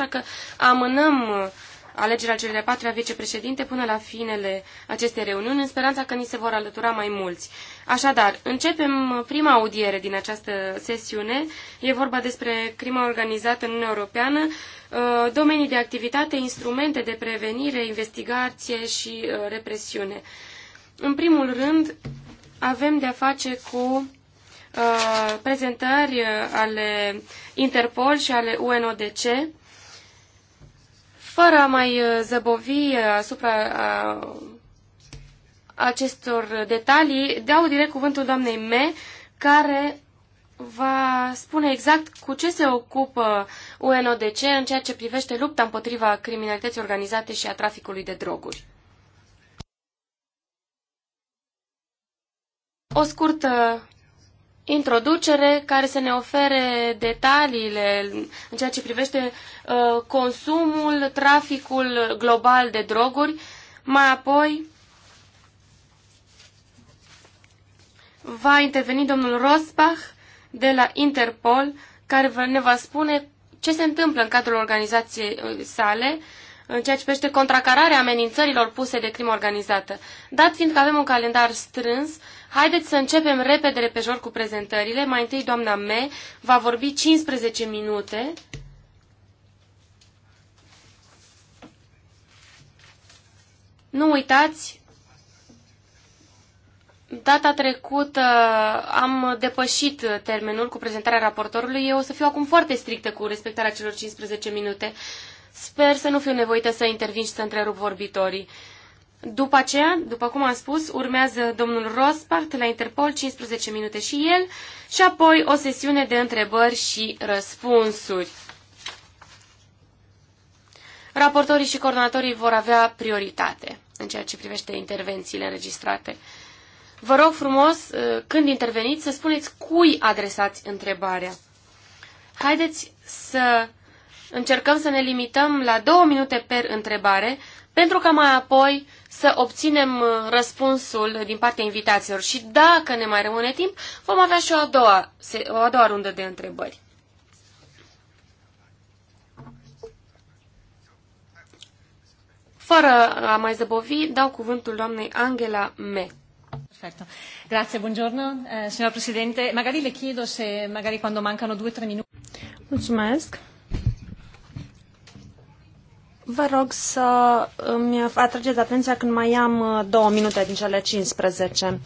așa că amânăm uh, alegerea celui de-a patra vicepreședinte până la finele acestei reuniuni, în speranța că ni se vor alătura mai mulți. Așadar, începem uh, prima audiere din această sesiune. E vorba despre crima organizată în Uniunea Europeană, uh, domenii de activitate, instrumente de prevenire, investigație și represiune. În primul rând, avem de-a face cu prezentări ale Interpol și ale UNODC, fără a mai uh, zăbovi uh, asupra a uh, acestor detalii, dau direct cuvântul doamnei Me, care va spune exact cu ce se ocupă UNODC în ceea ce privește lupta împotriva criminalității organizate și a traficului de droguri. O scurtă introducere care să ne ofere detaliile în ceea ce privește uh, consumul, traficul global de droguri, mai apoi va interveni domnul Rosbach de la Interpol, care ne va spune ce se întâmplă în cadrul organizației uh, sale în ceea ce privește contracararea amenințărilor puse de crimă organizată. Dat fiind că avem un calendar strâns, uh, Haideți să începem repede, repejor, cu prezentările. Mai întâi doamna Me va vorbi 15 minute. Nu uitați, data trecută am depășit termenul cu prezentarea raportorului. Eu o să fiu acum foarte strictă cu respectarea celor 15 minute. Sper să nu fiu nevoită să intervin și să întrerup vorbitorii. După aceea, după cum am spus, urmează domnul Rospart la Interpol, 15 minute și el, și apoi o sesiune de întrebări și răspunsuri. Raportorii și coordonatorii vor avea prioritate în ceea ce privește intervențiile înregistrate. Vă rog frumos, uh, când interveniți, să spuneți cui adresați întrebarea. Haideți să încercăm să ne limităm la două minute per întrebare, pentru ca mai apoi să obținem uh, răspunsul din partea invitațiilor și dacă ne mai rămâne timp, vom avea și o a doua, o a doua rundă de întrebări. Fără a mai zăbovi, dau cuvântul doamnei Angela Me. Perfect. Grazie, buongiorno, eh, signora Presidente. Magari le chiedo se magari quando mancano due o tre minuti. Mulțumesc. Vă rog să îmi atrageți atenția când mai am uh, două minute din cele 15.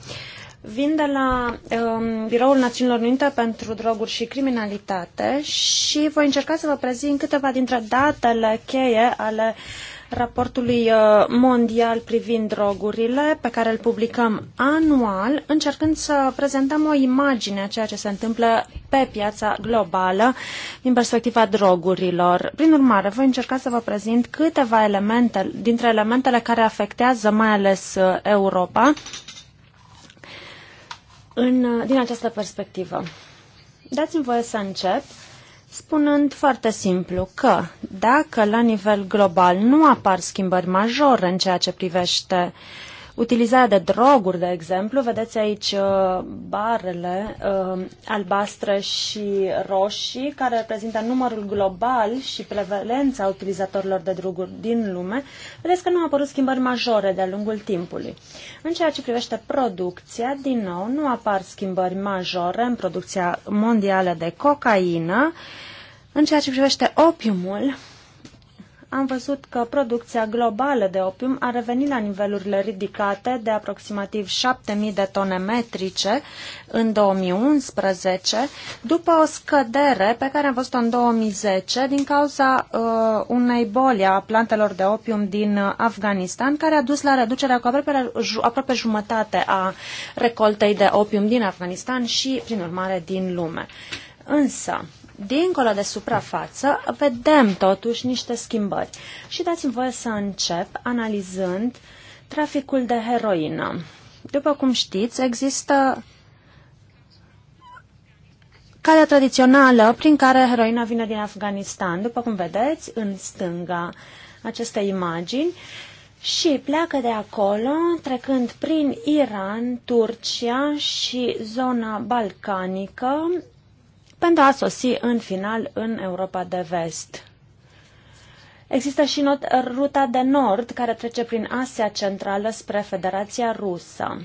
Vin de la um, Biroul Națiunilor Unite pentru Droguri și Criminalitate și voi încerca să vă prezint câteva dintre datele cheie ale uh, raportului uh, mondial privind drogurile, pe care îl publicăm anual, încercând să prezentăm o imagine a ceea ce se întâmplă pe piața globală din perspectiva drogurilor. Prin urmare, voi încerca să vă prezint câteva elemente, dintre elementele care afectează mai ales uh, Europa în, uh, din această perspectivă. Dați-mi voie să încep spunând foarte simplu că dacă la nivel global nu apar schimbări majore în ceea ce privește utilizarea de droguri, de exemplu, vedeți aici uh, barele uh, albastre și roșii, care reprezintă numărul global și prevalența utilizatorilor de droguri din lume, vedeți că nu au apărut schimbări majore de-a lungul timpului. În ceea ce privește producția, din nou, nu apar schimbări majore în producția mondială de cocaină, în ceea ce privește opiumul, am văzut că producția globală de opium a revenit la nivelurile ridicate de aproximativ 7.000 de tone metrice în 2011, după o scădere pe care am văzut-o în 2010 din cauza uh, unei boli a plantelor de opium din Afganistan, care a dus la reducerea cu aproape, aproape jumătate a recoltei de opium din Afganistan și, prin urmare, din lume. Însă, dincolo de suprafață, vedem totuși niște schimbări. Și dați-mi voie să încep analizând traficul de heroină. După cum știți, există calea tradițională prin care heroina vine din Afganistan, după cum vedeți în stânga aceste imagini, și pleacă de acolo, trecând prin Iran, Turcia și zona balcanică, pentru a sosi în final în Europa de Vest. Există și not, ruta de nord care trece prin Asia Centrală spre Federația Rusă.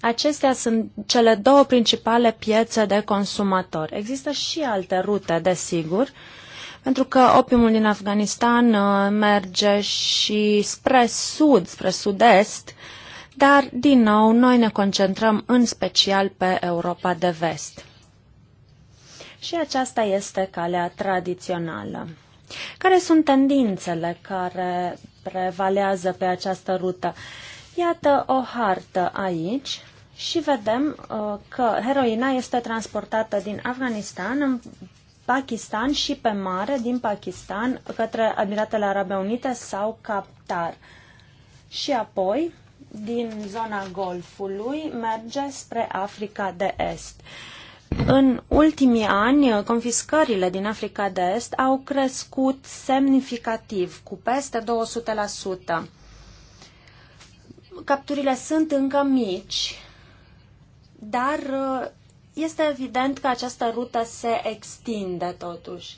Acestea sunt cele două principale piețe de consumatori. Există și alte rute, desigur, pentru că opiumul din Afganistan uh, merge și spre sud, spre sud-est, dar, din nou, noi ne concentrăm în special pe Europa de vest și aceasta este calea tradițională. Care sunt tendințele care prevalează pe această rută? Iată o hartă aici și vedem uh, că heroina este transportată din Afganistan în Pakistan și pe mare din Pakistan către Admiratele Arabe Unite sau Qatar. Și apoi, din zona Golfului, merge spre Africa de Est. Uh, în ultimii ani, confiscările din Africa de Est au crescut semnificativ, cu peste 200%. Capturile sunt încă mici, dar uh, este evident că această rută se extinde totuși.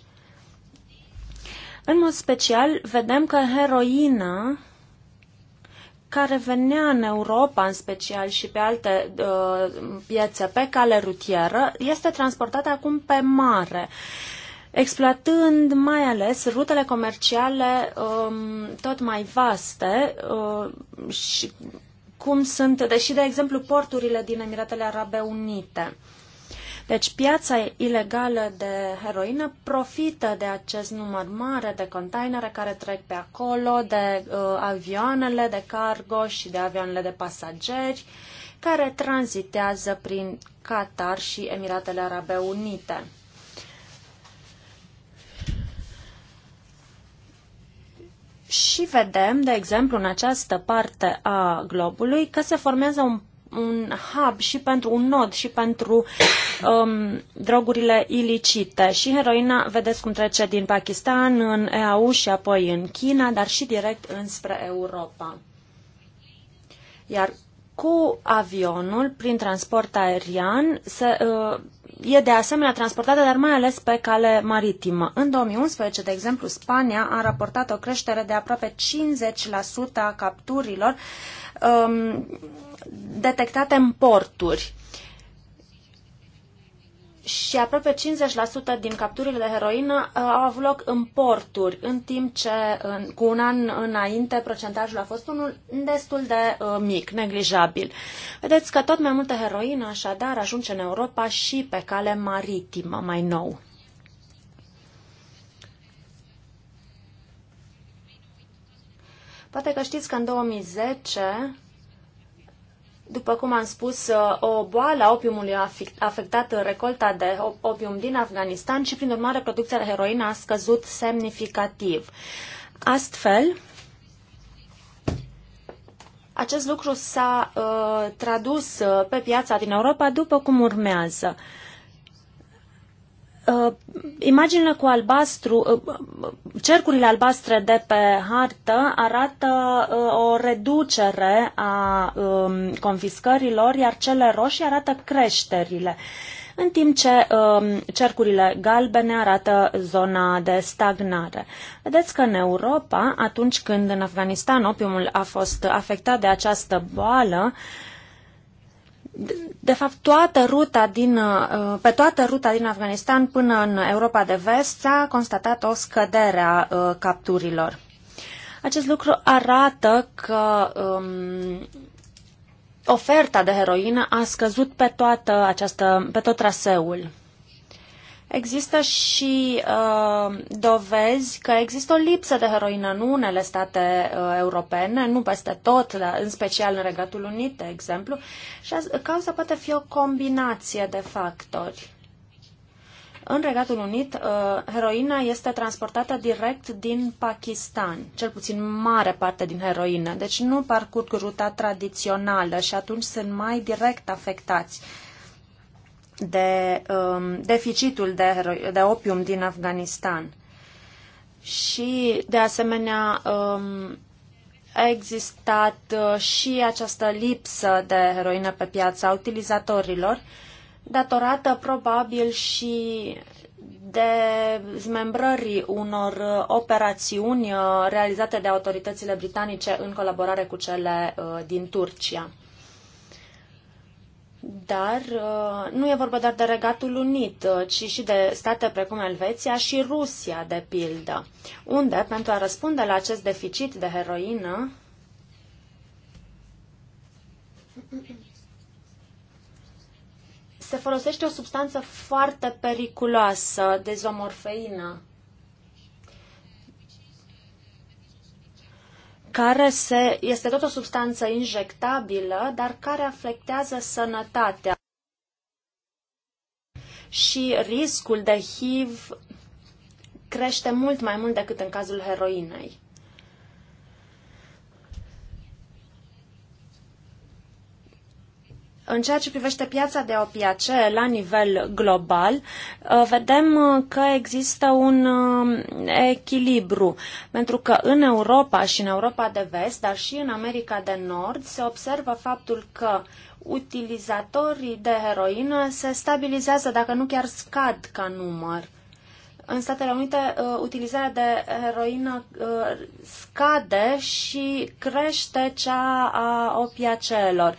În mod special, vedem că heroina care venea în Europa în special și pe alte uh, piețe pe cale rutieră este transportată acum pe mare, exploatând mai ales rutele comerciale um, tot mai vaste uh, și cum sunt, deși, de exemplu, porturile din Emiratele Arabe Unite. Deci piața ilegală de heroină profită de acest număr mare de containere care trec pe acolo, de uh, avioanele de cargo și de avioanele de pasageri care tranzitează prin Qatar și Emiratele Arabe Unite. Și vedem, de exemplu, în această parte a globului că se formează un un hub și pentru un nod și pentru um, drogurile ilicite. Și heroina, vedeți cum trece din Pakistan în EAU și apoi în China, dar și direct înspre Europa. Iar cu avionul, prin transport aerian, se, uh, e de asemenea transportată, dar mai ales pe cale maritimă. În 2011, de exemplu, Spania a raportat o creștere de aproape 50% a capturilor um, detectate în porturi și aproape 50% din capturile de heroină uh, au avut loc în porturi, în timp ce în, cu un an înainte procentajul a fost unul destul de uh, mic, neglijabil. Vedeți că tot mai multă heroină așadar ajunge în Europa și pe cale maritimă mai nou. Poate că știți că în 2010 după cum am spus, uh, o boală a opiumului a afectat recolta de opium din Afganistan și, prin urmare, producția de heroină a scăzut semnificativ. Astfel, acest lucru s-a uh, tradus uh, pe piața din Europa după cum urmează. Uh, uh, imaginile cu albastru, uh, cercurile albastre de pe hartă arată uh, o reducere a um, confiscărilor, iar cele roșii arată creșterile în timp ce um, cercurile galbene arată zona de stagnare. Vedeți că în Europa, atunci când în Afganistan opiumul a fost afectat de această boală, uh, de fapt, toată ruta din, uh, pe toată ruta din Afganistan până în Europa de Vest s-a constatat o scădere a uh, capturilor. Acest lucru arată că um, oferta de heroină a scăzut pe, toată această, pe tot traseul. Există și uh, dovezi că există o lipsă de heroină în unele state uh, europene, nu peste tot, dar în special în Regatul Unit, de exemplu, și cauza poate fi o combinație de factori. În Regatul Unit, uh, heroina este transportată direct din Pakistan, cel puțin mare parte din heroină, deci nu parcurg ruta tradițională și atunci sunt mai direct afectați. Uh, de um, deficitul de, de opium din Afganistan. Și, de asemenea, um, a existat uh, și această lipsă de heroină pe piața utilizatorilor, datorată probabil și de zmembrării unor uh, operațiuni uh, realizate de autoritățile britanice în colaborare cu cele uh, din Turcia. Dar uh, nu e vorba doar de Regatul Unit, uh, ci și de state precum Elveția și Rusia, de pildă, unde, pentru a răspunde la acest deficit de heroină, se folosește o substanță foarte periculoasă, dezomorfeină. care se, este tot o substanță injectabilă, dar care afectează sănătatea. Și riscul de HIV crește mult mai mult decât în cazul heroinei. În ceea ce privește piața de opiacee la nivel global, uh, vedem uh, că există un uh, echilibru, pentru că în Europa și în Europa de Vest, dar și în America de Nord, se observă faptul că utilizatorii de heroină se stabilizează, dacă nu chiar scad ca număr. În Statele Unite, utilizarea de heroină scade și crește cea a opiaceelor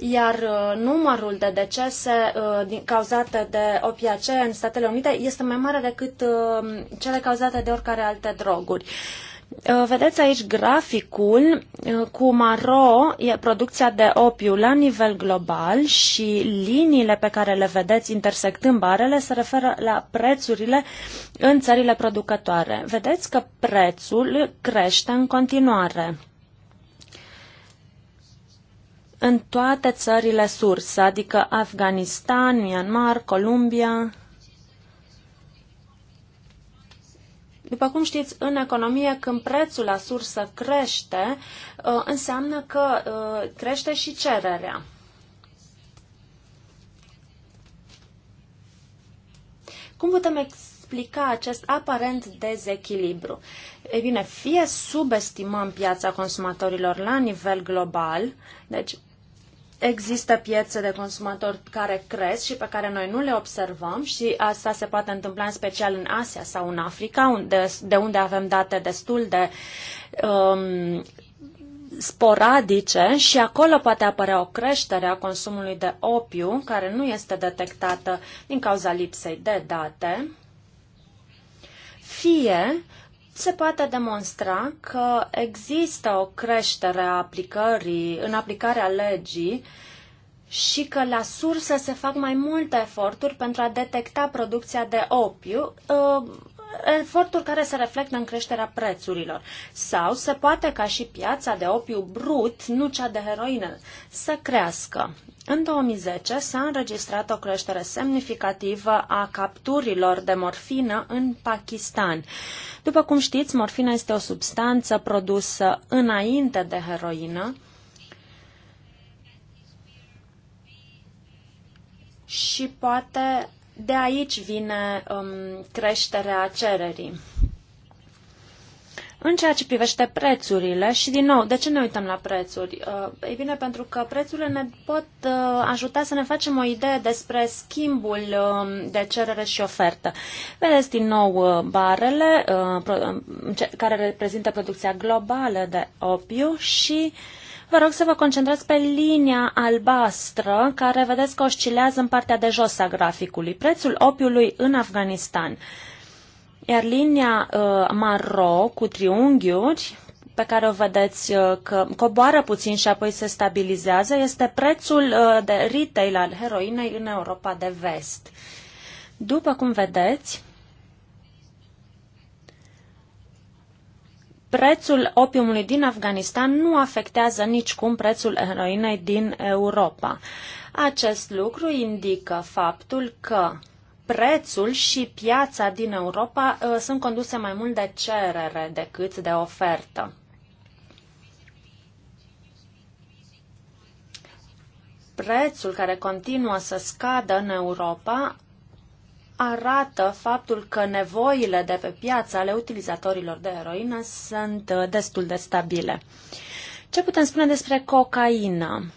iar uh, numărul de decese uh, cauzate de opiace în Statele Unite este mai mare decât uh, cele cauzate de oricare alte droguri. Vedeți aici graficul cu maro e producția de opiu la nivel global și liniile pe care le vedeți intersectând barele se referă la prețurile în țările producătoare. Vedeți că prețul crește în continuare în toate țările sursă, adică Afganistan, Myanmar, Columbia. După cum știți, în economie, când prețul la sursă crește, uh, înseamnă că uh, crește și cererea. Cum putem explica acest aparent dezechilibru? Ei bine, fie subestimăm piața consumatorilor la nivel global, deci există piețe de consumatori care cresc și pe care noi nu le observăm și asta se poate întâmpla în special în Asia sau în Africa, unde, de unde avem date destul de um, sporadice și acolo poate apărea o creștere a consumului de opiu, care nu este detectată din cauza lipsei de date, fie se poate demonstra că există o creștere a aplicării, în aplicarea legii și că la sursă se fac mai multe eforturi pentru a detecta producția de opiu, uh, eforturi care se reflectă în creșterea prețurilor. Sau se poate ca și piața de opiu brut, nu cea de heroină, să crească. În 2010 s-a înregistrat o creștere semnificativă a capturilor de morfină în Pakistan. După cum știți, morfina este o substanță produsă înainte de heroină, și poate de aici vine um, creșterea cererii. În ceea ce privește prețurile, și din nou, de ce ne uităm la prețuri? Uh, ei bine, pentru că prețurile ne pot uh, ajuta să ne facem o idee despre schimbul um, de cerere și ofertă. Vedeți din nou uh, barele um, care reprezintă producția globală de opiu și uh, Vă rog să vă concentrați pe linia albastră, care vedeți că oscilează în partea de jos a graficului, prețul opiului în Afganistan. Iar linia uh, maro cu triunghiuri, pe care o vedeți uh, că coboară puțin și apoi se stabilizează este prețul uh, de retail al heroinei în Europa de vest. După cum vedeți, prețul opiumului din Afganistan nu afectează nicicum prețul heroinei din Europa. Acest lucru indică faptul că prețul și piața din Europa uh, sunt conduse mai mult de cerere decât de ofertă. Prețul care continuă să scadă în Europa arată faptul că nevoile de pe piață ale utilizatorilor de eroină sunt uh, destul de stabile. Ce putem spune despre cocaină?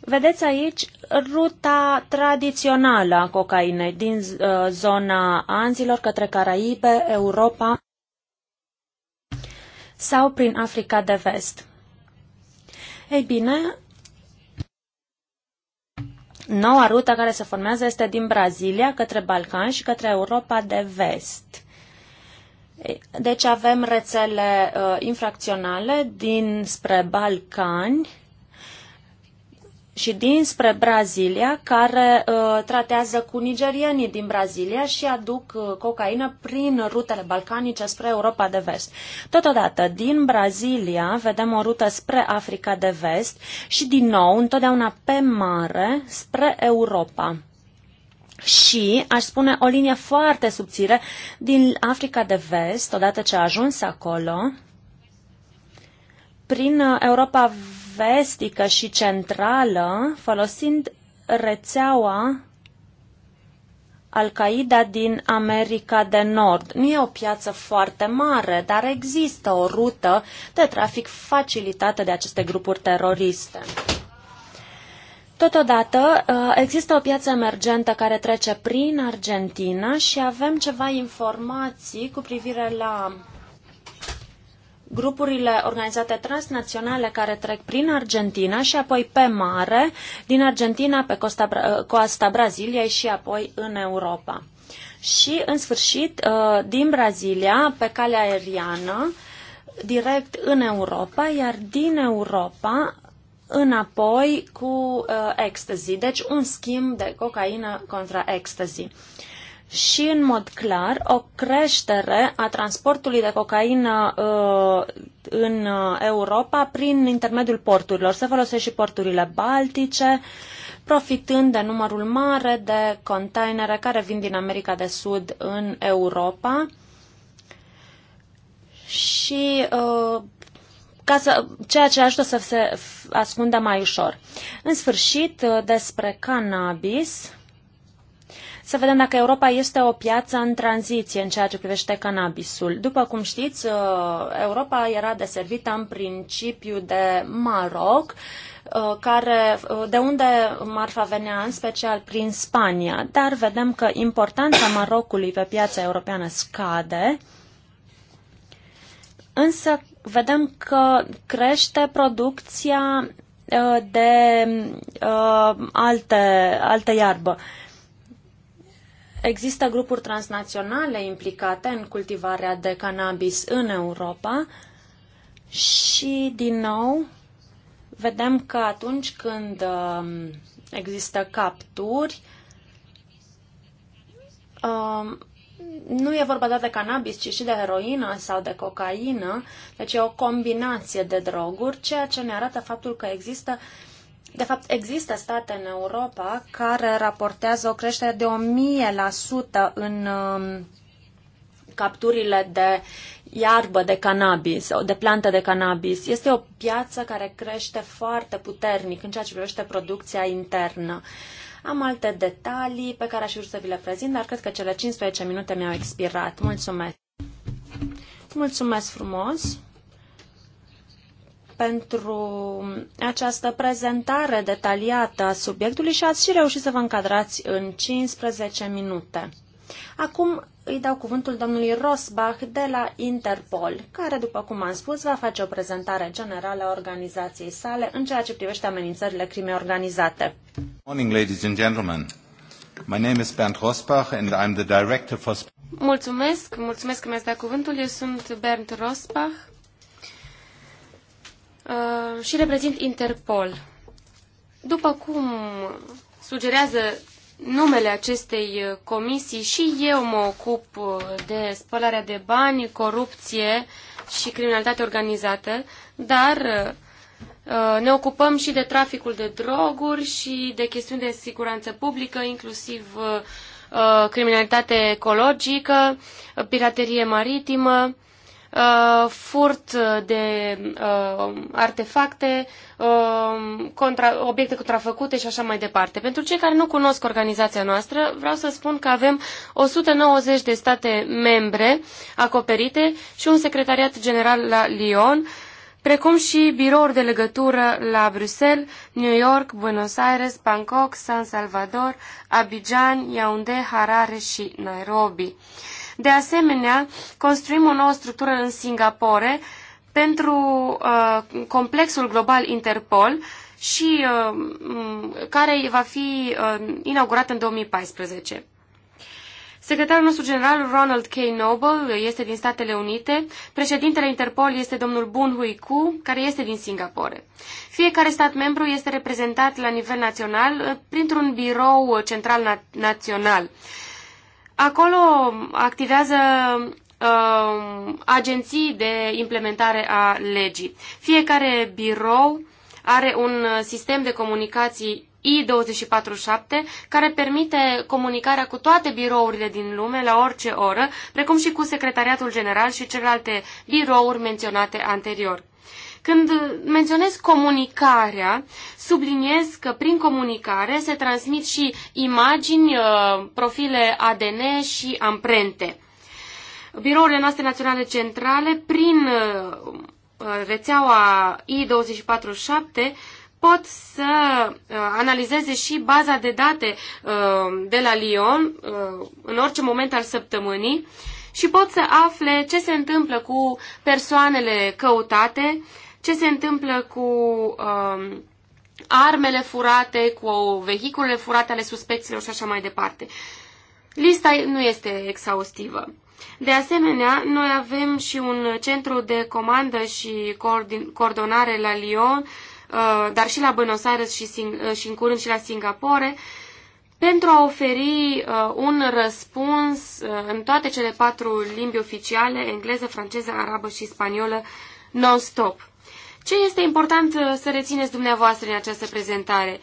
Vedeți aici ruta tradițională a cocainei din uh, zona Anzilor către Caraibe, Europa sau prin Africa de Vest. Ei bine, Noua rută care se formează este din Brazilia către Balcan și către Europa de vest. Deci avem rețele uh, infracționale din spre Balcani și dinspre Brazilia, care uh, tratează cu nigerienii din Brazilia și aduc uh, cocaină prin rutele balcanice spre Europa de vest. Totodată, din Brazilia vedem o rută spre Africa de vest și, din nou, întotdeauna pe mare, spre Europa. Și, aș spune, o linie foarte subțire din Africa de vest, odată ce a ajuns acolo, prin uh, Europa vestică și centrală, folosind rețeaua al-Qaeda din America de Nord. Nu e o piață foarte mare, dar există o rută de trafic facilitată de aceste grupuri teroriste. Totodată, uh, există o piață emergentă care trece prin Argentina și avem ceva informații cu privire la grupurile organizate transnaționale care trec prin Argentina și apoi pe mare, din Argentina pe costa, uh, coasta Braziliei și apoi în Europa. Și, în sfârșit, uh, din Brazilia, pe calea aeriană, direct în Europa, iar din Europa înapoi cu uh, ecstasy, deci un schimb de cocaină contra ecstasy. Uh, și, în mod clar, o creștere a transportului de cocaină uh, în uh, Europa prin intermediul porturilor. Se folosesc și porturile baltice, profitând de numărul mare de containere care vin din America de Sud în Europa și uh, ca să, ceea ce ajută să se ascundă mai ușor. În sfârșit, uh, despre cannabis, să vedem dacă Europa este o piață în tranziție în ceea ce privește cannabisul. După cum știți, uh, Europa era deservită în principiu de Maroc, uh, care, uh, de unde marfa venea în special prin Spania, dar vedem că importanța Marocului pe piața europeană scade, însă vedem că crește producția de uh, alte, alte iarbă. Uh, Există grupuri transnaționale implicate în cultivarea de cannabis în Europa și, din nou, vedem că atunci când um, există capturi, um, nu e vorba doar de cannabis, ci și de heroină sau de cocaină, deci e o combinație de droguri, ceea ce ne arată faptul că există de fapt, există state în Europa care raportează o creștere de 1000% în um, capturile de iarbă de cannabis, de plantă de cannabis. Este o piață care crește foarte puternic în ceea ce privește producția internă. Am alte detalii pe care aș vrea să vi le prezint, dar cred că cele 15 minute mi-au expirat. Mulțumesc! Mulțumesc frumos! pentru această prezentare detaliată a subiectului și ați și reușit să vă încadrați în 15 minute. Acum îi dau cuvântul domnului Rosbach de la Interpol, care, după cum am spus, va face o prezentare generală a organizației sale în ceea ce privește amenințările crimei organizate. Morning, ladies and gentlemen. My name is Bernd Rosbach and I'm the director for... Mulțumesc, mulțumesc că mi-ați dat cuvântul. Eu sunt Bernd Rosbach Uh, și reprezint Interpol. După cum sugerează numele acestei uh, comisii, și eu mă ocup uh, de spălarea de bani, corupție și criminalitate organizată, dar ne ocupăm și de traficul de droguri și de chestiuni de siguranță publică, inclusiv criminalitate ecologică, piraterie maritimă Uh, furt de uh, artefacte, um, contra, obiecte contrafăcute și așa mai departe. Pentru cei care nu cunosc organizația noastră, vreau să spun că avem 190 de state membre acoperite și un secretariat general la Lyon, precum și birouri de legătură la Bruxelles, New York, Buenos Aires, Bangkok, San Salvador, Abidjan, Yaoundé, Harare și Nairobi. De asemenea, construim o nouă structură în Singapore pentru uh, complexul global Interpol și uh, care va fi uh, inaugurat în 2014. Secretarul nostru general Ronald K. Noble este din Statele Unite, președintele Interpol este domnul Bun Hui Ku, care este din Singapore. Fiecare stat membru este reprezentat la nivel național uh, printr-un birou central na- național. Acolo activează uh, agenții de implementare a legii. Fiecare birou are un sistem de comunicații I247 care permite comunicarea cu toate birourile din lume la orice oră, precum și cu Secretariatul General și celelalte birouri menționate anterior. Când menționez comunicarea, subliniez că prin comunicare se transmit și imagini, uh, profile ADN și amprente. Birourile noastre naționale centrale, prin uh, uh, rețeaua I247, pot să analizeze și baza de date de la Lyon în orice moment al săptămânii și pot să afle ce se întâmplă cu persoanele căutate, ce se întâmplă cu um, armele furate, cu vehiculele furate ale suspecților și așa mai departe. Lista nu este exhaustivă. De asemenea, noi avem și un centru de comandă și coordonare la Lyon, uh, dar și la Buenos Aires și, uh, și în curând și la Singapore, pentru a oferi uh, un răspuns în toate cele patru limbi oficiale, engleză, franceză, arabă și spaniolă, non-stop. Ce este important uh, să rețineți dumneavoastră în această prezentare?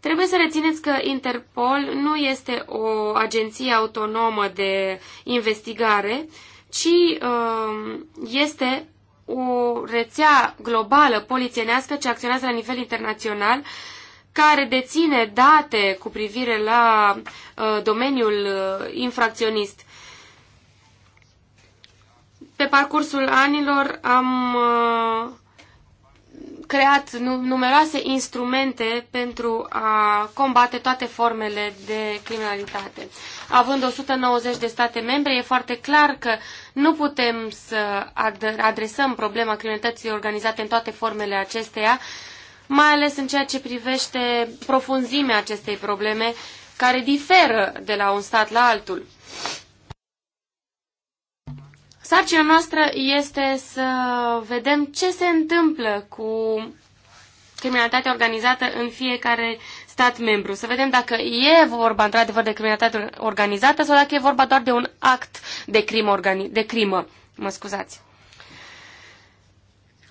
Trebuie să rețineți că Interpol nu este o agenție autonomă de investigare, ci um, este o rețea globală polițienească ce acționează la nivel internațional, care deține date cu privire la uh, domeniul uh, infracționist. Pe parcursul anilor am creat numeroase instrumente pentru a combate toate formele de criminalitate. Având 190 de state membre, e foarte clar că nu putem să adresăm problema criminalității organizate în toate formele acesteia, mai ales în ceea ce privește profunzimea acestei probleme, care diferă de la un stat la altul. Sarcina noastră este să vedem ce se întâmplă cu criminalitatea organizată în fiecare stat membru. Să vedem dacă e vorba într-adevăr de criminalitate organizată sau dacă e vorba doar de un act de crimă. Organi- de crimă. Mă scuzați.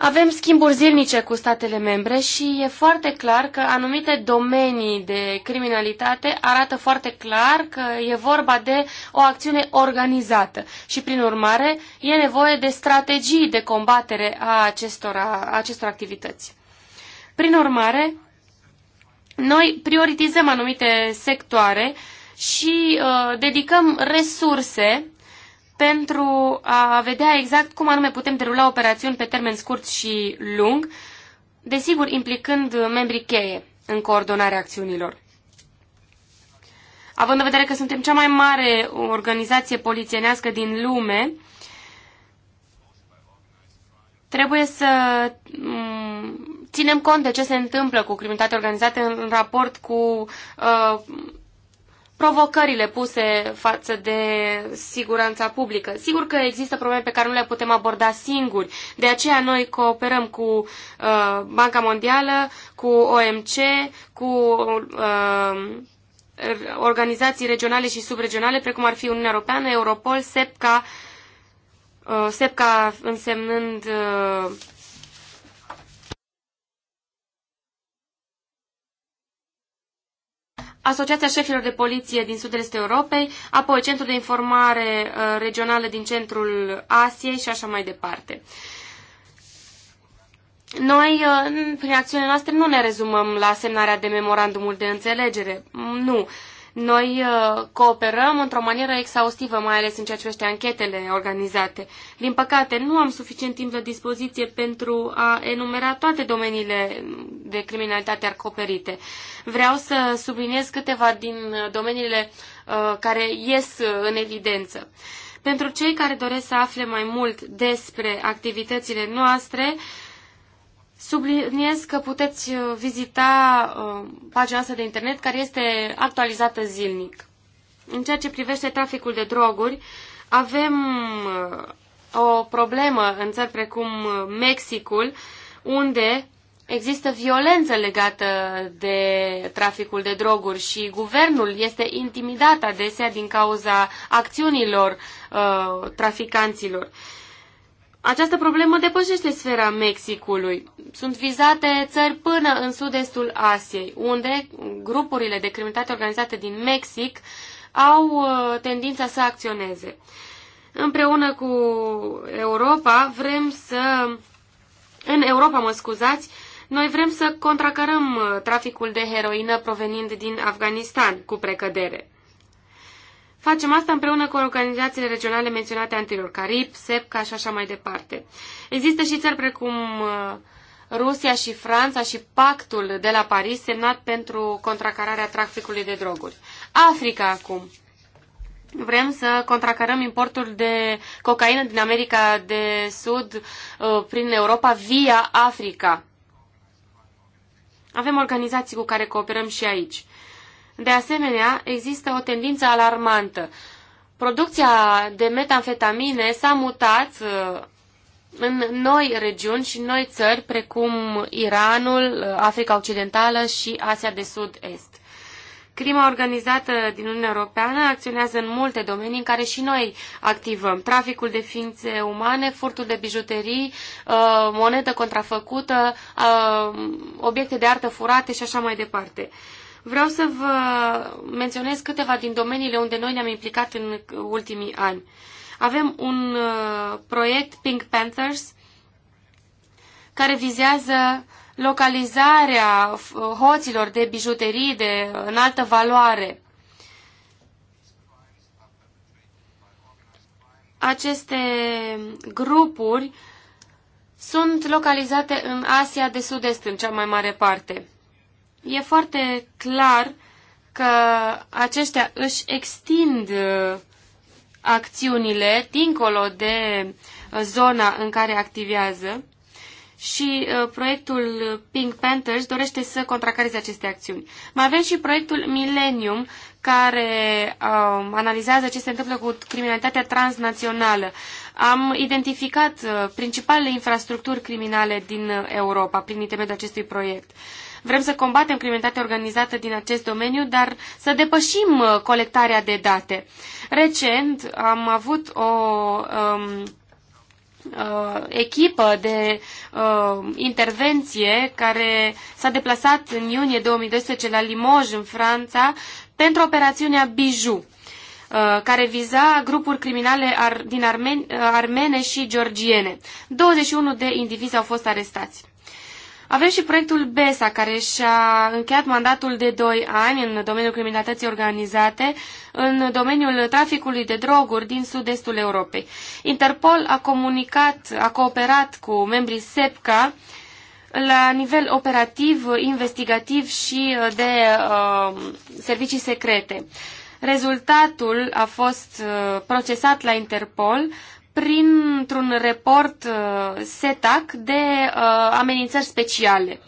Avem schimburi zilnice cu statele membre și e foarte clar că anumite domenii de criminalitate arată foarte clar că e vorba de o acțiune organizată și, prin urmare, e nevoie de strategii de combatere a acestor, a acestor activități. Prin urmare, noi prioritizăm anumite sectoare și uh, dedicăm resurse pentru a vedea exact cum anume putem derula operațiuni pe termen scurt și lung, desigur implicând membrii cheie în coordonarea acțiunilor. Având în vedere că suntem cea mai mare organizație polițienească din lume, trebuie să mm, ținem cont de ce se întâmplă cu criminalitatea organizată în raport cu uh, provocările puse față de siguranța publică. Sigur că există probleme pe care nu le putem aborda singuri, de aceea noi cooperăm cu uh, Banca Mondială, cu OMC, cu uh, organizații regionale și subregionale, precum ar fi Uniunea Europeană, Europol, SEPCA, uh, SEPCA însemnând uh, Asociația Șefilor de Poliție din Sud-Estul Europei, apoi Centrul de Informare uh, Regională din Centrul Asiei și așa mai departe. Noi, uh, prin acțiunile noastre, nu ne rezumăm la semnarea de memorandumul de înțelegere. Nu. Noi uh, cooperăm într-o manieră exhaustivă, mai ales în ceea ce privește anchetele organizate. Din păcate, nu am suficient timp la dispoziție pentru a enumera toate domeniile de criminalitate acoperite. Vreau să subliniez câteva din domeniile uh, care ies uh, în evidență. Pentru cei care doresc să afle mai mult despre activitățile noastre, Subliniez că puteți uh, vizita uh, pagina noastră de internet care este actualizată zilnic. În ceea ce privește traficul de droguri, avem uh, o problemă în țări precum Mexicul, unde există violență legată de traficul de droguri și guvernul este intimidat adesea din cauza acțiunilor uh, traficanților. Uh, această problemă depășește sfera Mexicului. Sunt vizate țări până în sud-estul Asiei, unde grupurile de criminalitate organizate din Mexic au uh, tendința să acționeze. Împreună cu Europa vrem să... În Europa, mă scuzați, noi vrem să contracărăm uh, traficul de heroină provenind din Afganistan cu precădere. Facem asta împreună cu organizațiile regionale menționate anterior, Carib, SEPCA și așa mai departe. Există și țări precum uh, Rusia și Franța și pactul de la Paris semnat pentru contracararea traficului de droguri. Africa acum. Vrem să contracarăm importul de cocaină din America de Sud uh, prin Europa via Africa. Avem organizații cu care cooperăm și aici. De asemenea, există o tendință alarmantă. Producția de metamfetamine s-a mutat uh, în noi regiuni și noi țări, precum Iranul, uh, Africa Occidentală și Asia de Sud-Est. Crima organizată din Uniunea Europeană acționează în multe domenii în care și noi activăm. Traficul de ființe umane, furtul de bijuterii, uh, monedă contrafăcută, obiecte de artă furate și așa mai departe. Vreau să vă menționez câteva din domeniile unde noi ne-am implicat în ultimii ani. Avem un uh, proiect Pink Panthers care vizează localizarea uh, hoților de bijuterii de înaltă valoare. Aceste grupuri sunt localizate în Asia de Sud-Est în cea mai mare parte e foarte clar că aceștia își extind uh, acțiunile dincolo de uh, zona în care activează și uh, proiectul Pink Panthers dorește să contracareze aceste acțiuni. Mai avem și proiectul Millennium, care uh, analizează ce se întâmplă cu criminalitatea transnațională. Am identificat uh, principalele infrastructuri criminale din Europa prin intermediul acestui proiect. Uh, Vrem să combatem criminalitatea organizată din acest domeniu, dar să depășim uh, colectarea de date. Recent am avut o um, uh, echipă de uh, intervenție care s-a deplasat în iunie 2012 la Limoges, în Franța, pentru operațiunea Bijou uh, care viza grupuri criminale ar, din armen, uh, armene și georgiene. 21 de indivizi au fost arestați. Avem și proiectul BESA, care și-a încheiat mandatul de 2 ani în domeniul criminalității organizate, în domeniul traficului de droguri din sud-estul Europei. Interpol a comunicat, a cooperat cu membrii SEPCA la nivel operativ, investigativ și uh, de uh, servicii secrete. Rezultatul a fost uh, procesat la Interpol printr-un report uh, SETAC de uh, amenințări speciale.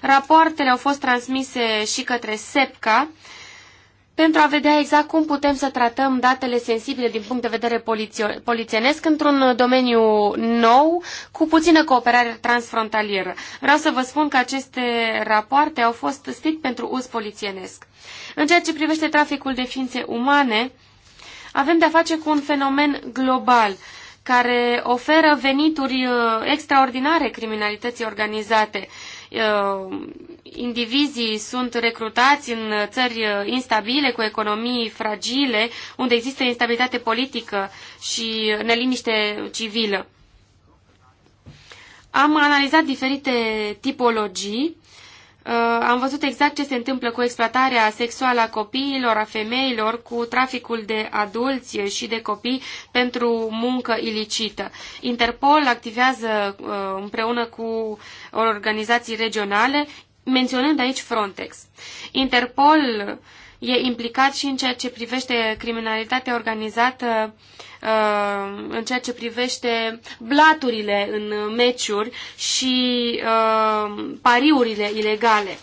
Rapoartele au fost transmise și către SEPCA pentru a vedea exact cum putem să tratăm datele sensibile din punct de vedere polițienesc într-un domeniu nou cu puțină cooperare transfrontalieră. Vreau să vă spun că aceste rapoarte au fost strict pentru uz polițienesc. În ceea ce privește traficul de ființe umane, avem de-a face cu un fenomen global care oferă venituri uh, extraordinare criminalității organizate. Uh, indivizii sunt recrutați în țări uh, instabile, cu economii fragile, unde există instabilitate politică și neliniște civilă. Am analizat diferite tipologii Uh, am văzut exact ce se întâmplă cu exploatarea sexuală a copiilor, a femeilor, cu traficul de adulți și de copii pentru muncă ilicită. Interpol activează uh, împreună cu organizații regionale, menționând aici Frontex. Interpol uh, e implicat și în ceea ce privește criminalitatea organizată, uh, în ceea ce privește blaturile în meciuri și uh, pariurile ilegale.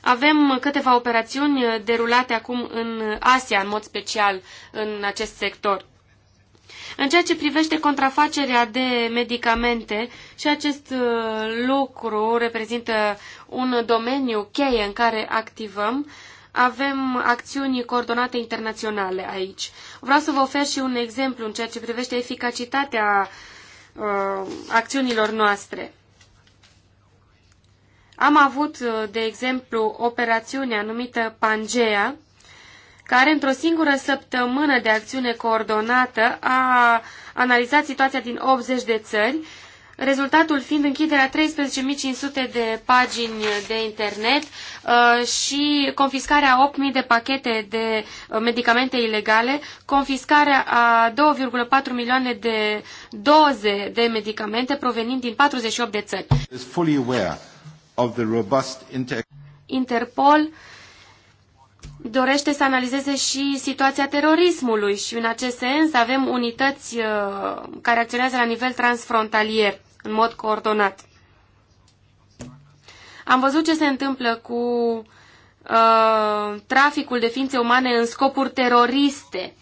Avem câteva operațiuni derulate acum în Asia, în mod special, în acest sector. În ceea ce privește contrafacerea de medicamente, și acest uh, lucru reprezintă un domeniu cheie în care activăm, avem acțiuni coordonate internaționale aici. Vreau să vă ofer și un exemplu în ceea ce privește eficacitatea uh, acțiunilor noastre. Am avut, uh, de exemplu, operațiunea numită Pangea, care într-o singură săptămână de acțiune coordonată a analizat situația din 80 de țări, rezultatul fiind închiderea 13.500 de pagini de internet uh, și confiscarea 8.000 de pachete de uh, medicamente ilegale, confiscarea a 2,4 milioane de doze de medicamente provenind din 48 de țări. Interpol dorește să analizeze și situația terorismului și în acest sens avem unități uh, care acționează la nivel transfrontalier, în mod coordonat. Am văzut ce se întâmplă cu uh, traficul de ființe umane în scopuri teroriste.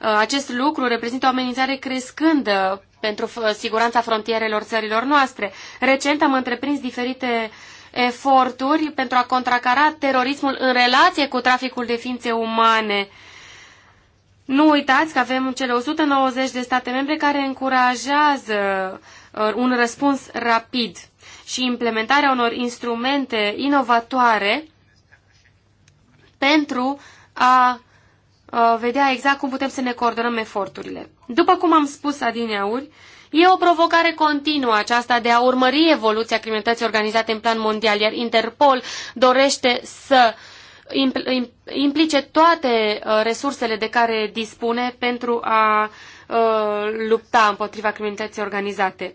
Uh, acest lucru reprezintă o amenințare crescândă pentru siguranța frontierelor țărilor noastre. Recent am întreprins diferite uh, eforturi pentru a contracara terorismul în relație cu traficul de ființe umane. Nu uitați că avem cele 190 de state membre care încurajează uh, un răspuns rapid și implementarea unor instrumente inovatoare pentru a uh, vedea exact cum putem să ne coordonăm eforturile. După cum am spus adineauri, E o provocare continuă aceasta de a urmări evoluția criminalității organizate în plan mondial, iar Interpol dorește să implice toate uh, resursele de care dispune pentru a uh, lupta împotriva criminalității organizate.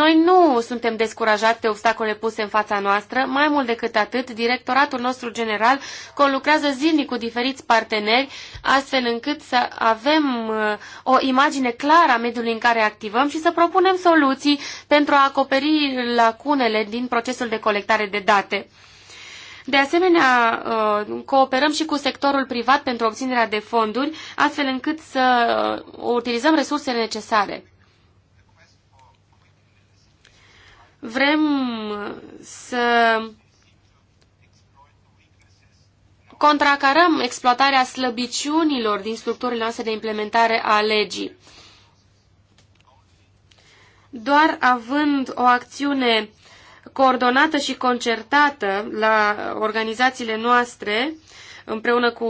Noi nu suntem descurajați de obstacole puse în fața noastră, mai mult decât atât, directoratul nostru general conlucrează zilnic cu diferiți parteneri, astfel încât să avem uh, o imagine clară a mediului în care activăm și să propunem soluții pentru a acoperi lacunele din procesul de colectare de date. De asemenea, uh, cooperăm și cu sectorul privat pentru obținerea de fonduri, astfel încât să uh, utilizăm resursele necesare. Vrem să contracarăm exploatarea slăbiciunilor din structurile noastre de implementare a legii. Doar având o acțiune coordonată și concertată la organizațiile noastre, împreună cu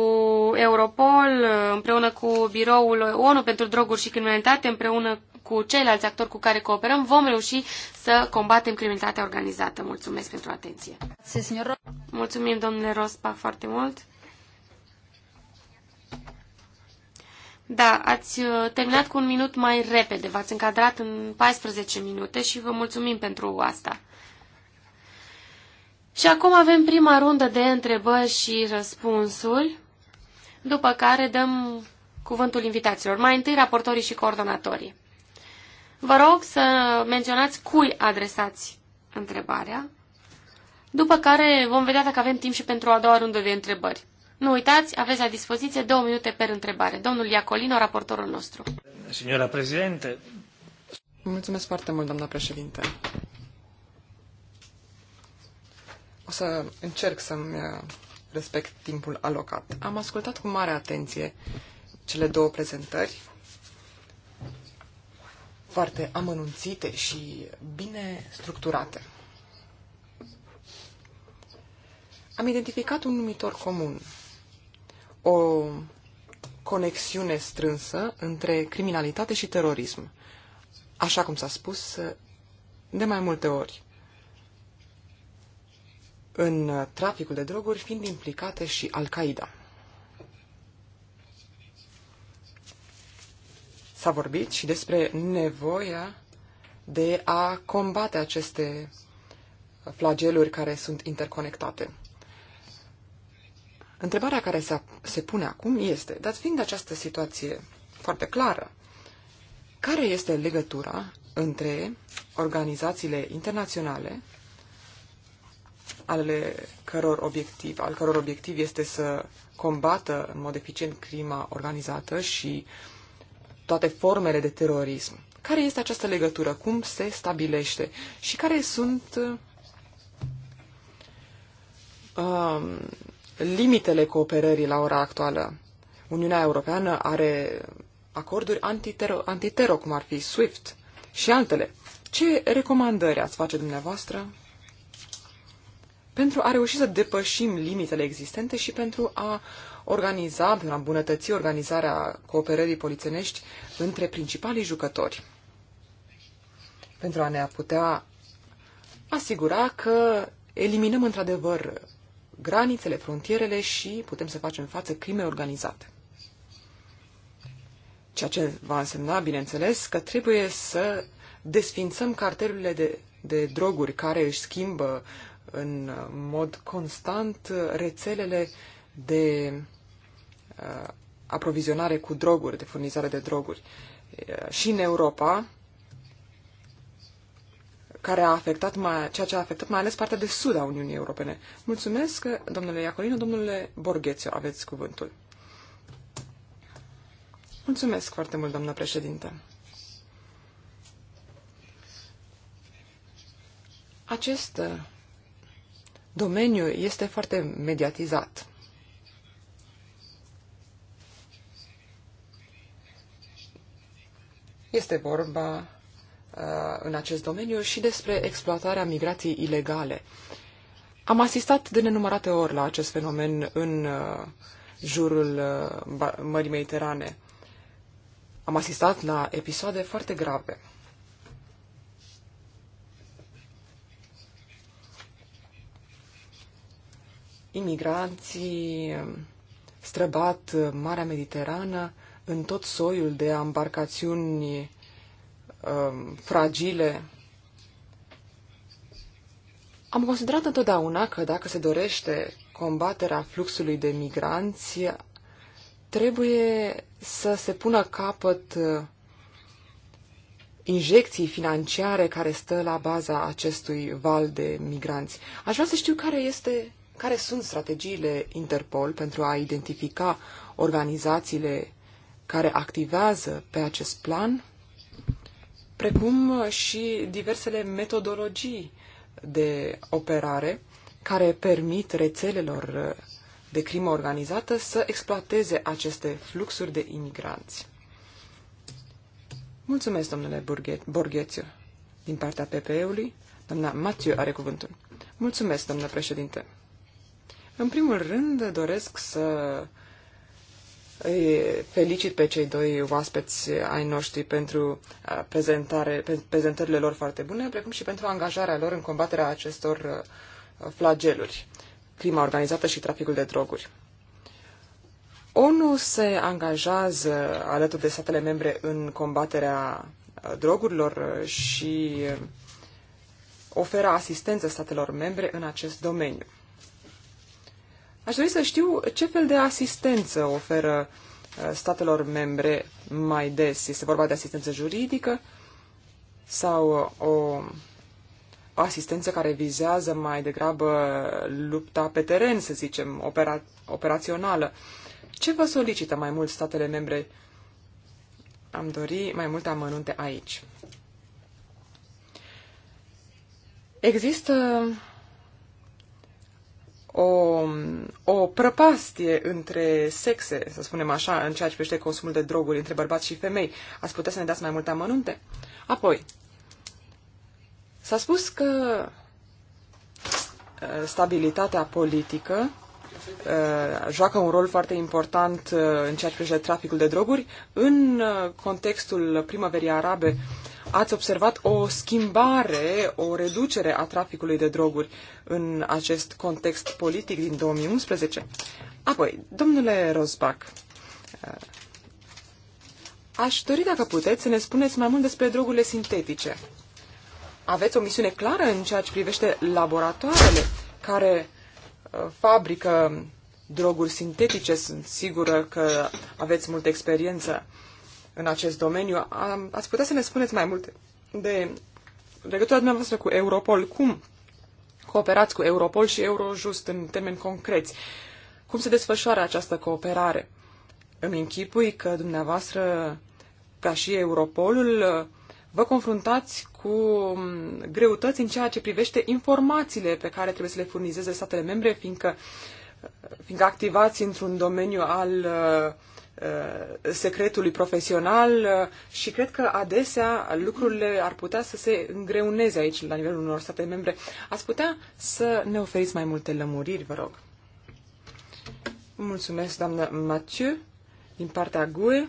Europol, împreună cu biroul ONU pentru droguri și criminalitate, împreună cu ceilalți actori cu care cooperăm, vom reuși să combatem criminalitatea organizată. Mulțumesc pentru atenție. Mulțumim, domnule Rospa, foarte mult. Da, ați uh, terminat cu un minut mai repede. V-ați încadrat în 14 minute și vă mulțumim pentru asta. Și acum avem prima rundă de întrebări și răspunsuri, după care dăm cuvântul invitaților. Mai întâi raportorii și coordonatorii. Vă rog să menționați cui adresați întrebarea, după care vom vedea dacă avem timp și pentru a doua rundă de întrebări. Nu uitați, aveți la dispoziție două minute per întrebare. Domnul Iacolino, raportorul nostru. Signora președinte. Mulțumesc foarte mult, doamna președinte. O să încerc să-mi uh, respect timpul alocat. Am ascultat cu mare atenție cele două prezentări foarte amănunțite și bine structurate. Am identificat un numitor comun, o conexiune strânsă între criminalitate și terorism, așa cum s-a spus de mai multe ori, în traficul de droguri fiind implicate și Al-Qaeda. S-a vorbit și despre nevoia de a combate aceste flageluri care sunt interconectate. Întrebarea care se, se pune acum este, dat fiind această situație foarte clară, care este legătura între organizațiile internaționale, ale căror obiectiv, al căror obiectiv este să combată în mod eficient crima organizată și uh, toate formele de terorism. Care este această legătură? Cum se stabilește? Și care sunt uh, limitele cooperării la ora actuală? Uniunea Europeană are acorduri antitero, antitero cum ar fi SWIFT și altele. Ce recomandări ați face dumneavoastră pentru a reuși să depășim limitele existente și pentru a organiza, pentru a îmbunătăți organizarea cooperării polițenești între principalii jucători. Pentru a ne putea asigura că eliminăm într-adevăr granițele, frontierele și putem să facem față crime organizate. Ceea ce va însemna, bineînțeles, că trebuie să desfințăm cartelurile de, de droguri care își schimbă în mod constant rețelele de uh, aprovizionare cu droguri, de furnizare de droguri uh, și în Europa, care a afectat mai, ceea ce a afectat mai ales partea de sud a Uniunii Europene. Mulțumesc, domnule Iacolino, domnule Borghețiu, aveți cuvântul. Mulțumesc foarte mult, doamnă președinte. Acest uh, domeniu este foarte mediatizat. Este vorba uh, în acest domeniu și despre exploatarea migrației ilegale. Am asistat de nenumărate ori la acest fenomen în uh, jurul uh, Mării Mediterane. Am asistat la episoade foarte grave. Imigranții străbat Marea Mediterană în tot soiul de embarcațiuni um, fragile. Am considerat întotdeauna că dacă se dorește combaterea fluxului de migranți, trebuie să se pună capăt uh, injecții financiare care stă la baza acestui val de migranți. Aș vrea să știu care, este, care sunt strategiile Interpol pentru a identifica organizațiile care activează pe acest plan, precum și diversele metodologii de operare care permit rețelelor de crimă organizată să exploateze aceste fluxuri de imigranți. Mulțumesc, domnule Borghețiu, din partea PPE-ului. Doamna Matiu are cuvântul. Mulțumesc, domnule președinte. În primul rând, doresc să îi felicit pe cei doi oaspeți ai noștri pentru uh, prezentare, pe prezentările lor foarte bune, precum și pentru angajarea lor în combaterea acestor uh, flageluri, crima organizată și traficul de droguri. ONU se angajează alături de statele membre în combaterea uh, drogurilor și oferă asistență statelor membre în acest domeniu. Aș dori să știu ce fel de asistență oferă uh, statelor membre mai des. Este vorba de asistență juridică sau o uh, o asistență care vizează mai degrabă lupta pe teren, să zicem, opera- operațională. Ce vă solicită mai mult statele membre? Am dori mai multe amănunte aici. Există o, o prăpastie între sexe, să spunem așa, în ceea ce privește consumul de droguri între bărbați și femei. Ați putea să ne dați mai multe amănunte? Apoi, s-a spus că uh, stabilitatea politică uh, joacă un rol foarte important uh, în ceea ce privește traficul de droguri. În contextul primăverii arabe, ați observat o schimbare, o reducere a traficului de droguri în acest context politic din 2011. Apoi, domnule Rosbach, eh, aș dori, dacă puteți, să ne spuneți mai mult despre drogurile sintetice. Aveți o misiune clară în ceea ce privește laboratoarele care eh, fabrică droguri sintetice. Sunt sigură că aveți multă experiență în acest domeniu. A, ați putea să ne spuneți mai multe de legătura dumneavoastră cu Europol? Cum cooperați cu Europol și Eurojust în termeni concreți? Cum se desfășoară această cooperare? Îmi închipui că dumneavoastră, ca și Europolul, vă confruntați cu mm, greutăți în ceea ce privește informațiile pe care trebuie să le furnizeze statele membre, fiindcă, fiindcă activați într-un domeniu al uh, Uh, secretului profesional uh, și cred că adesea lucrurile ar putea să se îngreuneze aici la nivelul unor state membre. Ați putea să ne oferiți mai multe lămuriri, vă rog. Mulțumesc, doamna Mathieu, din partea GUE.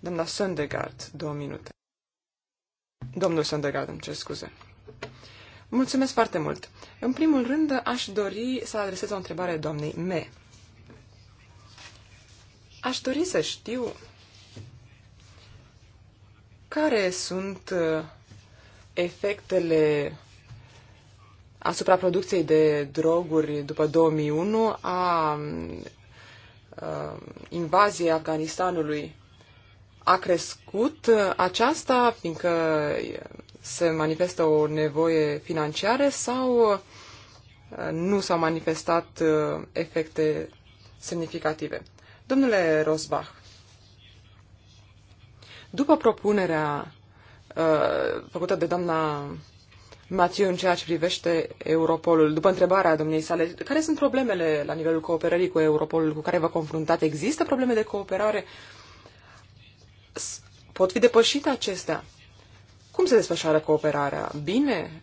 Doamna Sondergaard, două minute. Domnul Sondergaard, îmi cer scuze. Mulțumesc foarte mult. În primul rând, aș dori să adresez o întrebare doamnei mei. Aș dori să știu care sunt uh, efectele asupra producției de droguri după 2001 a uh, invaziei Afganistanului a crescut aceasta fiindcă se manifestă o nevoie financiară sau uh, nu s-au manifestat efecte semnificative. Domnule Rosbach, după propunerea uh, făcută de doamna Matiu în ceea ce privește Europolul, după întrebarea domniei sale, care sunt problemele la nivelul cooperării cu Europolul cu care vă confruntați? Există probleme de cooperare? Pot fi depășite acestea? Cum se desfășoară cooperarea? Bine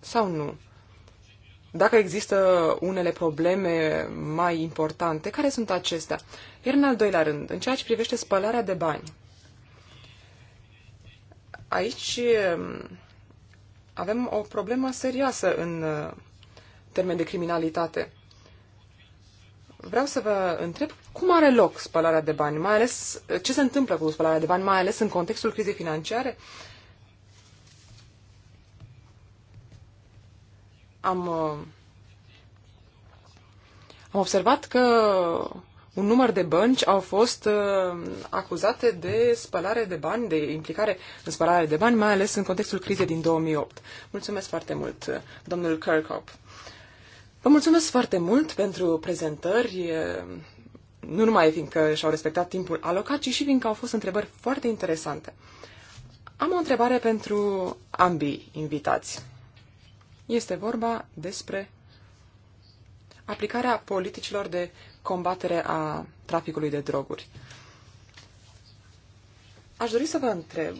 sau nu? dacă există unele probleme mai importante, care sunt acestea? Iar în al doilea rând, în ceea ce privește spălarea de bani, aici um, avem o problemă serioasă în uh, termen de criminalitate. Vreau să vă întreb cum are loc spălarea de bani, mai ales ce se întâmplă cu spălarea de bani, mai ales în contextul crizei financiare. Uh, am, uh, am observat că un număr de bănci au fost uh, acuzate de spălare de bani, de implicare în spălare de bani, mai ales în contextul crizei din 2008. Mulțumesc foarte mult, uh, domnul Kirkhope. Vă mulțumesc foarte mult pentru prezentări, uh, nu numai fiindcă și-au respectat timpul alocat, ci și fiindcă au fost întrebări foarte interesante. Am o întrebare pentru ambii invitați. Este vorba despre aplicarea politicilor de combatere a traficului de droguri. Aș dori să vă întreb,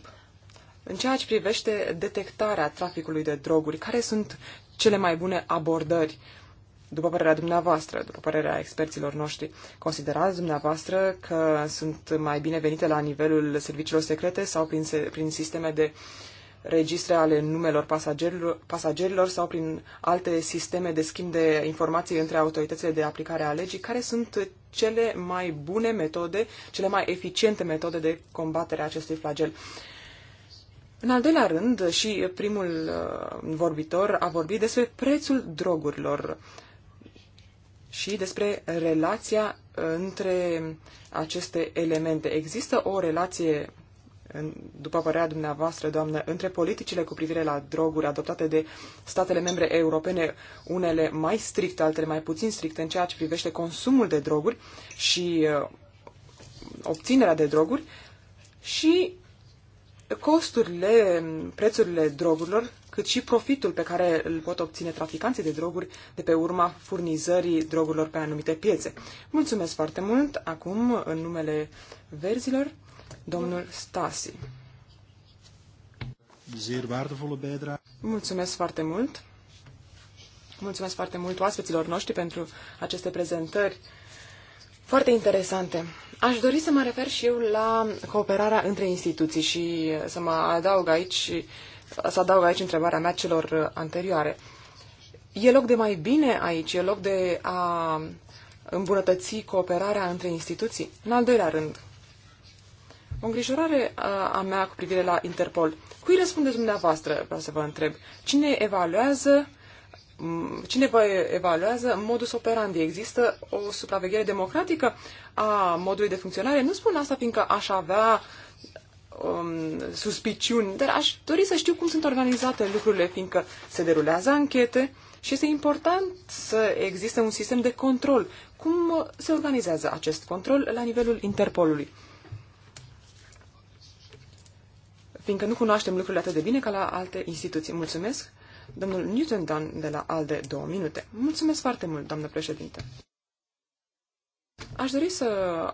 în ceea ce privește detectarea traficului de droguri, care sunt cele mai bune abordări, după părerea dumneavoastră, după părerea experților noștri? Considerați dumneavoastră că sunt mai bine venite la nivelul serviciilor secrete sau prin, prin sisteme de uh, registre ale numelor pasagerilor, pasagerilor sau prin alte sisteme de schimb de informații între autoritățile de aplicare a legii, care sunt cele mai bune metode, cele mai eficiente metode de combatere a acestui flagel. În al doilea rând, și primul uh, vorbitor a vorbit despre prețul drogurilor și despre relația între aceste elemente. Există o relație în, după părerea dumneavoastră, doamnă, între politicile cu privire la droguri adoptate de statele membre europene, unele mai stricte, altele mai puțin stricte în ceea ce privește consumul de droguri și uh, obținerea de droguri și costurile, prețurile drogurilor, cât și profitul pe care îl pot obține traficanții de droguri de pe urma furnizării drogurilor pe anumite piețe. Mulțumesc foarte mult! Acum, în numele verzilor, domnul Stasi. Mulțumesc foarte mult! Mulțumesc foarte mult oaspeților noștri pentru aceste prezentări foarte interesante. Aș dori să mă refer și eu la cooperarea între instituții și să mă adaug aici, să adaug aici întrebarea mea celor anterioare. E loc de mai bine aici, e loc de a îmbunătăți cooperarea între instituții? În al doilea rând, o îngrijorare uh, a mea cu privire la Interpol. Cui răspundeți dumneavoastră, vreau să vă întreb? Cine evaluează Cine vă evaluează modus operandi? Există o supraveghere democratică a modului de funcționare? Nu spun asta fiindcă aș avea um, suspiciuni, dar aș dori să știu cum sunt organizate lucrurile, fiindcă se derulează anchete și este important să existe un sistem de control. Cum se organizează acest control la nivelul Interpolului? fiindcă nu cunoaștem lucrurile atât de bine ca la alte instituții. Mulțumesc, domnul Newton Dan de la ALDE, două minute. Mulțumesc foarte mult, doamnă președinte. Aș dori să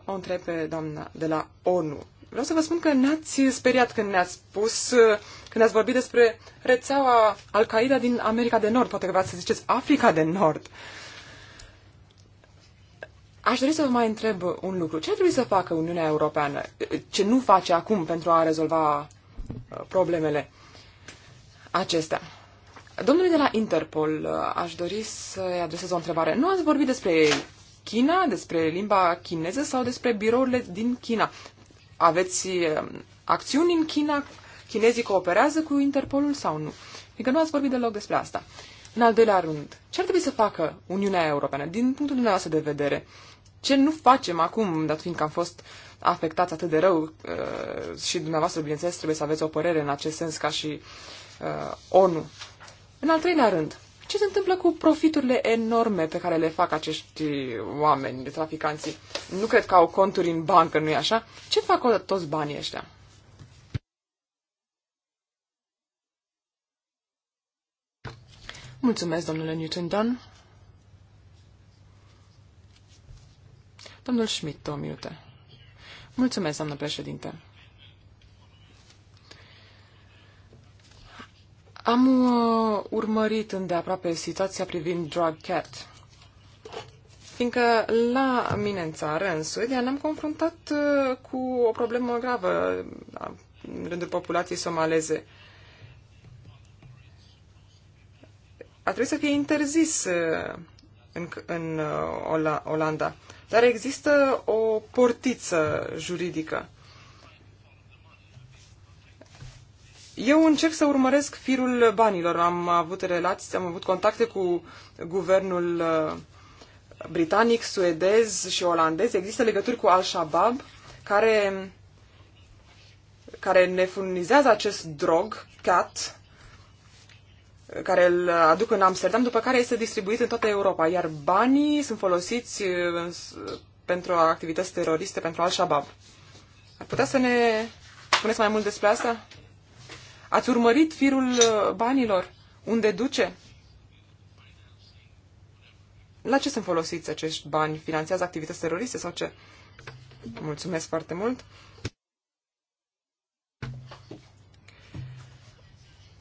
o întreb pe doamna de la ONU. Vreau să vă spun că ne-ați speriat când ne-ați spus, când ați vorbit despre rețeaua Al-Qaeda din America de Nord, poate că vreau să ziceți Africa de Nord. Aș dori să vă mai întreb un lucru. Ce trebuie să facă Uniunea Europeană, ce nu face acum pentru a rezolva Uh, problemele acestea. Domnului de la Interpol, uh, aș dori să-i adresez o întrebare. Nu ați vorbit despre China, despre limba chineză sau despre birourile din China? Aveți uh, acțiuni în China? Chinezii cooperează cu Interpolul sau nu? Adică nu ați vorbit deloc despre asta. În al doilea rând, ce ar trebui să facă Uniunea Europeană din punctul dumneavoastră de vedere? Uh, ce nu facem acum, dat fiindcă am fost afectați atât de rău uh, și dumneavoastră, bineînțeles, trebuie să aveți o părere în acest sens ca și uh, ONU. În al treilea rând, ce se întâmplă cu profiturile enorme pe care le fac acești oameni, de traficanții? Nu cred că au conturi în bancă, nu-i așa? Ce fac toți banii ăștia? Mulțumesc, domnule Newton-Dunn. Domnul Schmidt, două minute. Mulțumesc, doamnă președinte. Am uh, urmărit îndeaproape situația privind Drug Cat, fiindcă la mine în țară, în Suedia, ne-am confruntat uh, cu o problemă gravă da, în rândul populației somaleze. A trebuit să fie interzis uh, în, în uh, Ola, Olanda. Dar există o portiță juridică. Eu încerc să urmăresc firul banilor. Am avut relații, am avut contacte cu guvernul uh, britanic, suedez și olandez. Există legături cu Al-Shabaab care, care ne furnizează acest drog, CAT, care îl aduc în Amsterdam, după care este distribuit în toată Europa, iar banii sunt folosiți uh, pentru activități teroriste, pentru Al-Shabaab. Ar putea să ne spuneți mai mult despre asta? Ați urmărit firul uh, banilor? Unde duce? La ce sunt folosiți acești bani? Finanțează activități teroriste sau ce? Mulțumesc foarte mult!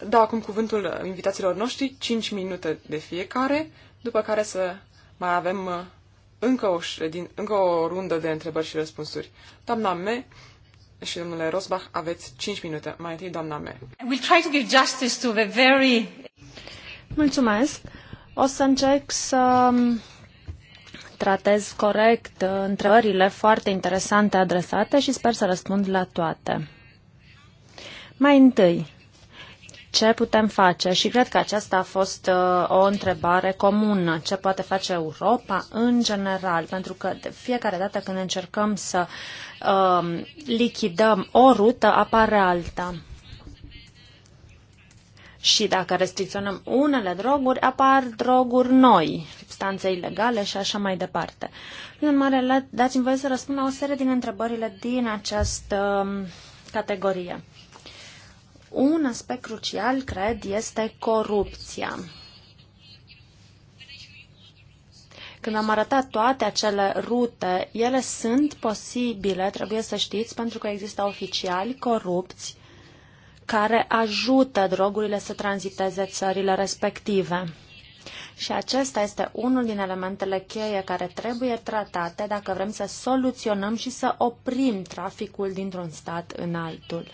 da acum cuvântul invitaților noștri, 5 minute de fiecare, după care să mai avem uh, încă o, ședin, încă o rundă de întrebări și răspunsuri. Doamna Me și domnule Rosbach, aveți 5 minute. Mai întâi, doamna Me. We'll try to give justice to the very... Mulțumesc. O să încerc să um, tratez corect uh, întrebările foarte interesante adresate și sper să răspund la toate. Mai întâi, ce putem face? Și cred că aceasta a fost uh, o întrebare comună. Ce poate face Europa în general? Pentru că de fiecare dată când încercăm să uh, lichidăm o rută, apare alta. Și dacă restricționăm unele droguri, apar droguri noi, substanțe ilegale și așa mai departe. În mare, dați-mi voie să răspund la o serie din întrebările din această um, categorie. Un aspect crucial, cred, este corupția. Când am arătat toate acele rute, ele sunt posibile, trebuie să știți, pentru că există oficiali corupți care ajută drogurile să tranziteze țările respective. Și acesta este unul din elementele cheie care trebuie tratate dacă vrem să soluționăm și să oprim traficul dintr-un stat în altul.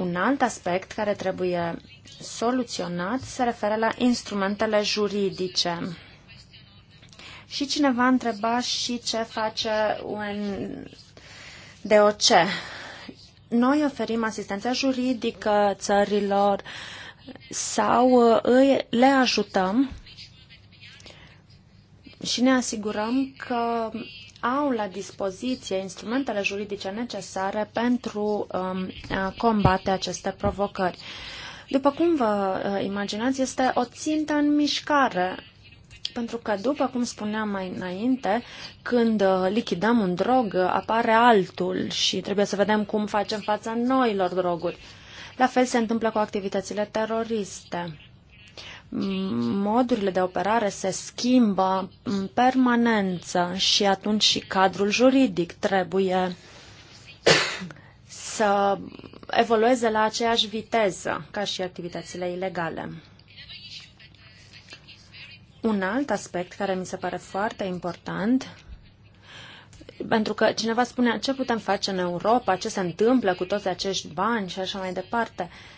Un alt aspect care trebuie soluționat se referă la instrumentele juridice. Și cineva întreba și ce face un DOC. Noi oferim asistență juridică țărilor sau îi, le ajutăm și ne asigurăm că au la dispoziție instrumentele juridice necesare pentru um, a combate aceste provocări. După cum vă uh, imaginați, este o țintă în mișcare pentru că, după cum spuneam mai înainte, când uh, lichidăm un drog, uh, apare altul și trebuie să vedem cum facem fața noilor droguri. La fel se întâmplă cu activitățile teroriste modurile de operare se schimbă în permanență și atunci și cadrul juridic trebuie să evolueze la aceeași viteză ca și activitățile ilegale. Un alt aspect care mi se pare foarte important, pentru că cineva spune ce putem face în Europa, ce se întâmplă cu toți acești bani și așa mai departe. Uh,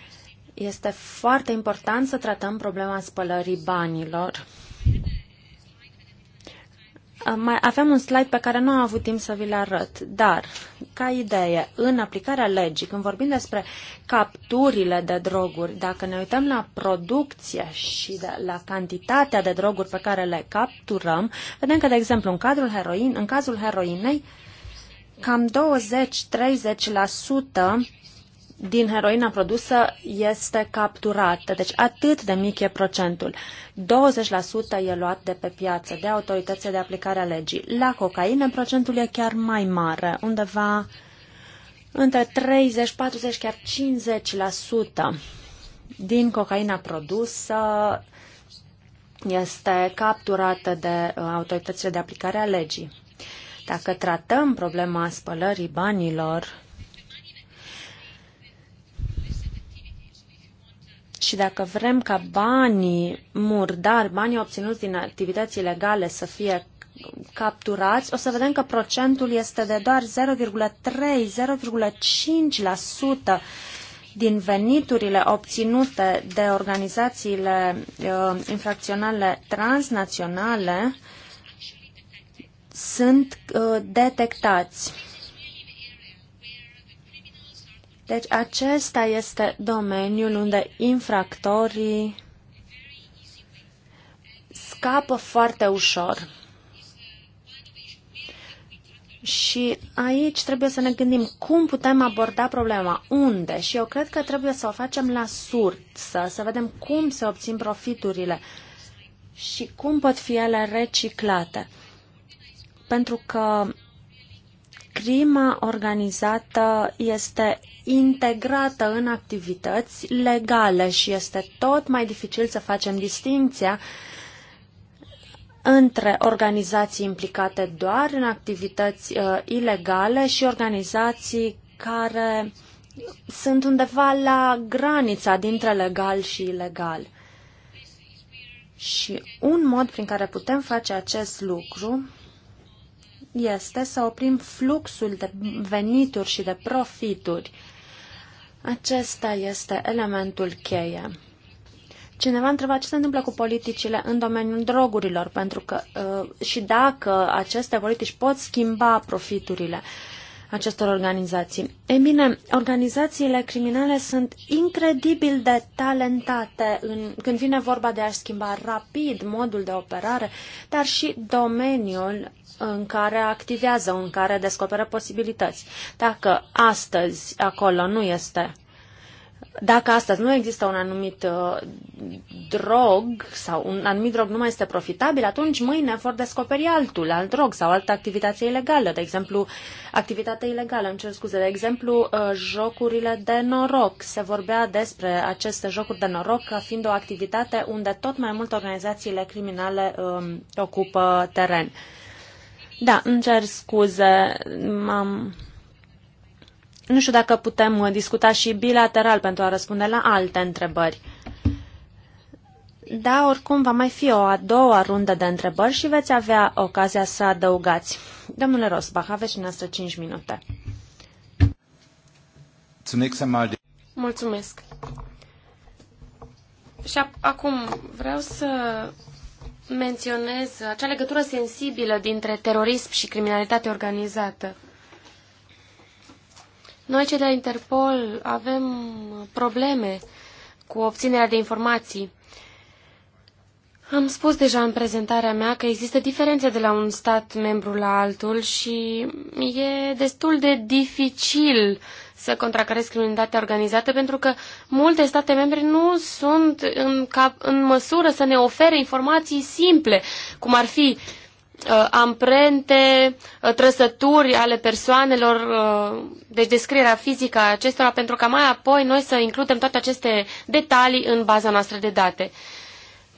este foarte important să tratăm problema spălării banilor. Mai avem un slide pe care nu am avut timp să vi-l arăt, dar, ca idee, în aplicarea legii, când vorbim despre capturile de droguri, dacă ne uităm la producție și de, la cantitatea de droguri pe care le capturăm, vedem că, de exemplu, în, cadrul heroin, în cazul heroinei, cam 20-30% din heroina produsă este capturată, deci atât de mic e procentul. 20% e luat de pe piață de autoritățile de aplicare a legii. La cocaină procentul e chiar mai mare, undeva între 30, 40, chiar 50% din cocaina produsă este capturată de uh, autoritățile de aplicare a legii. Dacă tratăm problema spălării banilor, Și dacă vrem ca banii murdari, banii obținuți din activități ilegale să fie capturați, o să vedem că procentul este de doar 0,3-0,5% din veniturile obținute de organizațiile uh, infracționale transnaționale sunt uh, detectați. Deci acesta este domeniul unde infractorii scapă foarte ușor. Și aici trebuie să ne gândim cum putem aborda problema, unde. Și eu cred că trebuie să o facem la sursă, să vedem cum se obțin profiturile și cum pot fi ele reciclate. Pentru că Crima organizată este integrată în activități legale și este tot mai dificil să facem distinția între organizații implicate doar în activități uh, ilegale și organizații care sunt undeva la granița dintre legal și ilegal. Și un mod prin care putem face acest lucru este să oprim fluxul de venituri și de profituri. Acesta este elementul cheie. Cineva întreba ce se întâmplă cu politicile în domeniul drogurilor pentru că, uh, și dacă aceste politici pot schimba profiturile acestor organizații. e bine, organizațiile criminale sunt incredibil de talentate în, când vine vorba de a schimba rapid modul de operare, dar și domeniul în care activează, în care descoperă posibilități. Dacă astăzi acolo nu este dacă astăzi nu există un anumit uh, drog sau un anumit drog nu mai este profitabil, atunci mâine vor descoperi altul, alt drog sau altă activitate ilegală, de exemplu, activitate ilegală, îmi cer scuze, de exemplu, uh, jocurile de noroc. Se vorbea despre aceste jocuri de noroc ca fiind o activitate unde tot mai multe organizațiile criminale um, ocupă teren. Uh, da, îmi cer scuze, m-am... Nu știu dacă putem uh, discuta și bilateral pentru a răspunde la alte întrebări. Da, oricum va mai fi o a doua rundă de întrebări și veți avea ocazia să adăugați. Domnule Rosbach, aveți și noastră 5 minute. Mulțumesc. Și acum vreau să menționez acea legătură sensibilă dintre terorism și criminalitate organizată. Noi, cei de la Interpol, avem probleme cu obținerea de informații am spus deja în prezentarea mea că există diferențe de la un stat membru la altul și e destul de dificil să contracarezi criminalitatea organizată pentru că multe state membre nu sunt în, cap, în măsură să ne ofere informații simple, cum ar fi uh, amprente, uh, trăsături ale persoanelor, uh, deci descrierea fizică a acestora, pentru ca mai apoi noi să includem toate aceste detalii în baza noastră de date. Uh,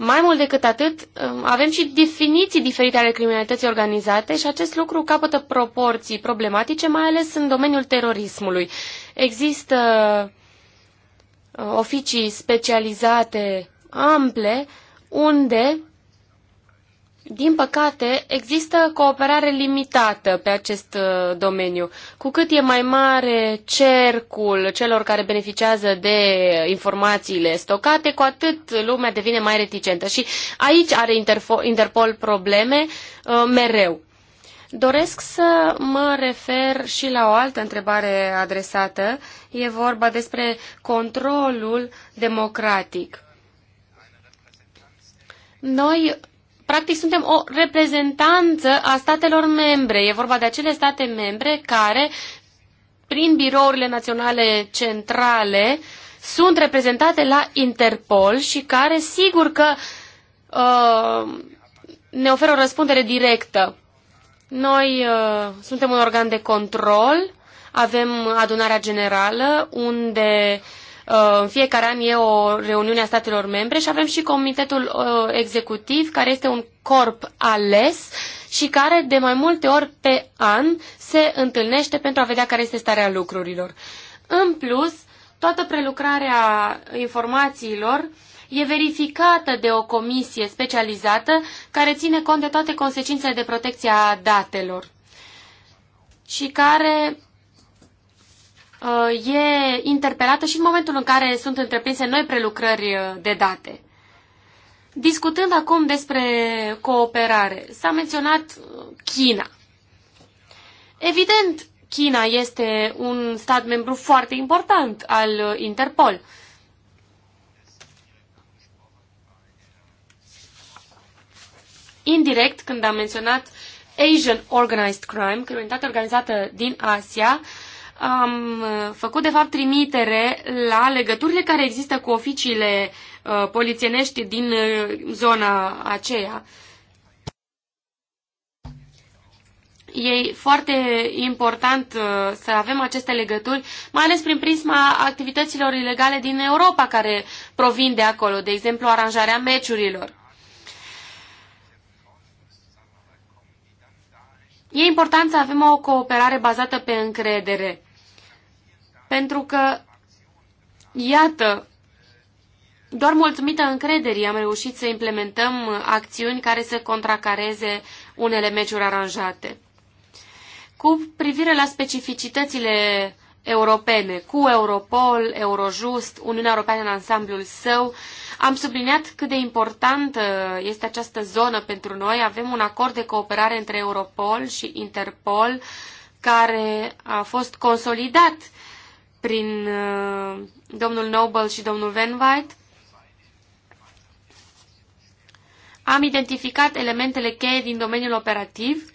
mai mult decât atât, um, avem și definiții diferite ale criminalității organizate și acest lucru capătă proporții problematice, mai ales în domeniul terorismului. Există uh, oficii specializate ample unde din păcate, există cooperare limitată pe acest uh, domeniu. Cu cât e mai mare cercul celor care beneficiază de informațiile stocate, cu atât lumea devine mai reticentă. Și aici are Interpol probleme uh, mereu. Doresc să mă refer și la o altă întrebare adresată. E vorba despre controlul democratic. Noi practic suntem o reprezentanță a statelor membre. E vorba de acele state membre care, prin birourile naționale centrale, sunt reprezentate la Interpol și care, sigur că uh, ne oferă o răspundere directă. Noi uh, suntem un organ de control, avem adunarea generală unde uh, Uh, în fiecare an e o reuniune a statelor membre și avem și comitetul uh, executiv, care este un corp ales și care de mai multe ori pe an se întâlnește pentru a vedea care este starea lucrurilor. În plus, toată prelucrarea informațiilor e verificată de o comisie specializată care ține cont de toate consecințele de protecție a datelor și care Uh, e interpelată și în momentul în care sunt întreprinse noi prelucrări uh, de date. Discutând acum despre cooperare, s-a menționat uh, China. Evident, China este un stat membru foarte important al Interpol. Indirect, când am menționat Asian Organized Crime, criminalitate organizată din Asia, uh, am uh, făcut de fapt trimitere la legăturile care există cu oficiile uh, polițienești din uh, zona aceea. E foarte important uh, să avem aceste legături, mai ales prin prisma activităților ilegale din Europa care provin de acolo, de exemplu aranjarea meciurilor. E important să avem o cooperare bazată pe încredere pentru că, iată, doar mulțumită încrederii am reușit să implementăm acțiuni care să contracareze unele meciuri aranjate. Cu privire la specificitățile europene, cu Europol, Eurojust, Uniunea Europeană în ansamblul său. Am subliniat cât de importantă este această zonă pentru noi. Avem un acord de cooperare între Europol și Interpol care a fost consolidat prin uh, domnul Noble și domnul Van Weid, am identificat elementele cheie din domeniul operativ,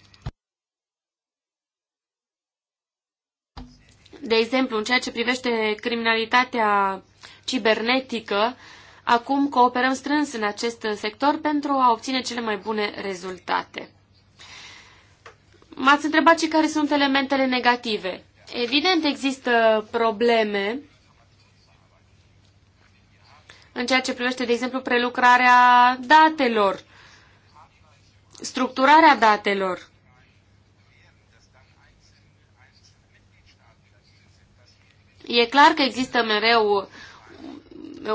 de exemplu, în ceea ce privește criminalitatea cibernetică, acum cooperăm strâns în acest sector pentru a obține cele mai bune rezultate. M-ați întrebat și care sunt elementele negative. Evident există probleme în ceea ce privește, de exemplu, prelucrarea datelor, structurarea datelor. E clar că există mereu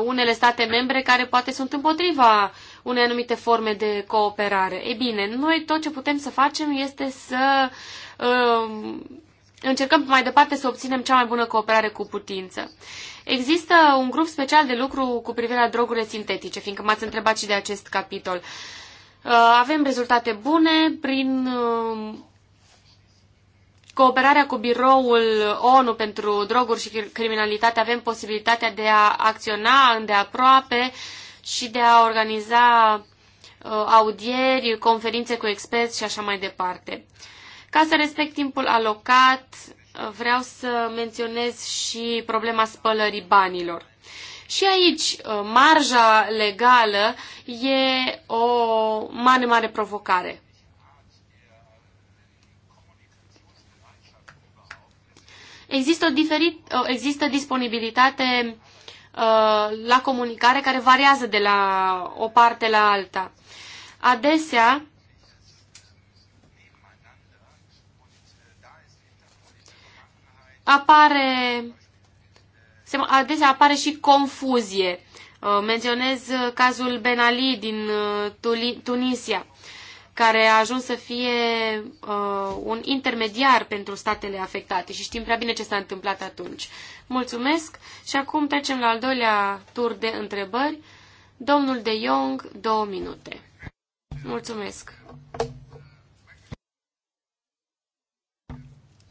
unele state membre care poate sunt împotriva unei anumite forme de cooperare. E bine, noi tot ce putem să facem este să uh, încercăm mai departe să obținem cea mai bună cooperare cu putință. Există un grup special de lucru cu privire la drogurile sintetice, fiindcă m-ați întrebat și de acest capitol. Uh, avem rezultate bune prin um, cooperarea cu biroul ONU pentru droguri și criminalitate. Avem posibilitatea de a acționa îndeaproape și de a organiza uh, audieri, conferințe cu experți și așa mai departe. Ca să respect timpul alocat, vreau să menționez și problema spălării banilor. Și aici, uh, marja legală e o mare, mare provocare. Există, o diferit, uh, există disponibilitate uh, la comunicare care variază de la o parte la alta. Adesea, apare, se, adesea apare și confuzie. Uh, menționez uh, cazul Ben Ali din uh, Tunisia, care a ajuns să fie un intermediar pentru statele afectate și știm prea bine ce s-a întâmplat atunci. Mulțumesc și acum trecem la al doilea tur de întrebări. Domnul De Jong, două minute. Mulțumesc.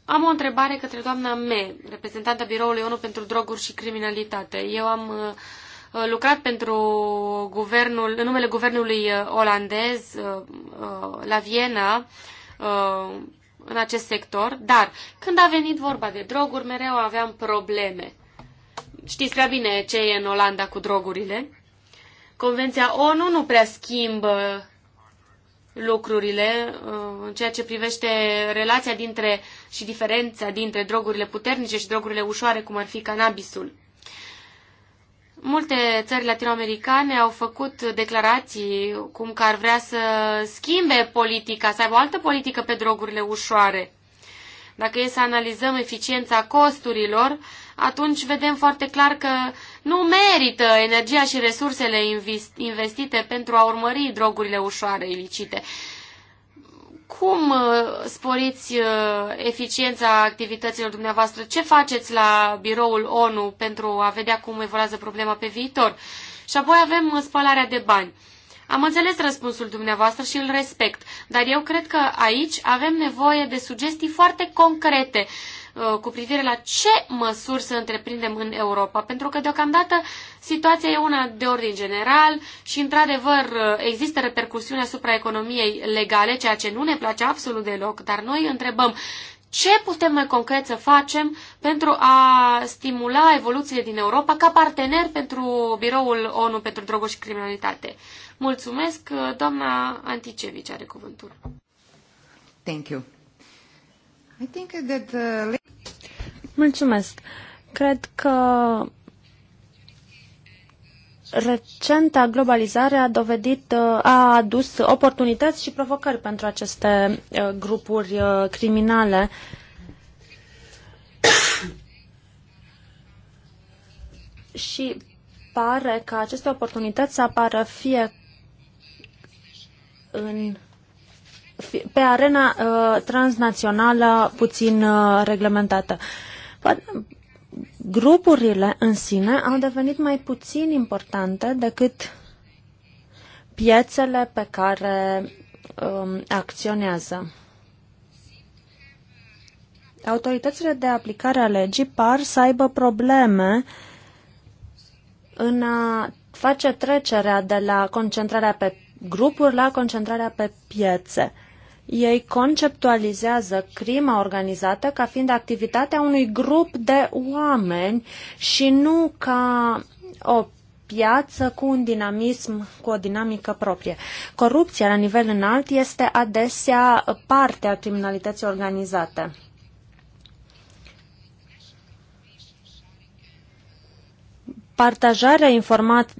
Am o întrebare către doamna Me, reprezentanta Biroului ONU pentru Droguri și Criminalitate. Eu am uh, uh, lucrat pentru guvernul, în numele guvernului uh, olandez la Viena în acest sector, dar când a venit vorba de droguri, mereu aveam probleme. Știți prea bine ce e în Olanda cu drogurile. Convenția ONU nu prea schimbă lucrurile uh, în ceea ce privește relația dintre și diferența dintre drogurile puternice și drogurile ușoare, cum ar fi cannabisul. Multe țări latinoamericane au făcut declarații cum că ar vrea să schimbe politica, să aibă o altă politică pe drogurile ușoare. Dacă e să analizăm eficiența costurilor, atunci vedem foarte clar că nu merită energia și resursele investite pentru a urmări drogurile ușoare ilicite. Cum uh, sporiți uh, eficiența activităților dumneavoastră? Ce faceți la biroul ONU pentru a vedea cum evoluează problema pe viitor? Și apoi avem uh, spălarea de bani. Am înțeles răspunsul dumneavoastră și îl respect, dar eu cred că aici avem nevoie de sugestii foarte concrete. Uh, cu privire la ce măsuri să întreprindem în Europa, pentru că deocamdată situația e una de ordin general și, într-adevăr, uh, există repercusiuni asupra economiei legale, ceea ce nu ne place absolut deloc, dar noi întrebăm ce putem mai concret să facem pentru a stimula evoluțiile din Europa ca partener pentru biroul ONU pentru droguri și criminalitate. Mulțumesc, uh, doamna Anticevici are cuvântul. Thank you. Uh, Mulțumesc. Cred că recenta globalizare a dovedit, uh, a adus oportunități și provocări pentru aceste uh, grupuri criminale. și pare că aceste oportunități apară fie în pe arena uh, transnațională puțin uh, reglementată. Grupurile în sine au devenit mai puțin importante decât piețele pe care um, acționează. Autoritățile de aplicare a legii par să aibă probleme în a face trecerea de la concentrarea pe grupuri la concentrarea pe piețe. Ei conceptualizează crima organizată ca fiind activitatea unui grup de oameni și nu ca o piață cu un dinamism, cu o dinamică proprie. Corupția la nivel înalt este adesea parte a criminalității organizate. partajarea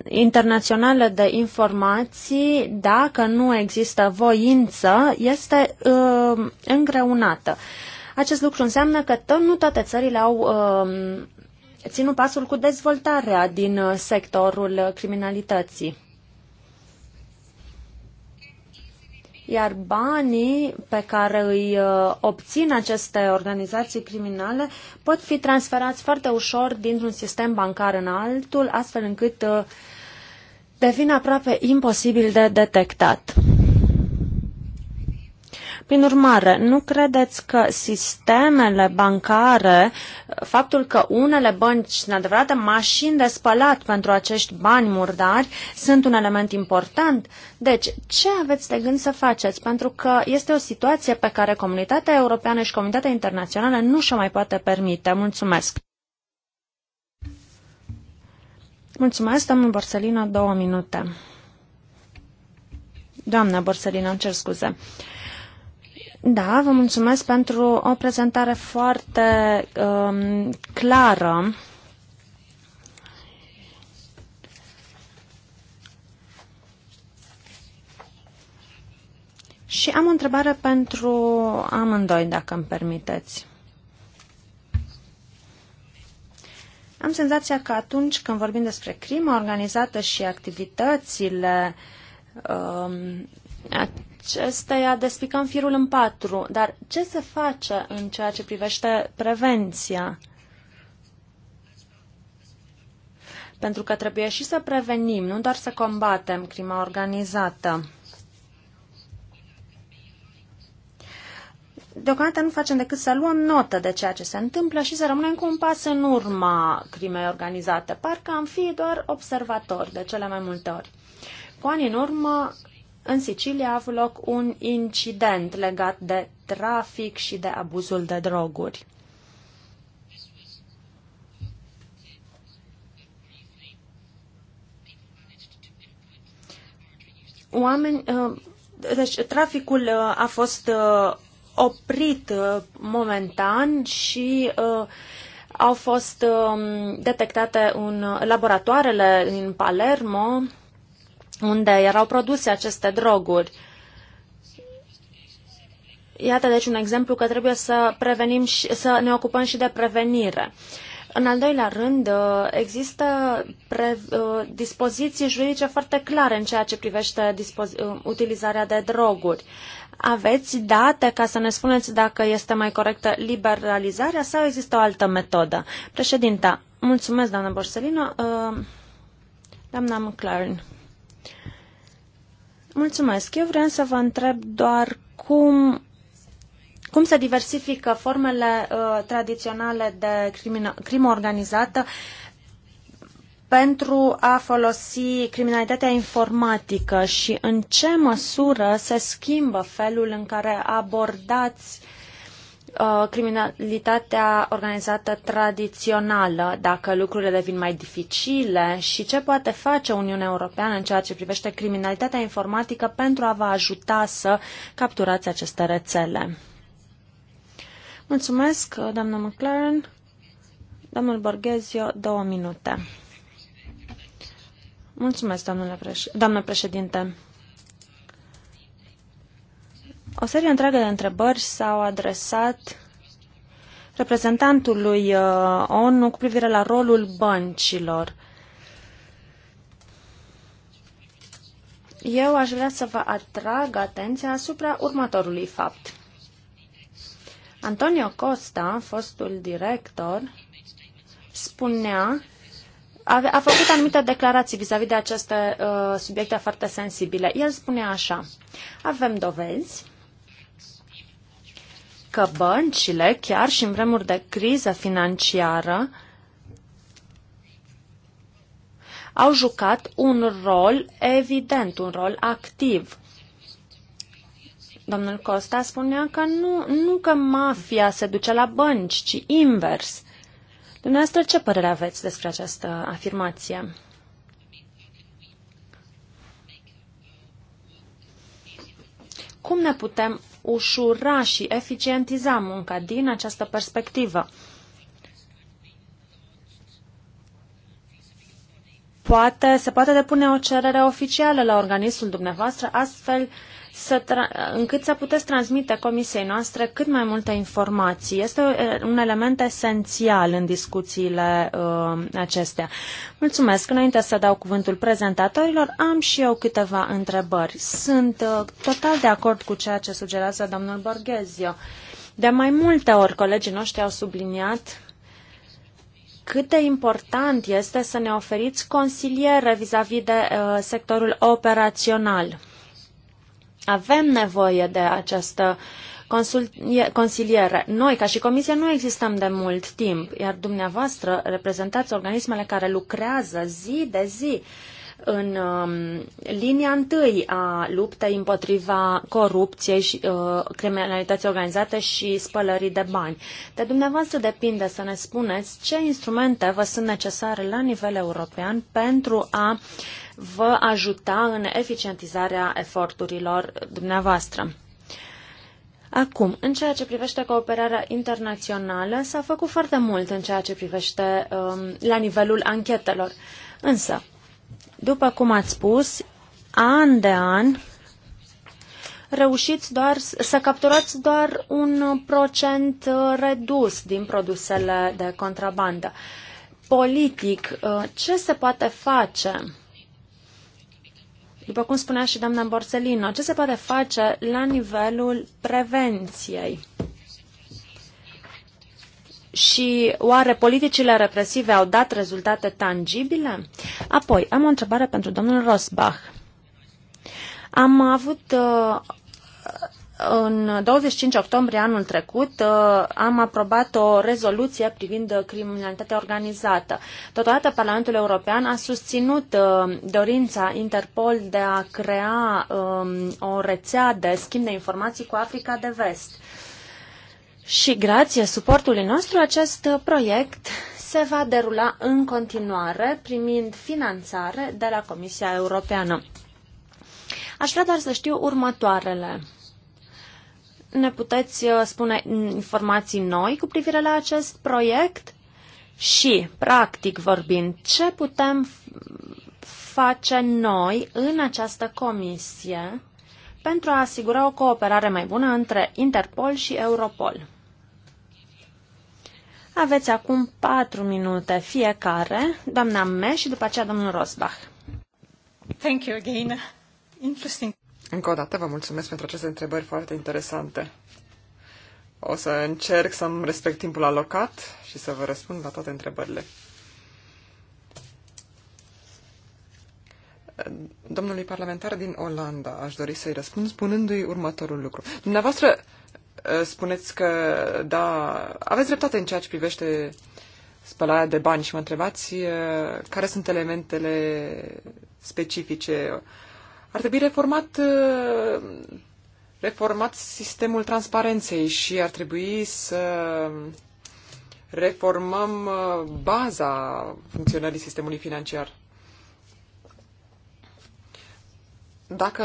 internațională de informații, dacă nu există voință, este uh, îngreunată. Acest lucru înseamnă că tot, nu toate țările au uh, ținut pasul cu dezvoltarea din uh, sectorul criminalității. iar banii pe care îi uh, obțin aceste organizații criminale pot fi transferați foarte ușor dintr-un sistem bancar în altul, astfel încât uh, devin aproape imposibil de detectat. Prin urmare, nu credeți că sistemele bancare, faptul că unele bănci sunt adevărate mașini de spălat pentru acești bani murdari, sunt un element important? Deci, ce aveți de gând să faceți? Pentru că este o situație pe care comunitatea europeană și comunitatea internațională nu și-o mai poate permite. Mulțumesc! Mulțumesc, domnul Borsellino, două minute. Doamna Borsellino, îmi cer scuze. Uh, da, vă mulțumesc pentru o prezentare foarte um, clară. Și am o întrebare pentru amândoi, dacă îmi permiteți. Am senzația că atunci când vorbim despre crimă organizată și activitățile um, acesteia despicăm firul în patru, dar ce se face în ceea ce privește prevenția? Pentru că trebuie și să prevenim, nu doar să combatem crima organizată. deocamdată nu facem decât să luăm notă de ceea ce se întâmplă și să rămânem cu un pas în urma crimei organizate. Parcă am fi doar observatori de cele mai multe ori. Cu ani în urmă în Sicilia a avut loc un incident legat de trafic și de abuzul de droguri. Oameni, uh, deci traficul uh, a fost uh, oprit momentan și au fost um, detectate în laboratoarele în Palermo unde erau produse aceste droguri. Iată deci un exemplu că trebuie să, prevenim și, să ne ocupăm și de prevenire. În al doilea rând, uh, există pre, uh, dispoziții juridice foarte clare în ceea ce privește uh, utilizarea de droguri. Aveți date ca să ne spuneți dacă este mai corectă liberalizarea sau există o altă metodă? Președinta, mulțumesc, doamna Borsellino. Doamna McLaren. Mulțumesc. Eu vreau să vă întreb doar cum, cum se diversifică formele uh, tradiționale de crimină, crimă organizată pentru a folosi criminalitatea informatică și în ce măsură se schimbă felul în care abordați uh, Uh, criminalitatea organizată tradițională, dacă lucrurile devin mai dificile și ce poate face Uniunea Europeană în ceea ce privește criminalitatea informatică pentru a vă ajuta să capturați aceste rețele. Mulțumesc, doamna McLaren. Domnul Borghezio, două minute. Mulțumesc, domnule doamnă președinte. O serie întreagă de întrebări s-au adresat reprezentantului uh, ONU cu privire la rolul băncilor. Eu aș vrea să vă atrag atenția asupra următorului fapt. Antonio Costa, fostul director, spunea a, a făcut anumite declarații vis-a-vis -vis de aceste uh, subiecte foarte sensibile. El spunea așa, avem dovezi că băncile, chiar și în vremuri de criză financiară, au jucat un rol evident, un rol activ. Domnul Costa spunea că nu, nu că mafia se duce la bănci, ci invers. Dumneavoastră, ce părere aveți despre această afirmație? Cum ne putem ușura și eficientiza munca din această perspectivă. Poate, se poate depune o cerere oficială la organismul dumneavoastră, astfel să încât să puteți transmite comisiei noastre cât mai multă informații. Este uh, un element esențial în discuțiile uh, acestea. Mulțumesc. Înainte să dau cuvântul prezentatorilor, am și eu câteva întrebări. Sunt uh, total de acord cu ceea ce sugerează domnul Borghezio. De mai multe ori colegii noștri au subliniat cât de important este să ne oferiți consiliere vis-a-vis -vis de uh, sectorul operațional. Avem nevoie de această consiliere. Noi, ca și Comisie, nu existăm de mult timp, iar dumneavoastră reprezentați organismele care lucrează zi de zi în um, linia întâi a luptei împotriva corupției și uh, criminalității organizate și spălării de bani. De dumneavoastră depinde să ne spuneți ce instrumente vă sunt necesare la nivel european pentru a vă ajuta în eficientizarea eforturilor dumneavoastră. Acum, în ceea ce privește cooperarea internațională, s-a făcut foarte mult în ceea ce privește um, la nivelul anchetelor. Însă, după cum ați spus, an de an reușiți doar să capturați doar un procent uh, redus din produsele de contrabandă. Politic, uh, ce se poate face? după cum spunea și doamna Borsellino, ce se poate face la nivelul prevenției? Și oare politicile represive au dat rezultate tangibile? Apoi, am o întrebare pentru domnul Rosbach. Am avut uh, în 25 octombrie anul trecut uh, am aprobat o rezoluție privind criminalitatea organizată. Totodată Parlamentul European a susținut uh, dorința Interpol de a crea um, o rețea de schimb de informații cu Africa de Vest. Și grație suportului nostru, acest proiect se va derula în continuare, primind finanțare de la Comisia Europeană. Aș vrea doar să știu următoarele ne puteți uh, spune informații noi cu privire la acest proiect? Și, practic vorbind, ce putem face noi în această comisie pentru a asigura o cooperare mai bună între Interpol și Europol? Aveți acum patru minute fiecare, doamna Me și după aceea domnul Rosbach. Thank you again. Interesting. Încă o dată vă mulțumesc pentru aceste întrebări foarte interesante. O să încerc să-mi respect timpul alocat și să vă răspund la toate întrebările. Domnului parlamentar din Olanda aș dori să-i răspund spunându-i următorul lucru. Dumneavoastră uh, spuneți că, da, aveți dreptate în ceea ce privește spălarea de bani și mă întrebați uh, care sunt elementele specifice uh, ar trebui reformat, uh, reformat sistemul transparenței și ar trebui să reformăm uh, baza funcționării sistemului financiar. Dacă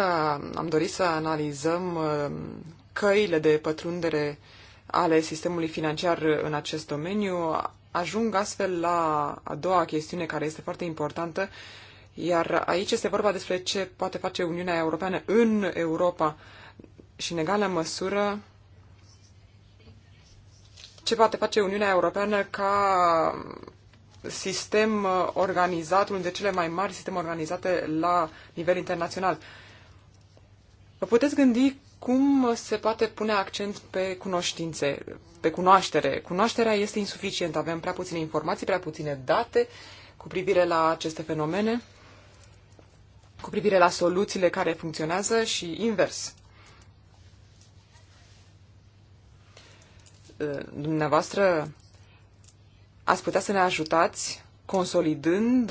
am dorit să analizăm uh, căile de pătrundere ale sistemului financiar în acest domeniu, ajung astfel la a doua chestiune care este foarte importantă iar aici este vorba despre ce poate face Uniunea Europeană în Europa și, în egală măsură, ce poate face Uniunea Europeană ca sistem organizat, unul de cele mai mari sisteme organizate la nivel internațional. Vă puteți gândi cum se poate pune accent pe cunoștințe, pe cunoaștere. Cunoașterea este insuficientă, avem prea puține informații, prea puține date cu privire la aceste fenomene cu privire la soluțiile care funcționează și invers. Dumneavoastră ați putea să ne ajutați consolidând,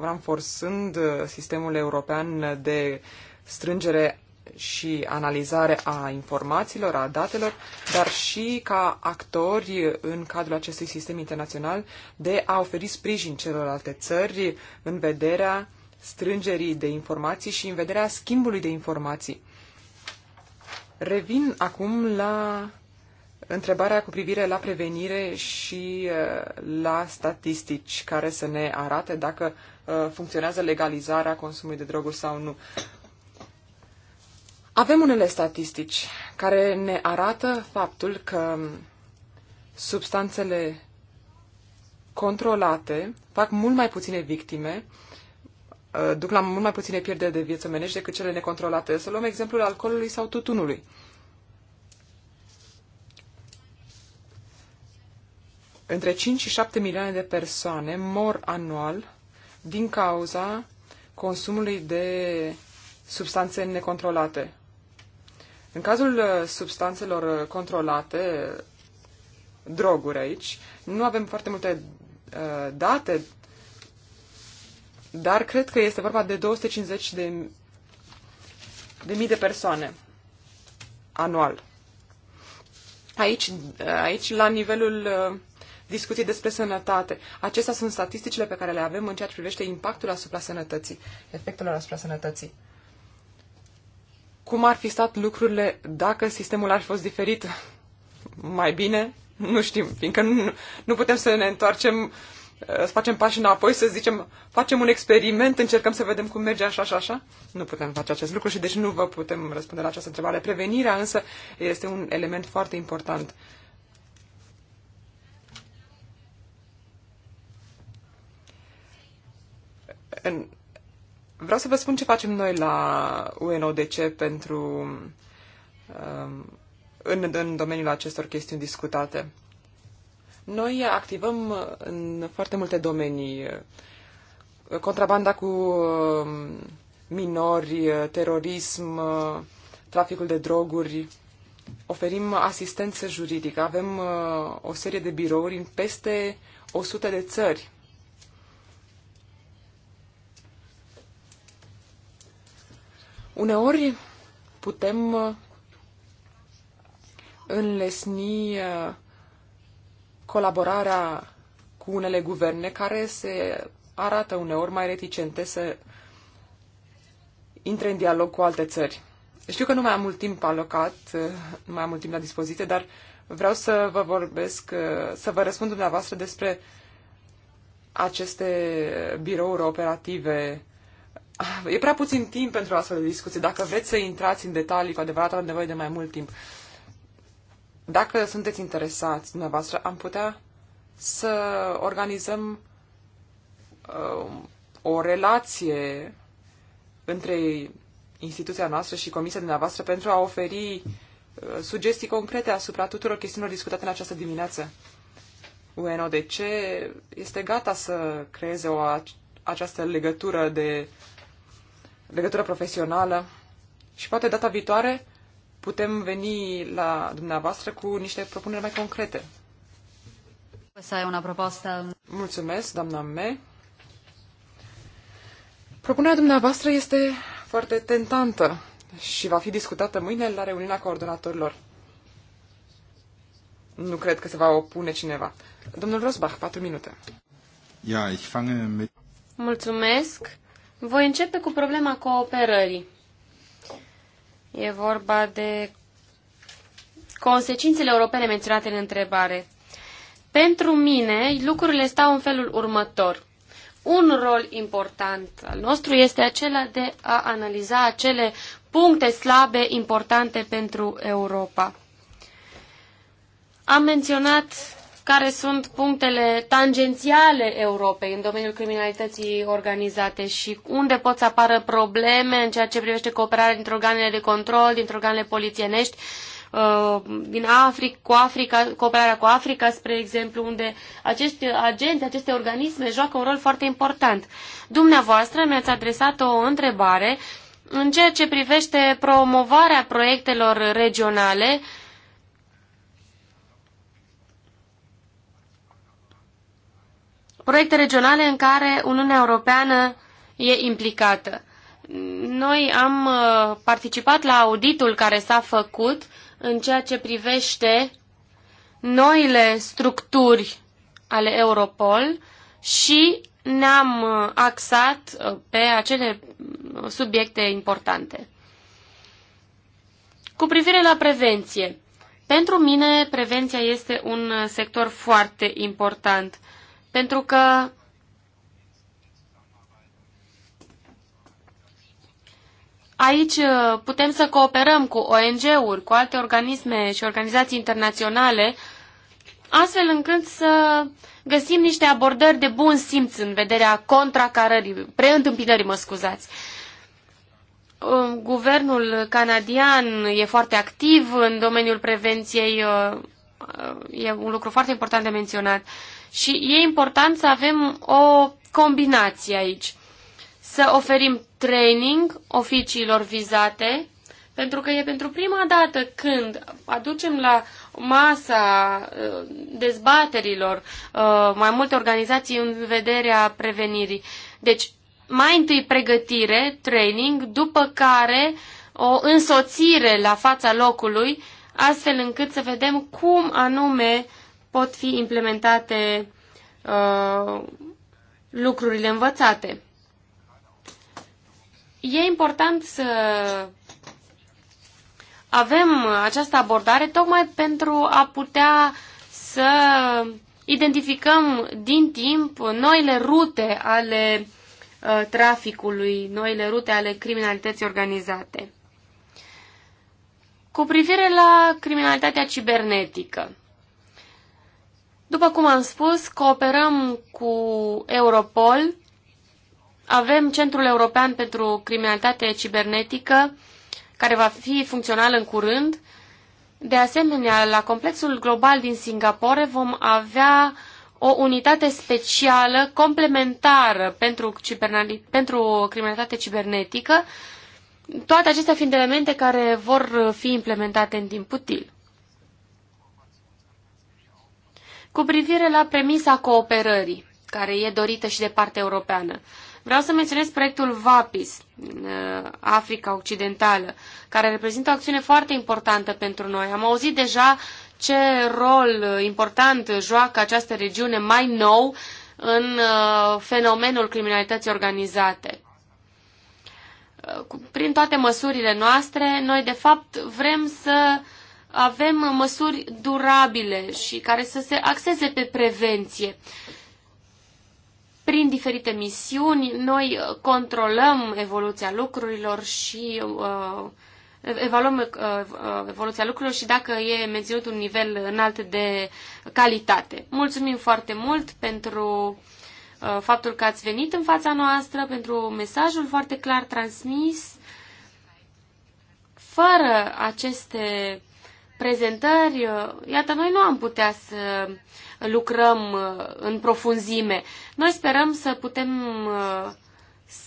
ranforsând sistemul european de strângere și analizare a informațiilor, a datelor, dar și ca actori în cadrul acestui sistem internațional de a oferi sprijin celorlalte țări în vederea strângerii de informații și în vederea schimbului de informații. Revin acum la întrebarea cu privire la prevenire și uh, la statistici care să ne arate dacă uh, funcționează legalizarea consumului de droguri sau nu. Avem unele statistici care ne arată faptul că substanțele controlate fac mult mai puține victime Uh, duc la mult mai puține pierderi de vieți omenești decât cele necontrolate. Să luăm exemplul alcoolului sau tutunului. Între 5 și 7 milioane de persoane mor anual din cauza consumului de substanțe necontrolate. În cazul uh, substanțelor uh, controlate, droguri aici, nu avem foarte multe date dar cred că este vorba de 250 de, de mii de persoane anual. Aici, aici la nivelul uh, discuției despre sănătate. Acestea sunt statisticile pe care le avem în ceea ce privește impactul asupra sănătății, efectul asupra sănătății. Cum ar fi stat lucrurile dacă sistemul ar fi fost diferit? Mai bine? Nu știm, fiindcă nu, nu putem să ne întoarcem uh, Eh, să facem pași înapoi, să zicem, facem un experiment, încercăm să vedem cum merge așa și așa? Nu putem face acest lucru și deci nu vă putem răspunde la această întrebare. Prevenirea însă este un element foarte important. În... Vreau să vă spun ce facem noi la UNODC pentru, um, în, în domeniul acestor chestiuni discutate. Noi activăm în foarte multe domenii. Contrabanda cu um, minori, terorism, traficul de droguri. Oferim asistență juridică. Avem uh, o serie de birouri în peste 100 de țări. Uneori putem uh, înlesni uh, colaborarea cu unele guverne care se arată uneori mai reticente să intre în dialog cu alte țări. Știu că nu mai am mult timp alocat, nu mai am mult timp la dispoziție, dar vreau să vă vorbesc, să vă răspund dumneavoastră despre aceste birouri operative. E prea puțin timp pentru astfel de discuții. Dacă vreți să intrați în detalii, cu adevărat am nevoie de mai mult timp. Dacă sunteți interesați dumneavoastră, am putea să organizăm uh, o relație între instituția noastră și comisia dumneavoastră pentru a oferi uh, sugestii concrete asupra tuturor chestiunilor discutate în această dimineață. UNODC este gata să creeze o, această legătură de legătură profesională și poate data viitoare putem veni la dumneavoastră cu niște propuneri mai concrete. Să ai una propostă. Mulțumesc, doamna Me. Propunerea dumneavoastră este foarte tentantă și va fi discutată mâine la reuniunea coordonatorilor. Nu cred că se va opune cineva. Domnul Rosbach, patru minute. Ja, ich fange mit... Mulțumesc. Voi începe cu problema cooperării. E vorba de consecințele europene menționate în întrebare. Pentru mine, lucrurile stau în felul următor. Un rol important al nostru este acela de a analiza acele puncte slabe importante pentru Europa. Am menționat care sunt punctele tangențiale Europei în domeniul criminalității organizate și unde pot să apară probleme în ceea ce privește cooperarea dintre organele de control, dintre organele polițienești, uh, din Africa, cu Africa, cooperarea cu Africa, spre exemplu, unde acești agenți, aceste organisme joacă un rol foarte important. Dumneavoastră mi-ați adresat o întrebare în ceea ce privește promovarea proiectelor regionale proiecte regionale în care Uniunea Europeană e implicată. Noi am uh, participat la auditul care s-a făcut în ceea ce privește noile structuri ale Europol și ne-am uh, axat uh, pe acele subiecte importante. Cu privire la prevenție, pentru mine prevenția este un sector foarte important. Pentru că aici uh, putem să cooperăm cu ONG-uri, cu alte organisme și organizații internaționale, astfel încât să găsim niște abordări de bun simț în vederea contracarării, preîntâmpinării, mă scuzați. Uh, guvernul canadian e foarte activ în domeniul prevenției, uh, e un lucru foarte important de menționat. Și e important să avem o combinație aici. Să oferim training oficiilor vizate, pentru că e pentru prima dată când aducem la masa uh, dezbaterilor uh, mai multe organizații în vederea prevenirii. Deci, mai întâi pregătire, training, după care o însoțire la fața locului, astfel încât să vedem cum anume uh, pot fi implementate uh, lucrurile învățate. E important să avem această abordare tocmai pentru a putea să identificăm din timp noile rute ale uh, traficului, noile rute ale criminalității organizate. Cu privire la criminalitatea cibernetică, după cum am spus, cooperăm cu Europol, avem Centrul European pentru Criminalitate Cibernetică, care va fi funcțional în curând. De asemenea, la complexul global din Singapore vom avea o unitate specială, complementară pentru, pentru criminalitate cibernetică, toate acestea fiind elemente care vor fi implementate în timp util. cu privire la premisa cooperării, care e dorită și de partea europeană. Vreau să menționez proiectul VAPIS în uh, Africa Occidentală, care reprezintă o acțiune foarte importantă pentru noi. Am auzit deja ce rol uh, important joacă această regiune mai nou în uh, fenomenul criminalității organizate. Prin toate măsurile noastre, noi de fapt vrem să uh, avem măsuri durabile și care să se axeze pe prevenție. Prin diferite misiuni, noi controlăm evoluția lucrurilor și uh, evaluăm uh, uh, evoluția lucrurilor și dacă e menținut un nivel înalt de calitate. Mulțumim foarte mult pentru uh, faptul că ați venit în fața noastră, pentru mesajul foarte clar transmis. Fără aceste prezentări, uh, iată, noi nu am putea să lucrăm uh, în profunzime. Noi sperăm să putem uh,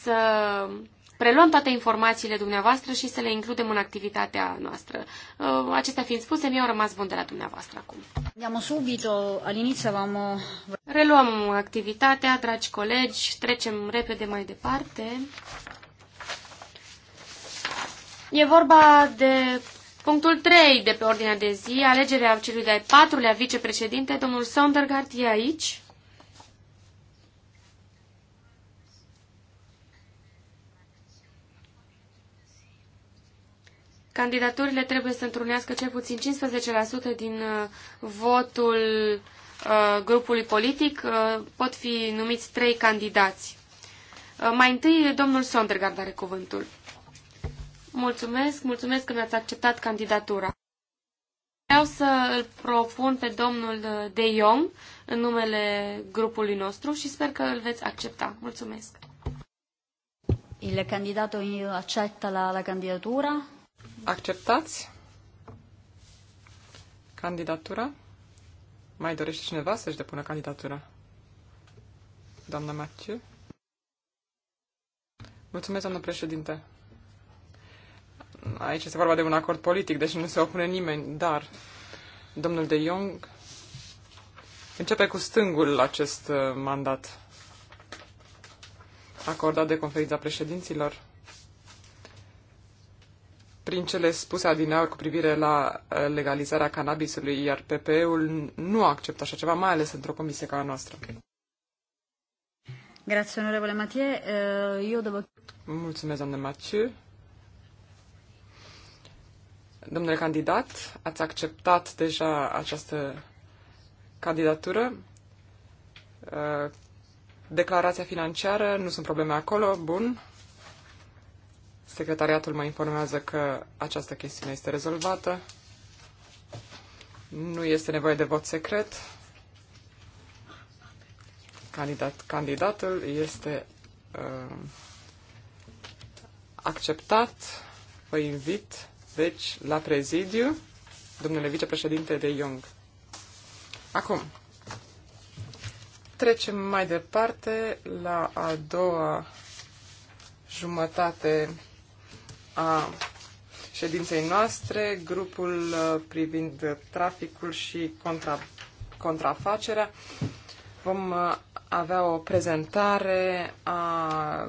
să preluăm toate informațiile dumneavoastră și să le includem în activitatea noastră. Acestea fiind spuse, mi-au rămas bun de la dumneavoastră acum. Andiamo subito, all'inizio am Reluăm activitatea, dragi colegi, trecem repede mai departe. E vorba de Punctul 3 de pe ordinea de zi, alegerea celui de-al patrulea vicepreședinte, domnul Sondergaard e aici. Candidaturile trebuie să întrunească cel puțin 15% din uh, votul uh, grupului politic. Uh, pot fi numiți trei candidați. Mai întâi, domnul Sondergaard are cuvântul. Mulțumesc, mulțumesc că mi-ați acceptat candidatura. Vreau să îl propun pe domnul De Jong în numele grupului nostru și sper că îl veți accepta. Mulțumesc. Il candidato accetta la, la candidatura? Acceptați candidatura? Mai dorește cineva să-și depună candidatura? Doamna Maciu? Mulțumesc, doamnă președinte aici este vorba de un acord politic, deci nu se opune nimeni, dar domnul de Jong începe cu stângul acest uh, mandat acordat de conferința președinților. Prin cele spuse adineauri cu privire la uh, legalizarea cannabisului, iar PPE-ul nu acceptă așa ceva, mai ales într-o comisie ca a noastră. Grazie, onorevole Mathieu. Eu uh, devo... Mulțumesc, doamne Mathieu. Domnule candidat, ați acceptat deja această candidatură. Uh, declarația financiară, nu sunt probleme acolo, bun. Secretariatul mă informează că această chestiune este rezolvată. Nu este nevoie de vot secret. Candidat, candidatul este uh, acceptat. Vă invit deci, la prezidiu, domnule vicepreședinte de Young. Acum, trecem mai departe la a doua jumătate a ședinței noastre, grupul uh, privind traficul și contra, contrafacerea. Vom uh, avea o prezentare a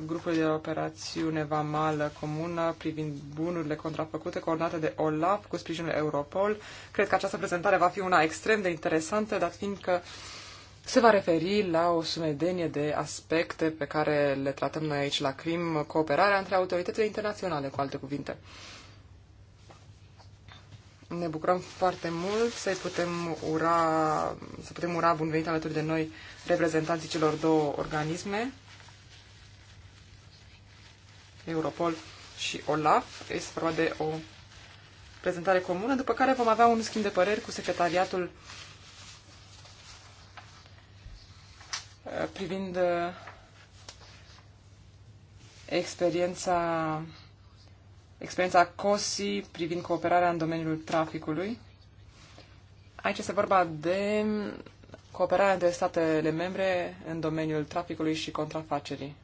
grupului de operațiune vamală comună privind bunurile contrafăcute coordonate de OLAF cu sprijinul Europol. Cred că această prezentare va fi una extrem de interesantă, dat fiindcă se va referi la o sumedenie de aspecte pe care le tratăm noi aici la CRIM, cooperarea între autoritățile internaționale, cu alte cuvinte. Ne bucurăm foarte mult să-i putem ura, să putem ura bun venit alături de noi reprezentanții celor două organisme, Europol și OLAF. Este vorba de o prezentare comună, după care vom avea un schimb de păreri cu secretariatul uh, privind uh, experiența experiența COSI privind cooperarea în domeniul traficului. Aici este vorba de cooperarea între statele membre în domeniul traficului și contrafacerii.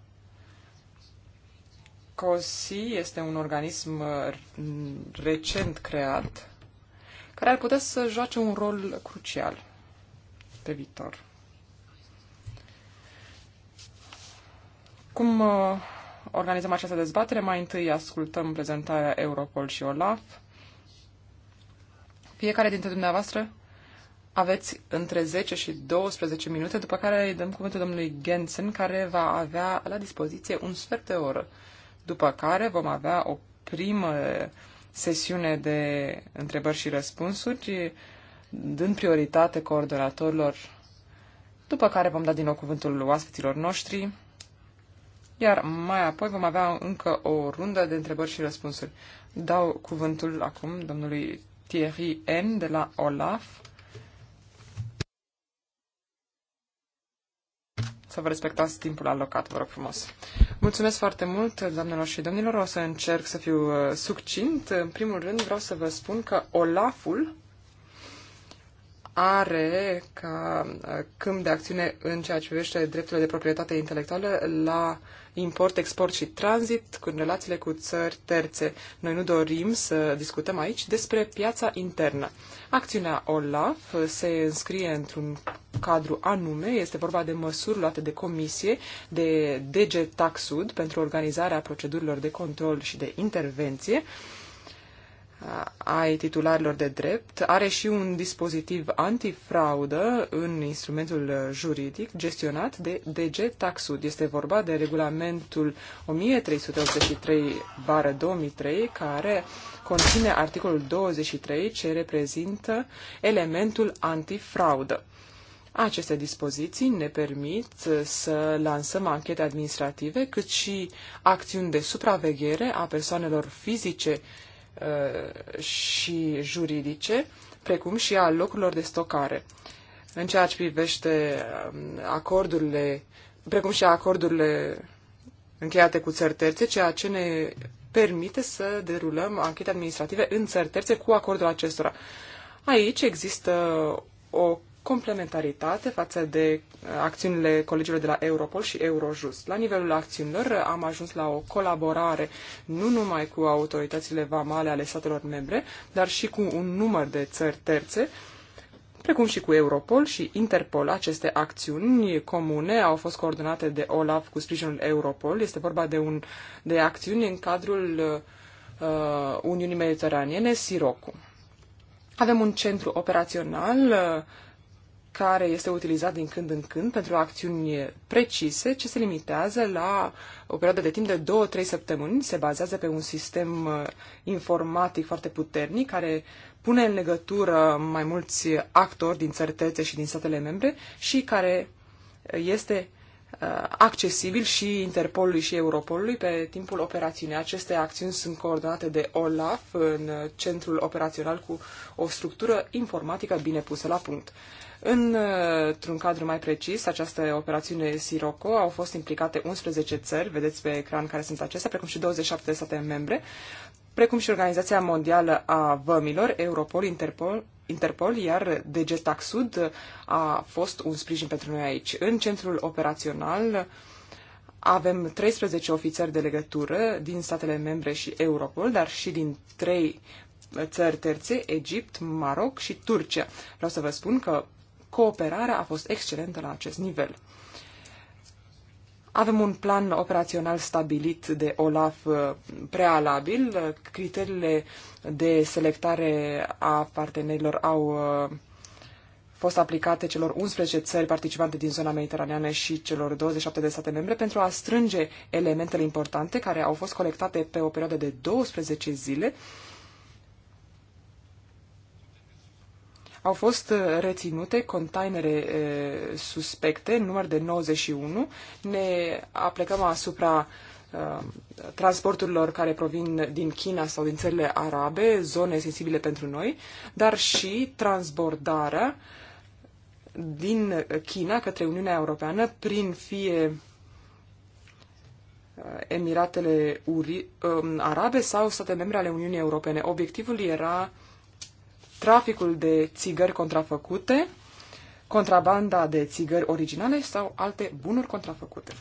COSI este un organism uh, recent creat care ar putea să joace un rol crucial pe viitor. Cum uh, organizăm această dezbatere. Mai întâi ascultăm prezentarea Europol și OLAF. Fiecare dintre dumneavoastră aveți între 10 și 12 minute, după care îi dăm cuvântul domnului Gensen, care va avea la dispoziție un sfert de oră, după care vom avea o primă sesiune de întrebări și răspunsuri, dând prioritate coordonatorilor, după care vom da din nou cuvântul oaspeților noștri iar mai apoi vom avea încă o rundă de întrebări și răspunsuri. Dau cuvântul acum domnului Thierry N. de la OLAF. Să vă respectați timpul alocat, vă rog frumos. Mulțumesc foarte mult, doamnelor și domnilor. O să încerc să fiu uh, succint. În primul rând vreau să vă spun că OLAF-ul are ca uh, câmp de acțiune în ceea ce privește drepturile de proprietate intelectuală la import, export și tranzit cu relațiile cu țări terțe. Noi nu dorim să discutăm aici despre piața internă. Acțiunea OLAF se înscrie într-un cadru anume, este vorba de măsuri luate de comisie de DG Taxud pentru organizarea procedurilor de control și de intervenție ai titularilor de drept, are și un dispozitiv antifraudă în instrumentul uh, juridic gestionat de DG Taxud. Este vorba de regulamentul 1383-2003 care conține articolul 23 ce reprezintă elementul antifraudă. Aceste dispoziții ne permit uh, să lansăm anchete administrative, cât și acțiuni de supraveghere a persoanelor fizice Uh, și juridice, precum și a locurilor de stocare. În ceea ce privește um, acordurile, precum și acordurile încheiate cu țări terțe, ceea ce ne permite să derulăm anchete administrative în țări terțe cu acordul acestora. Aici există o complementaritate față de uh, acțiunile colegilor de la Europol și Eurojust. La nivelul acțiunilor uh, am ajuns la o colaborare nu numai cu autoritățile vamale ale statelor membre, dar și cu un număr de țări terțe, precum și cu Europol și Interpol. Aceste acțiuni comune au fost coordonate de OLAF cu sprijinul Europol. Este vorba de, un, de acțiuni în cadrul uh, uh Uniunii Mediteraniene, Sirocu. Avem un centru operațional uh, care este utilizat din când în când pentru acțiuni precise, ce se limitează la o perioadă de timp de 2-3 săptămâni, se bazează pe un sistem uh, informatic foarte puternic care pune în legătură mai mulți actori din țări terțe și din statele membre și care uh, este uh, accesibil și Interpolului și Europolului pe timpul operațiunii. Aceste acțiuni sunt coordonate de OLAF în centrul operațional cu o structură informatică bine pusă la punct. Într-un cadru mai precis, această operațiune Siroco au fost implicate 11 țări, vedeți pe ecran care sunt acestea, precum și 27 de state membre, precum și Organizația Mondială a Vămilor, Europol, Interpol, Interpol, iar DG sud a fost un sprijin pentru noi aici. În centrul operațional avem 13 ofițeri de legătură din statele membre și Europol, dar și din trei țări terțe, Egipt, Maroc și Turcia. Vreau să vă spun că cooperarea a fost excelentă la acest nivel. Avem un plan operațional stabilit de OLAF uh, prealabil. Criteriile de selectare a partenerilor au uh, fost aplicate celor 11 țări participante din zona mediteraneană și celor 27 de state membre pentru a strânge elementele importante care au fost colectate pe o perioadă de 12 zile Au fost uh, reținute containere uh, suspecte, număr de 91. Ne aplicăm asupra uh, transporturilor care provin din China sau din țările arabe, zone sensibile pentru noi, dar și transbordarea din China către Uniunea Europeană prin fie Emiratele Uri, um, Arabe sau state membre ale Uniunii Europene. Obiectivul era traficul de țigări contrafăcute, contrabanda de țigări originale sau alte bunuri contrafăcute.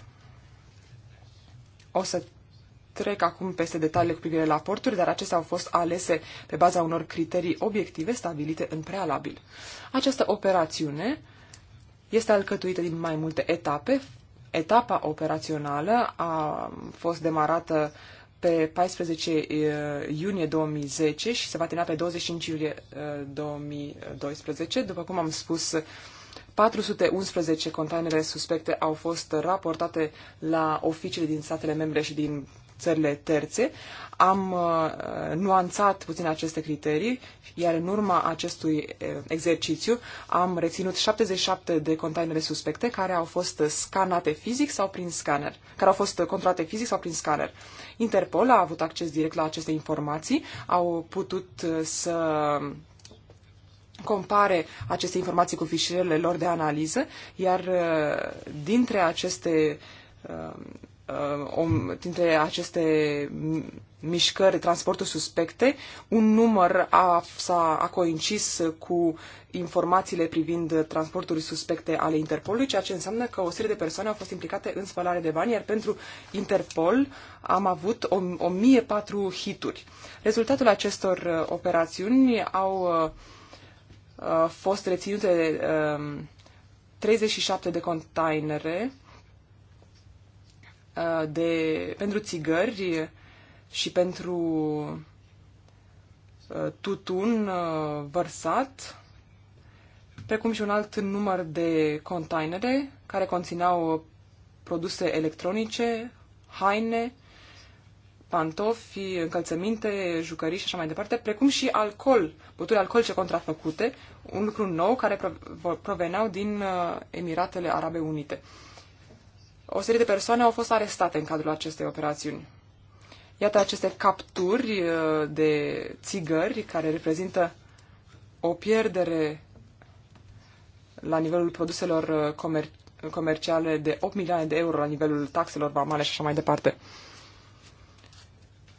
O să trec acum peste detaliile cu privire la porturi, dar acestea au fost alese pe baza unor criterii obiective stabilite în prealabil. Această operațiune este alcătuită din mai multe etape. Etapa operațională a fost demarată uh, pe 14 uh, iunie 2010 și se va termina pe 25 iulie 2012. Uh, După cum am spus, 411 containere suspecte au fost raportate la oficiile din statele membre și din țările terțe, am uh, nuanțat puțin aceste criterii, iar în urma acestui uh, exercițiu am reținut 77 de containere suspecte care au fost scanate fizic sau prin scanner, care au fost controlate fizic sau prin scanner. Interpol a avut acces direct la aceste informații, au putut uh, să compare aceste informații cu fișierele lor de analiză, iar dintre aceste Uh, dintre aceste mișcări, transporturi suspecte, un număr a, s-a, a coincis cu informațiile privind transporturi suspecte ale Interpolului, ceea ce înseamnă că o serie de persoane au fost implicate în spălare de bani, iar pentru Interpol am avut 1004 hituri. Rezultatul acestor uh, operațiuni au uh, fost reținute 37 um, de containere, Uh, de, pentru țigări și pentru uh, tutun uh, vărsat, precum și un alt număr de containere care conțineau produse electronice, haine, pantofi, încălțăminte, jucării și așa mai departe, precum și alcool, bături alcoolice contrafăcute, un lucru nou care proveneau din Emiratele Arabe Unite o serie de persoane au fost arestate în cadrul acestei operațiuni. Iată aceste capturi uh, de țigări care reprezintă o pierdere la nivelul produselor uh, comer- comerciale de 8 milioane de euro la nivelul taxelor vamale și așa mai departe.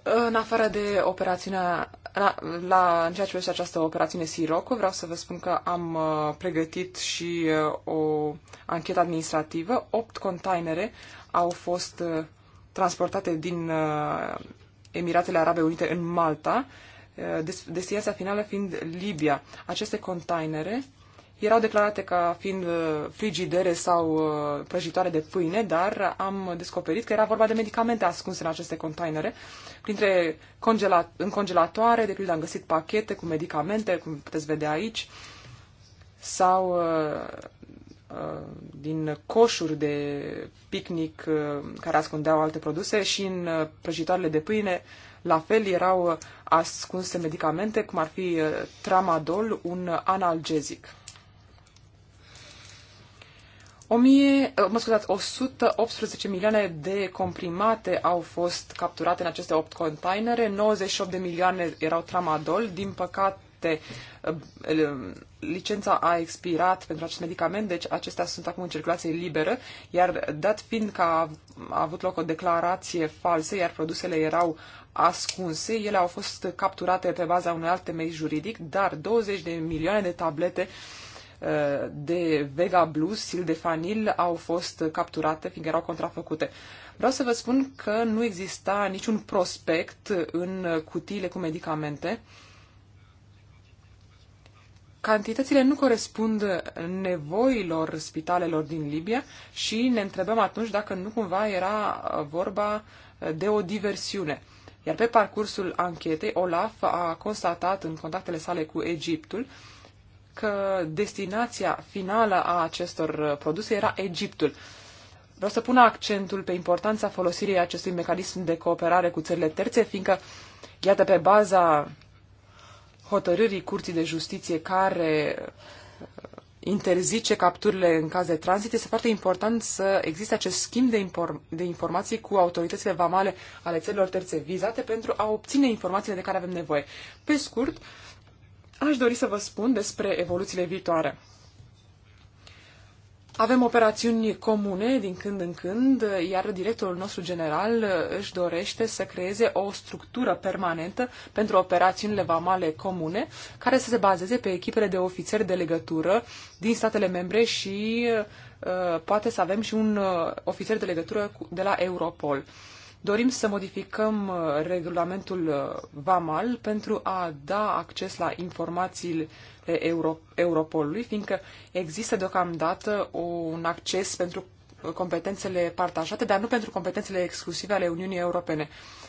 În afară de operațiunea, la, la, în ceea ce privește această operațiune Siroco, vreau să vă spun că am uh, pregătit și uh, o anchetă administrativă. Opt containere au fost uh, transportate din uh, Emiratele Arabe Unite în Malta, uh, destinația finală fiind Libia. Aceste containere uh, erau declarate ca fiind uh, frigidere sau uh, prăjitoare de pâine, dar am descoperit că era vorba de medicamente ascunse în aceste containere. Printre congela- în congelatoare, de pildă, am găsit pachete cu medicamente, cum puteți vedea aici, sau uh, din coșuri de picnic care ascundeau alte produse și în prăjitoarele de pâine, la fel, erau ascunse medicamente, cum ar fi tramadol, un analgezic. 1000, uh, mă scuzați, 118 milioane de comprimate au fost capturate în aceste 8 containere, 98 de milioane erau tramadol, din păcate uh, uh, licența a expirat pentru acest medicament, deci acestea sunt acum în circulație liberă, iar dat fiind că a, a avut loc o declarație falsă, iar produsele erau ascunse, ele au fost capturate pe baza unui alt temei juridic, dar 20 de milioane de tablete uh, Uh, de Vega Blues, Sildefanil, au fost capturate, fiindcă erau contrafăcute. Vreau să vă spun că nu exista niciun prospect în cutiile cu medicamente. Cantitățile nu corespund nevoilor spitalelor din Libia și ne întrebăm atunci dacă nu cumva era vorba de o diversiune. Iar pe parcursul anchetei, Olaf a constatat în contactele sale cu Egiptul că destinația finală a acestor produse era Egiptul. Vreau să pun accentul pe importanța folosirii acestui mecanism de cooperare cu țările terțe, fiindcă, iată, pe baza hotărârii Curții de Justiție care uh, interzice capturile în caz de tranzit, este foarte important să existe acest schimb de, inform- de informații cu autoritățile vamale ale țărilor terțe vizate pentru a obține informațiile de care avem nevoie. Pe scurt, uh, aș dori să vă spun despre evoluțiile viitoare. Avem operațiuni comune din când în când, iar directorul nostru general își dorește să creeze o structură permanentă pentru operațiunile vamale comune, care să se bazeze pe echipele de ofițeri de legătură din statele membre și uh, poate să avem și un uh, ofițer de legătură de la Europol. Uh, Dorim să modificăm uh, regulamentul uh, VAMAL pentru a da acces la informațiile Euro- Europolului, fiindcă există deocamdată un acces pentru uh, competențele partajate, dar nu pentru competențele exclusive ale Uniunii Europene.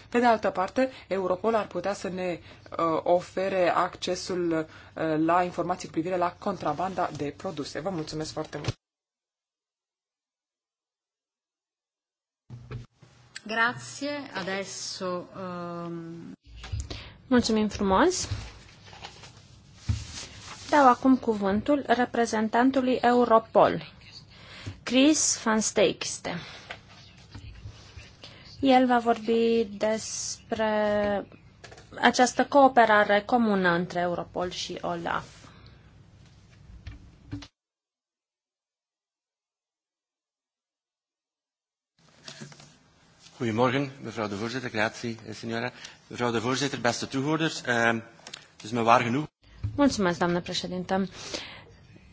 Pe de altă parte, Europol ar putea să ne uh, ofere accesul uh, la informații cu privire la contrabanda de produse. Vă mulțumesc foarte mult! Grazie. Adesso... Um... Mulțumim frumos. Dau acum cuvântul reprezentantului Europol, Chris Van Steekste. El va vorbi despre această cooperare comună între Europol și OLAF. Goedemorgen, mevrouw de voorzitter. Grazie, eh, signora. Mevrouw de voorzitter, beste toehoorders. Ehm, het is me waar genoeg. Mulțumesc, doamnă președintă.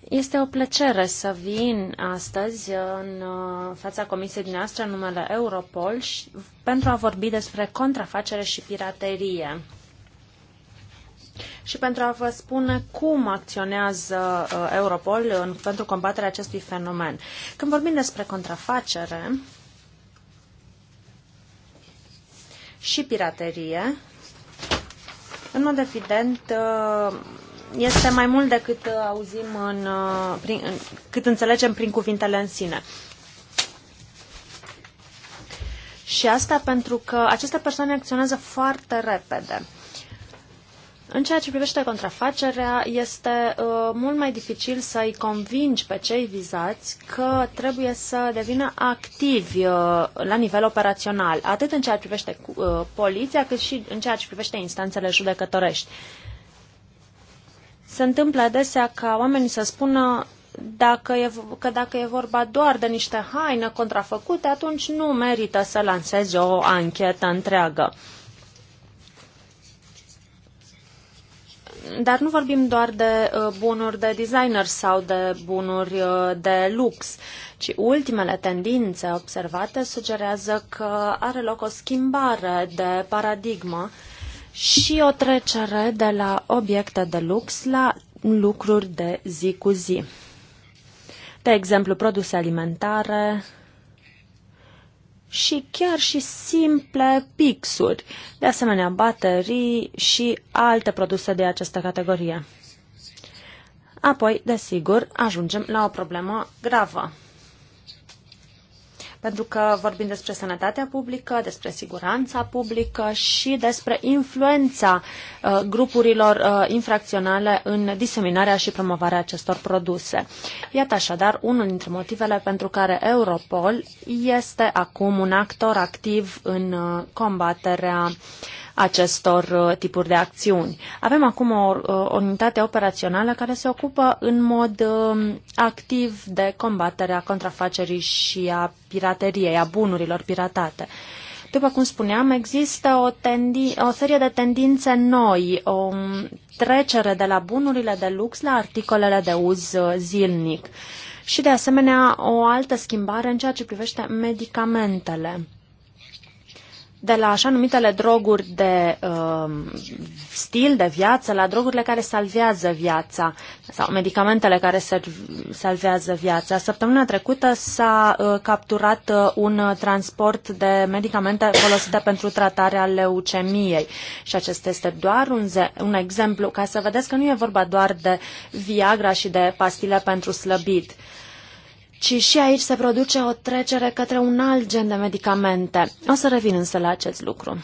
Este o plăcere să vin astăzi în uh, fața comisiei dumneavoastră în numele Europol și, pentru a vorbi despre contrafacere și piraterie și pentru a vă spune cum acționează uh, Europol în, pentru combaterea acestui fenomen. Când vorbim despre contrafacere, și piraterie. În mod evident, uh, este mai mult decât uh, auzim în, uh, prin, în, cât înțelegem prin cuvintele în sine. Și asta pentru că aceste persoane acționează foarte repede. În ceea ce privește contrafacerea, este uh, mult mai dificil să-i convingi pe cei vizați că trebuie să devină activi uh, la nivel operațional, atât în ceea ce privește uh, poliția, cât și în ceea ce privește instanțele judecătorești. Se întâmplă adesea ca oamenii să spună dacă e, că dacă e vorba doar de niște haine contrafăcute, atunci nu merită să lansezi o anchetă întreagă. Dar nu vorbim doar de uh, bunuri de designer sau de bunuri uh, de lux, ci ultimele tendințe observate sugerează că are loc o schimbare de paradigmă și o trecere de la obiecte de lux la lucruri de zi cu zi. De exemplu, produse alimentare, și chiar și simple pixuri, de asemenea baterii și alte produse de această categorie. Apoi, desigur, ajungem la o problemă gravă pentru că vorbim despre sănătatea publică, despre siguranța publică și despre influența uh, grupurilor uh, infracționale în diseminarea și promovarea acestor produse. Iată așadar unul dintre motivele pentru care Europol este acum un actor activ în uh, combaterea uh, acestor uh, tipuri de acțiuni. Avem acum o, uh, o unitate operațională care se ocupă în mod um, activ de combaterea contrafacerii și a pirateriei, a bunurilor piratate. După cum spuneam, există o, tendi- o serie de tendințe noi, o um, trecere de la bunurile de lux la articolele de uz uh, zilnic și, de asemenea, o altă schimbare în ceea ce privește medicamentele de la așa numitele droguri de uh, stil de viață la drogurile care salvează viața sau medicamentele care salvează viața. Săptămâna trecută s-a uh, capturat uh, un transport de medicamente folosite pentru tratarea leucemiei și acesta este doar un, un exemplu ca să vedeți că nu e vorba doar de Viagra și de pastile pentru slăbit. Uh, ci și aici se produce o trecere către un alt gen de medicamente. O să revin însă la acest lucru.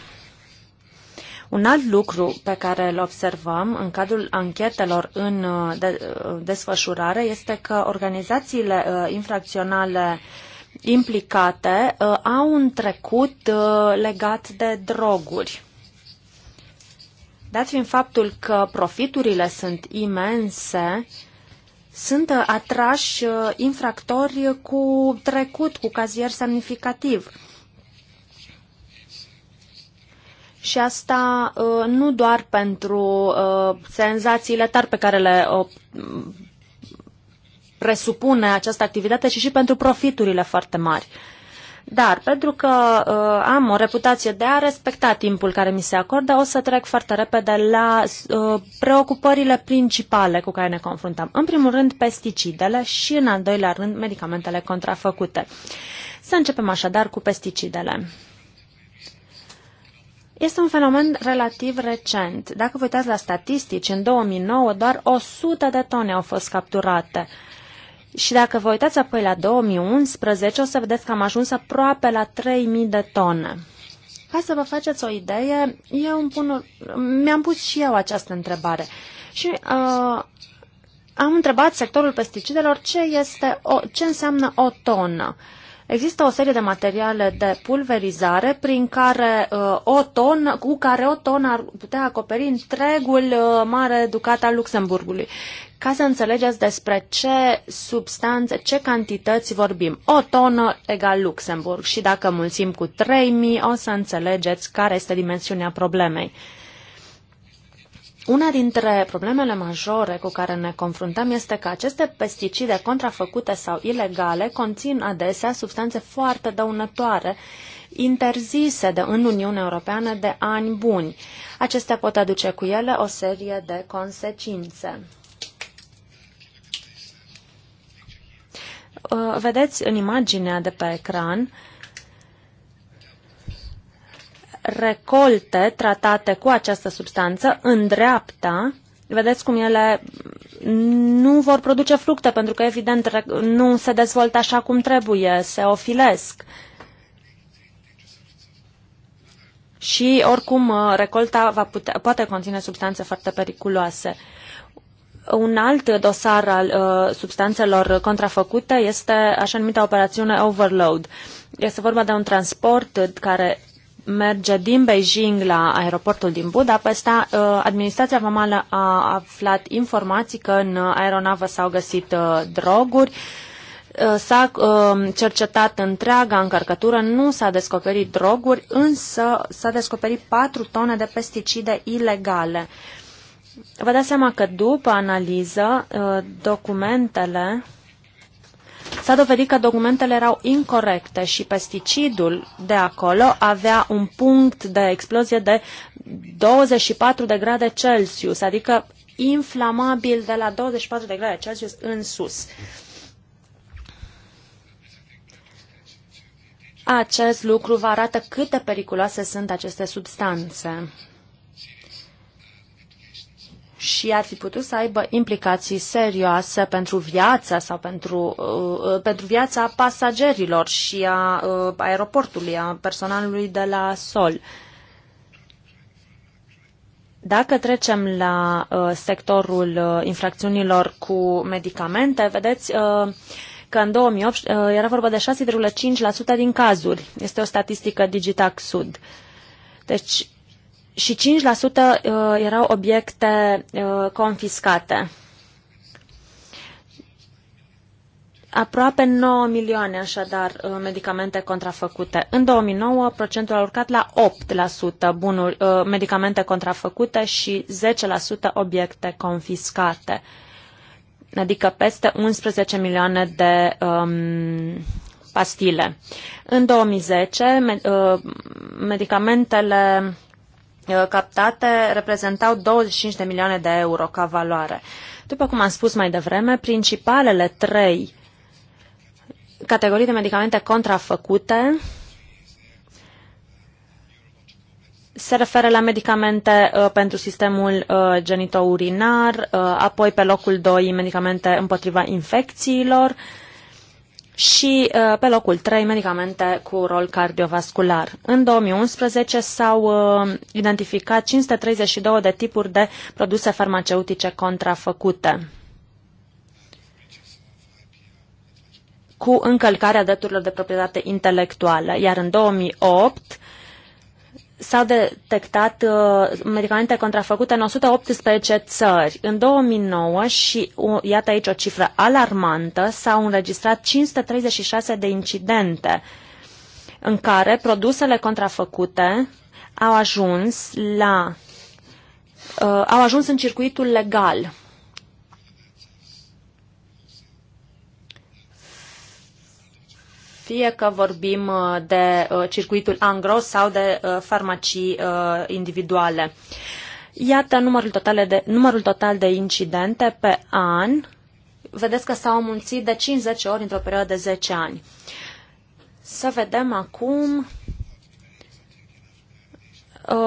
Un alt lucru pe care îl observăm în cadrul anchetelor în uh, de, uh, desfășurare este că organizațiile uh, infracționale implicate uh, au un trecut uh, legat de droguri. Dat fiind faptul că profiturile sunt imense, uh, sunt uh, atrași uh, infractori cu trecut, cu cazier semnificativ. Și asta uh, nu doar pentru senzațiile tari pe care le presupune această activitate, ci și pentru profiturile foarte mari. Dar pentru că uh, am o reputație de a respecta timpul care mi se acordă, o să trec foarte repede la uh, preocupările principale cu care ne confruntăm. În primul rând, pesticidele și, în al doilea rând, medicamentele contrafăcute. Să începem așadar cu pesticidele. Este un fenomen relativ recent. Dacă vă uitați la statistici, în 2009 doar 100 de tone au fost capturate. Uh, și dacă vă uitați apoi la 2011, o să vedeți că am ajuns aproape la 3000 de tone. Ca să vă faceți o idee, eu îmi pun, mi-am pus și eu această întrebare. Și uh, am întrebat sectorul pesticidelor ce, este o, ce înseamnă o tonă. Există o serie de materiale de pulverizare prin care uh, o tonă, cu care o tonă ar putea acoperi întregul uh, mare ducat al Luxemburgului ca să înțelegeți despre ce substanțe, ce cantități vorbim. O tonă egal Luxemburg și dacă mulțim cu 3000 o să înțelegeți care este dimensiunea problemei. Una dintre problemele majore cu care ne confruntăm este că aceste pesticide contrafăcute sau ilegale conțin adesea substanțe foarte dăunătoare, interzise de, în Uniunea Europeană de ani buni. Acestea pot aduce cu ele o serie de consecințe. Uh, vedeți în imaginea de pe ecran recolte tratate cu această substanță în dreapta. Vedeți cum ele nu vor produce fructe, pentru că, evident, nu se dezvoltă așa cum trebuie, se ofilesc. Și, oricum, uh, recolta va putea, poate conține substanțe foarte periculoase. Uh, un alt dosar al uh, substanțelor contrafăcute este așa numită operațiune Overload. Este vorba de un transport care merge din Beijing la aeroportul din Budapesta. Uh, administrația vamală a aflat informații că în aeronavă s-au găsit uh, droguri. Uh, s-a uh, cercetat întreaga încărcătură, nu s-a descoperit droguri, însă s-a descoperit 4 tone de pesticide ilegale. Uh, vă dați seama că după analiză, uh, documentele S-a dovedit că documentele erau incorrecte și pesticidul de acolo avea un punct de explozie de 24 de grade Celsius, adică inflamabil de la 24 de grade Celsius în sus. Acest lucru vă arată cât de periculoase sunt aceste substanțe și ar fi putut să aibă implicații serioase pentru viața sau pentru, uh, uh, pentru viața pasagerilor și a uh, aeroportului, a personalului de la sol. Dacă trecem la sectorul infracțiunilor cu medicamente, vedeți că în 2008 era vorba de 6,5% din cazuri. Este o statistică Digitax Sud. Deci și 5% uh, erau obiecte uh, confiscate. Aproape 9 milioane, așadar, uh, medicamente contrafăcute. În 2009, procentul a urcat la 8% bunuri, medicamente contrafăcute și 10% obiecte confiscate, adică peste 11 milioane de um, pastile. În 2010, uh, medicamentele Uh, captate reprezentau 25 de milioane de euro ca valoare. După cum am spus mai devreme, principalele trei categorii de medicamente contrafăcute se referă la medicamente uh, pentru sistemul uh, genitourinar, uh, apoi pe locul 2 medicamente împotriva infecțiilor, uh, și uh, pe locul 3 medicamente cu rol cardiovascular. În 2011 s-au uh, identificat 532 de tipuri de produse farmaceutice contrafăcute cu încălcarea drepturilor de proprietate intelectuală, iar în 2008 s-au detectat uh, medicamente contrafăcute în 118 țări. În 2009, și iată aici o cifră alarmantă, s-au înregistrat 536 de incidente în care produsele contrafăcute au ajuns la uh, au ajuns în circuitul legal. fie că vorbim uh, de uh, circuitul angro sau de uh, farmacii individuale. Iată numărul total de, numărul total de incidente pe an. Vedeți că s-au mulțit de 50 ori într-o perioadă de 10 ani. Să vedem acum.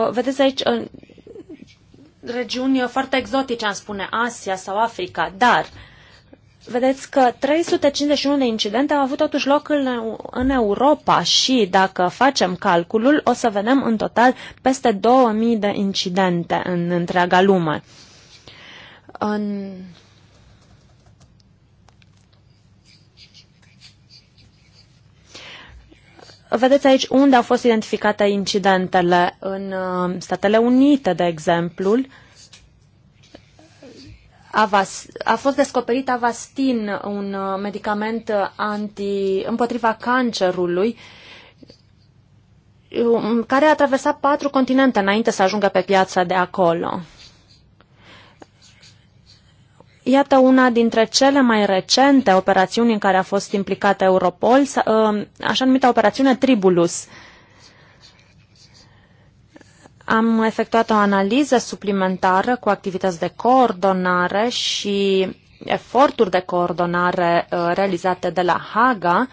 Vedeți aici regiuni foarte exotice, am spune Asia sau Africa, dar uh, vedeți că 351 de incidente au avut totuși loc în, în Europa și dacă facem calculul, o să vedem în total peste 2000 de incidente în întreaga lume. În... Vedeți aici unde au fost identificate incidentele în uh, Statele Unite, de exemplu, Avas, a fost descoperit Avastin, un uh, medicament uh, anti, împotriva cancerului, um, care a traversat patru continente înainte să ajungă pe piața de acolo. Iată una dintre cele mai recente operațiuni în care a fost implicată Europol, uh, așa numită operațiune Tribulus. Am efectuat o analiză suplimentară cu activități de coordonare și eforturi de coordonare uh, realizate de la Haga.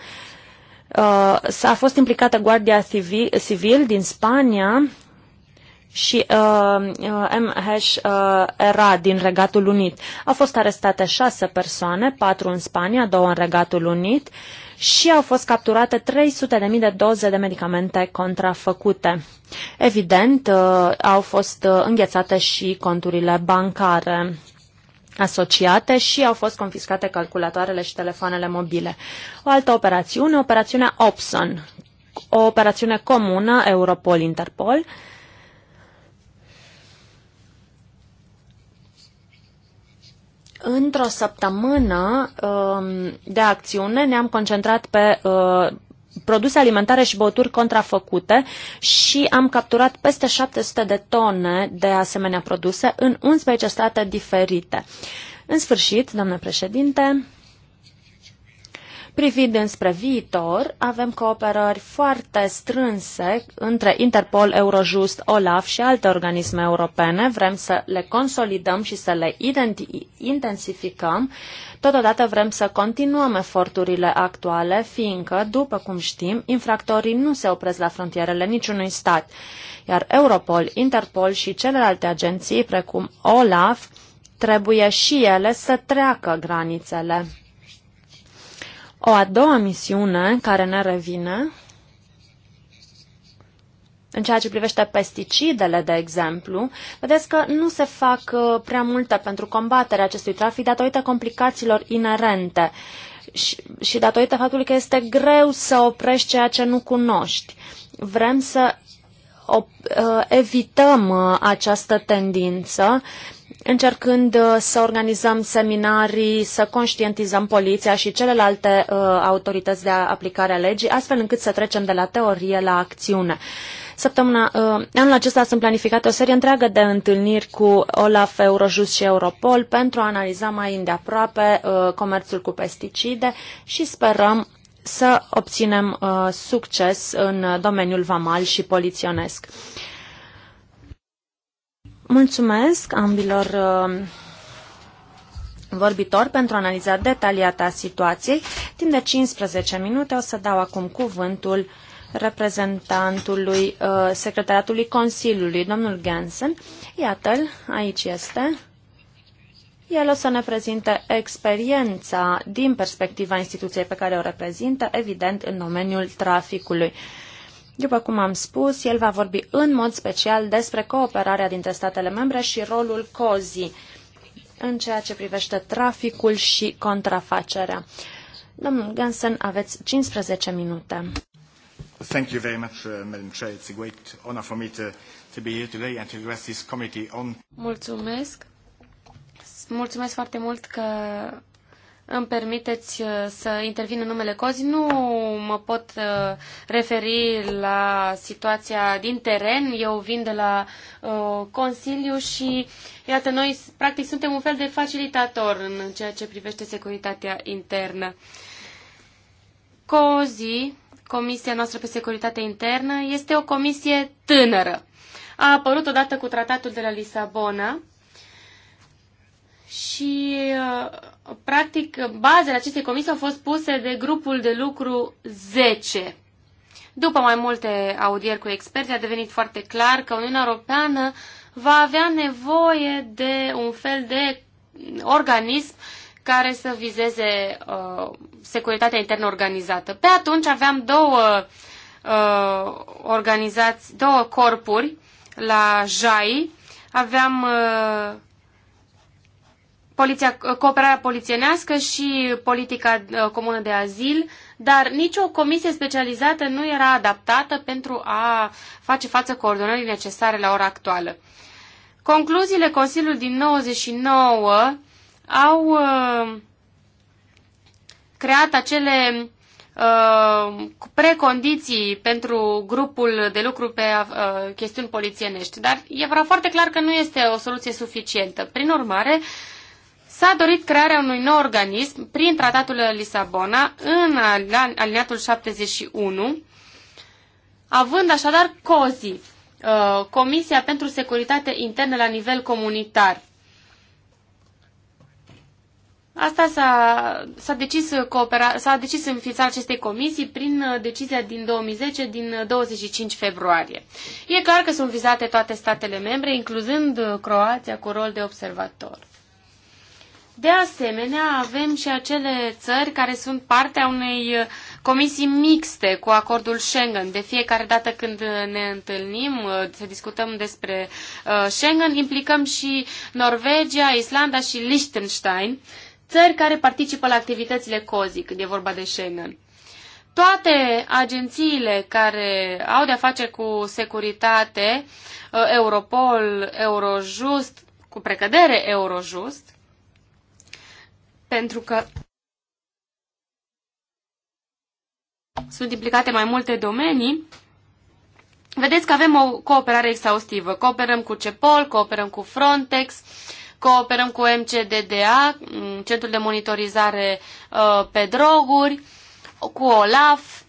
Uh, s A fost implicată Guardia Civil din Spania și uh, MH uh, uh, era din Regatul Unit. Au fost arestate șase persoane, patru în Spania, două în Regatul Unit. Uh, și au fost capturate 300.000 de doze de medicamente contrafăcute. Evident, uh, au fost uh, înghețate și conturile bancare asociate și au fost confiscate calculatoarele și telefoanele mobile. O altă operațiune, operațiunea Opson, o operațiune comună Europol-Interpol, uh, Într-o săptămână um, de acțiune ne-am concentrat pe uh, produse alimentare și băuturi contrafăcute și am capturat peste 700 de tone de asemenea produse în 11 state diferite. În sfârșit, doamnă președinte, Privind înspre viitor, avem cooperări foarte strânse între Interpol, Eurojust, OLAF și alte organisme europene. Vrem să le consolidăm și să le intensificăm. Totodată vrem să continuăm eforturile actuale, fiindcă, după cum știm, infractorii nu se opresc la frontierele niciunui stat, iar Europol, Interpol și celelalte agenții, precum OLAF, trebuie și ele să treacă granițele. O a doua misiune care ne revine, în ceea ce privește pesticidele, de exemplu, vedeți că nu se fac uh, prea multe pentru combaterea acestui trafic datorită complicațiilor inerente și, și datorită faptului că este greu să oprești ceea ce nu cunoști. Vrem să uh, evităm uh, această tendință încercând uh, să organizăm seminarii, să conștientizăm poliția și celelalte uh, autorități de aplicare a legii, astfel încât să trecem de la teorie la acțiune. Săptămâna, uh, anul acesta sunt planificate o serie întreagă de întâlniri cu OLAF, Eurojust și Europol pentru a analiza mai îndeaproape uh, comerțul cu pesticide și sperăm să obținem uh, succes în domeniul vamal și poliționesc. Uh, Mulțumesc ambilor uh, vorbitori pentru analiza detaliată a situației. Timp de 15 minute o să dau acum cuvântul reprezentantului uh, secretariatului Consiliului, domnul Gansen. Iată-l, aici este. El o să ne prezinte experiența din perspectiva instituției pe care o reprezintă, evident, în domeniul traficului. Uh, după cum am spus, el va vorbi în mod special despre cooperarea dintre statele membre și rolul COZI în ceea ce privește traficul și contrafacerea. Domnul Gansen, aveți 15 minute. Thank you very much, uh, Madam Chair. It's a great honor for me to, to be here today and to address this committee on... Mulțumesc. Mulțumesc foarte mult că îmi permiteți uh, să intervin în numele COZI, nu mă pot uh, referi la situația din teren. Eu vin de la uh, Consiliu și, iată, noi practic suntem un fel de facilitator în ceea ce privește securitatea internă. COZI, Comisia noastră pe Securitate Internă, este o comisie tânără. A apărut odată cu tratatul de la Lisabona, și uh, practic bazele acestei comisii au fost puse de grupul de lucru 10. După mai multe audieri cu experți, a devenit foarte clar că Uniunea Europeană va avea nevoie de un fel de organism care să vizeze uh, securitatea internă organizată. Pe atunci aveam două uh, organizați, două corpuri la JAI. Aveam uh, poliția, cooperarea polițienească și politica uh, comună de azil, dar nicio comisie specializată nu era adaptată pentru a face față coordonării necesare la ora actuală. Concluziile Consiliului din 99 au uh, creat acele uh, precondiții pentru grupul de lucru pe uh, chestiuni polițienești, dar e vreau foarte clar că nu este o soluție suficientă. Prin urmare, uh, S-a dorit crearea unui nou organism prin tratatul Lisabona în aliniatul 71, având așadar COZI, uh, Comisia pentru Securitate Internă la nivel comunitar. Asta s-a decis, coopera, decis înființarea acestei comisii prin uh, decizia din 2010 din 25 uh, februarie. E clar că sunt vizate toate statele membre, incluzând Croația cu rol de observator. De asemenea, avem și acele țări care sunt parte a unei comisii mixte cu acordul Schengen. De fiecare dată când ne întâlnim, uh, să discutăm despre uh, Schengen, implicăm și Norvegia, Islanda și Liechtenstein, țări care participă la activitățile COZI când e vorba de Schengen. Toate agențiile care au de-a face cu securitate, uh, Europol, Eurojust, cu precădere Eurojust, pentru că sunt implicate mai multe domenii, vedeți că avem o cooperare exhaustivă. Cooperăm cu CEPOL, cooperăm cu Frontex, cooperăm cu MCDDA, mm, Centrul de Monitorizare uh, pe Droguri, cu OLAF,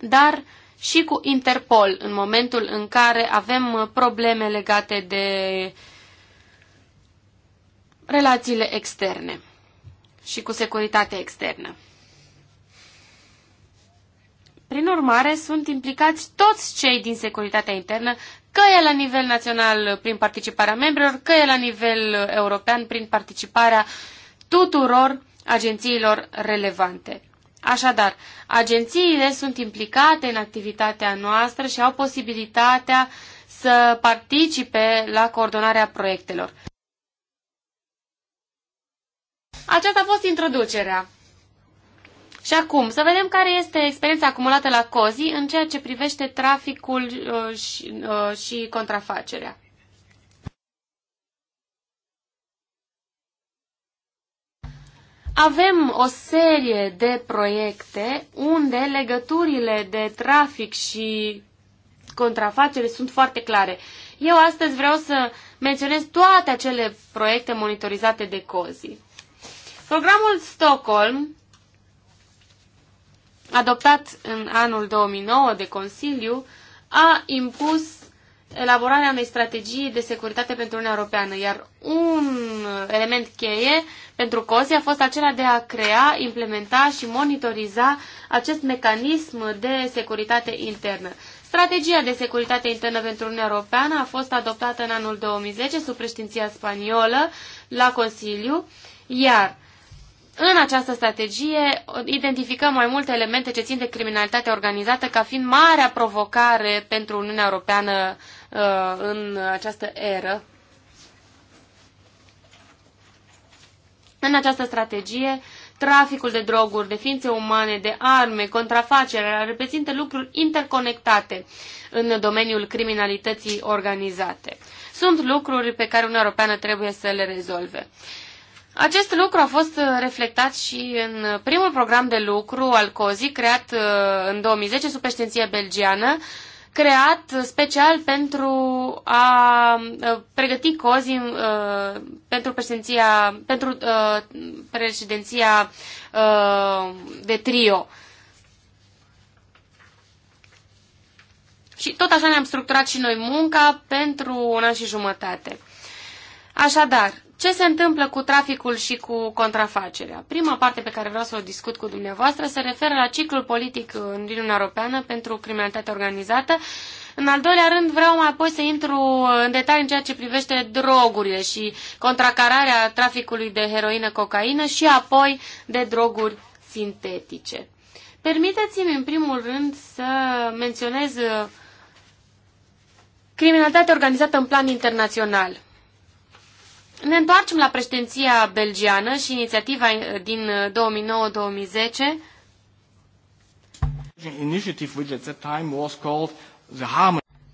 dar și cu Interpol în momentul în care avem uh, probleme legate de relațiile externe și cu securitatea externă. Prin urmare, sunt implicați toți cei din securitatea internă, că e la nivel național prin participarea membrilor, că e la nivel european prin participarea tuturor agențiilor relevante. Așadar, agențiile sunt implicate în activitatea noastră și au posibilitatea să participe la coordonarea proiectelor. Aceasta a fost introducerea. Și acum, să vedem care este experiența acumulată la COZI în ceea ce privește traficul uh, și, uh, și contrafacerea. Avem o serie de proiecte unde legăturile de trafic și contrafacere sunt foarte clare. Eu astăzi vreau să menționez toate acele proiecte monitorizate de COZI. Programul Stockholm, adoptat în anul 2009 de Consiliu, a impus elaborarea unei strategii de securitate pentru Uniunea Europeană, iar un element cheie pentru COSI a fost acela de a crea, implementa și monitoriza acest mecanism de securitate internă. Strategia de securitate internă pentru Uniunea Europeană a fost adoptată în anul 2010 sub președinția spaniolă la Consiliu, iar în această strategie identificăm mai multe elemente ce țin de criminalitatea organizată ca fiind marea provocare pentru Uniunea Europeană uh, în această eră. În această strategie, traficul de droguri, de ființe umane, de arme, contrafacerea reprezintă lucruri interconectate în domeniul criminalității organizate. Sunt lucruri pe care Uniunea Europeană trebuie să le rezolve. Acest lucru a fost uh, reflectat și în uh, primul program de lucru al COZI, creat uh, în 2010 sub președinție belgiană, creat special pentru a pregăti COZI pentru președinția, pentru președinția de trio. Și tot așa ne-am structurat și noi munca pentru un an și jumătate. Așadar, ce se întâmplă cu traficul și cu contrafacerea? Prima parte pe care vreau să o discut cu dumneavoastră se referă la ciclul politic în Uniunea Europeană pentru criminalitatea organizată. În al doilea rând vreau mai apoi să intru în detalii în ceea ce privește drogurile și contracararea traficului de heroină, cocaină și apoi de droguri sintetice. Permiteți-mi în primul rând să menționez criminalitatea organizată în plan internațional. Ne întoarcem la președinția belgiană și inițiativa eh, din 2009-2010. Eh,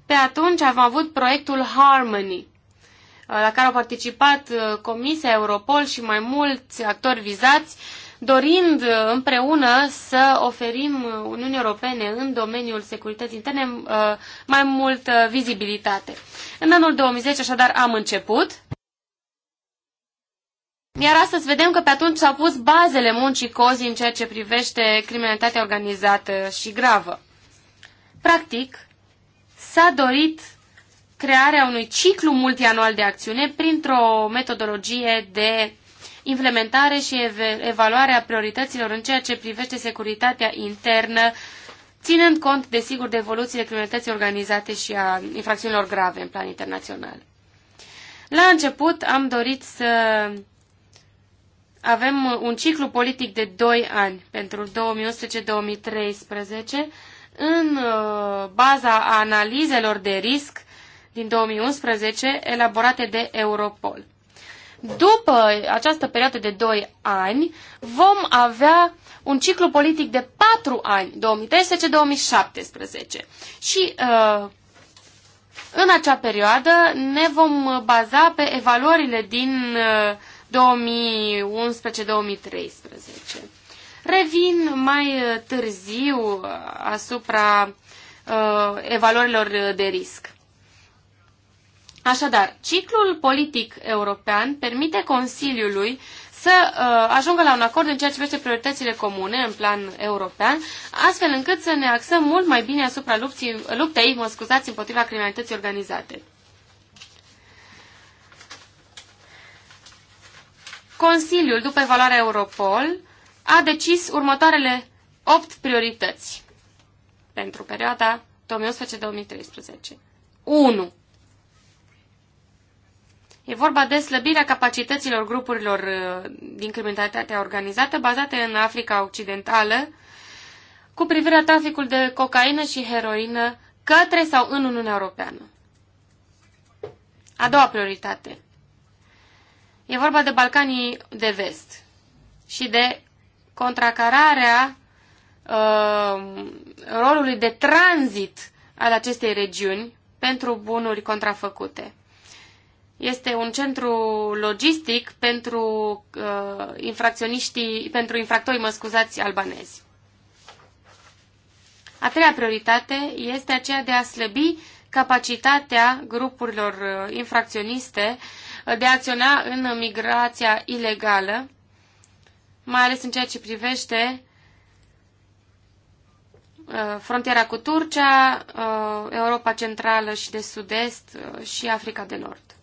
Pe atunci am avut proiectul Harmony, eh, la care au participat Comisia Europol și mai mulți actori vizați, dorind împreună să oferim Uniunii Europene în domeniul securității interne mai multă vizibilitate. În anul 2010 așadar am început iar astăzi vedem că pe atunci s-au pus bazele muncii COZI în ceea ce privește criminalitatea organizată și gravă. Practic, s-a dorit crearea unui ciclu multianual de acțiune printr-o metodologie de implementare și evaluare a priorităților în ceea ce privește securitatea internă, ținând cont, desigur, de evoluțiile criminalității organizate și a infracțiunilor grave în plan internațional. La început am dorit să avem uh, un ciclu politic de 2 ani pentru 2011-2013 în uh, baza analizelor de risc din 2011 elaborate de Europol. După această perioadă de 2 ani vom avea un ciclu politic de 4 ani, 2013-2017. Și uh, în acea perioadă ne vom baza pe evaluările din uh, 2011-2013. Revin mai uh, târziu uh, asupra uh, evaluărilor de risc. Așadar, ciclul politic european permite Consiliului să uh, ajungă la un acord în ceea ce privește prioritățile comune în plan european, astfel încât să ne axăm mult mai bine asupra lupții, luptei, mă scuzați, împotriva criminalității organizate. Consiliul, după evaluarea Europol, a decis următoarele 8 priorități pentru perioada 2011-2013. 1. E vorba de slăbirea capacităților grupurilor uh, din criminalitatea organizată bazate în Africa Occidentală cu privire la traficul de cocaină și heroină către sau în Uniunea Europeană. A doua prioritate. E vorba de Balcanii de vest și de contracararea uh, rolului de tranzit al acestei regiuni pentru bunuri contrafăcute. Este un centru logistic pentru uh, infracționiștii, pentru infractori, mă scuzați, albanezi. A treia prioritate este aceea de a slăbi capacitatea grupurilor uh, infracționiste uh, de a acționa în migrația ilegală, mai ales în ceea ce privește uh, frontiera cu Turcia, uh, Europa Centrală și de Sud-Est uh, și Africa de Nord.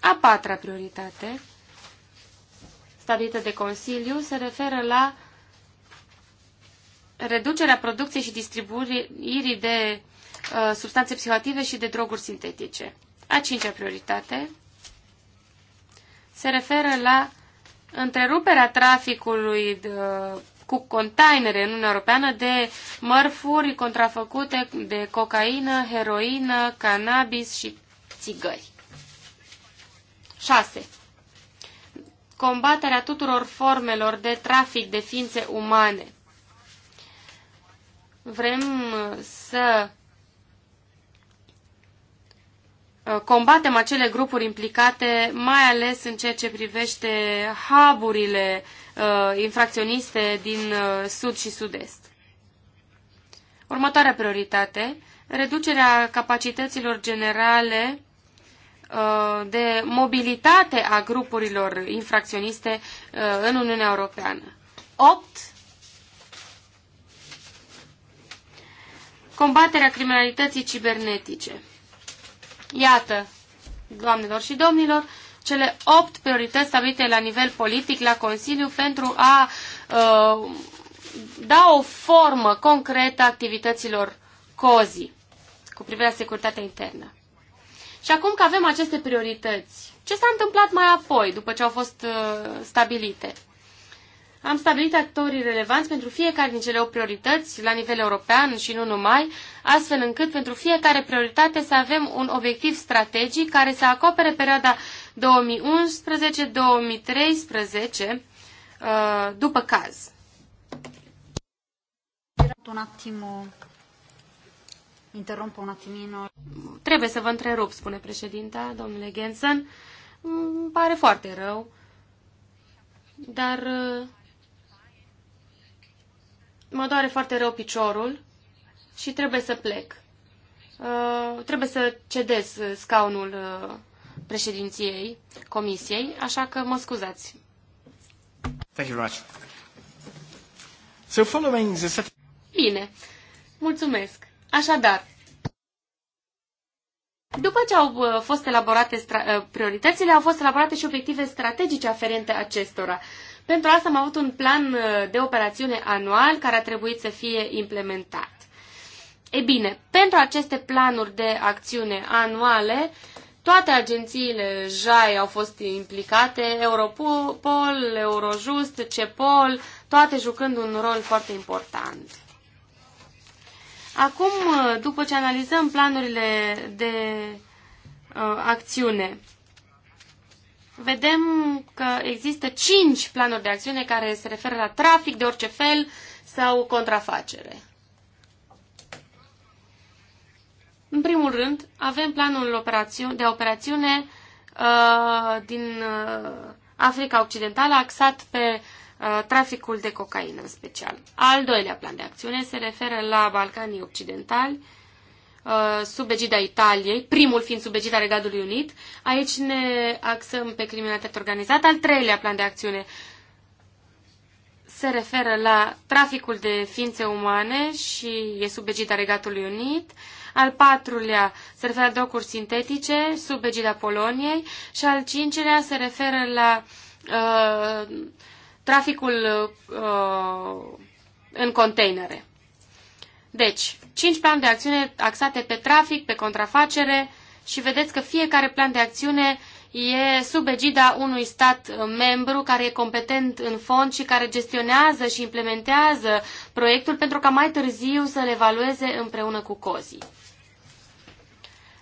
A patra prioritate, stabilită de Consiliu, se referă la reducerea producției și distribuirii de substanțe psihoactive și de droguri sintetice. A cincea prioritate se referă la întreruperea traficului de, cu containere în Uniunea Europeană de mărfuri contrafăcute de cocaină, heroină, cannabis și țigări. 6. Combaterea tuturor formelor de trafic de ființe umane. Vrem să Uh, combatem acele grupuri implicate, mai ales în ceea ce privește haburile uh, infracționiste din uh, sud și sud-est. Următoarea prioritate, reducerea capacităților generale uh, de mobilitate a grupurilor infracționiste uh, în Uniunea Europeană. 8. Combaterea criminalității cibernetice. Iată, doamnelor și domnilor, cele opt priorități stabilite la nivel politic, la Consiliu, pentru a uh, da o formă concretă activităților COZI cu privire la securitatea internă. Și acum că avem aceste priorități, ce s-a întâmplat mai apoi, după ce au fost uh, stabilite? am stabilit actorii relevanți pentru fiecare din cele 8 priorități la nivel european și nu numai, astfel încât pentru fiecare prioritate să avem un obiectiv strategic care să acopere perioada 2011-2013 uh, după caz. Un attimo. Uh, Interrompo un attimino. Trebuie să vă întrerup, spune președinta, domnule Gensen. Îmi mm, pare foarte rău, dar uh, mă doare foarte rău piciorul și trebuie să plec. Uh, trebuie să cedez scaunul uh, președinției comisiei, așa că mă scuzați. Thank you very much. So following the... Bine, mulțumesc. Așadar, după ce au uh, fost elaborate uh, prioritățile, au fost elaborate și obiective strategice aferente acestora. Pentru asta am avut un plan uh, de operațiune anual care a trebuit să fie implementat. E bine, pentru aceste planuri de acțiune anuale, toate agențiile JAI au fost implicate, Europol, Eurojust, CEPOL, toate jucând un rol foarte important. Acum, uh, după ce analizăm planurile de uh, acțiune, vedem că există cinci planuri de acțiune care se referă la trafic de orice fel sau contrafacere. În primul rând, avem planul de operațiune uh, din uh, Africa Occidentală axat pe uh, traficul de cocaină în special. Al doilea plan de acțiune se referă la Balcanii Occidentali Uh, sub egida Italiei, primul fiind sub egida Regatului Unit. Aici ne axăm pe criminalitatea organizată. Al treilea plan de acțiune se referă la traficul de ființe umane și e sub egida Regatului Unit. Al patrulea se referă la droguri sintetice sub egida Poloniei și al cincilea se referă la uh, traficul uh, în containere. Deci, 5 plan de acțiune axate pe trafic, pe contrafacere și vedeți că fiecare plan de acțiune e sub egida unui stat membru care e competent în fond și care gestionează și implementează proiectul pentru ca mai târziu să-l evalueze împreună cu COZI.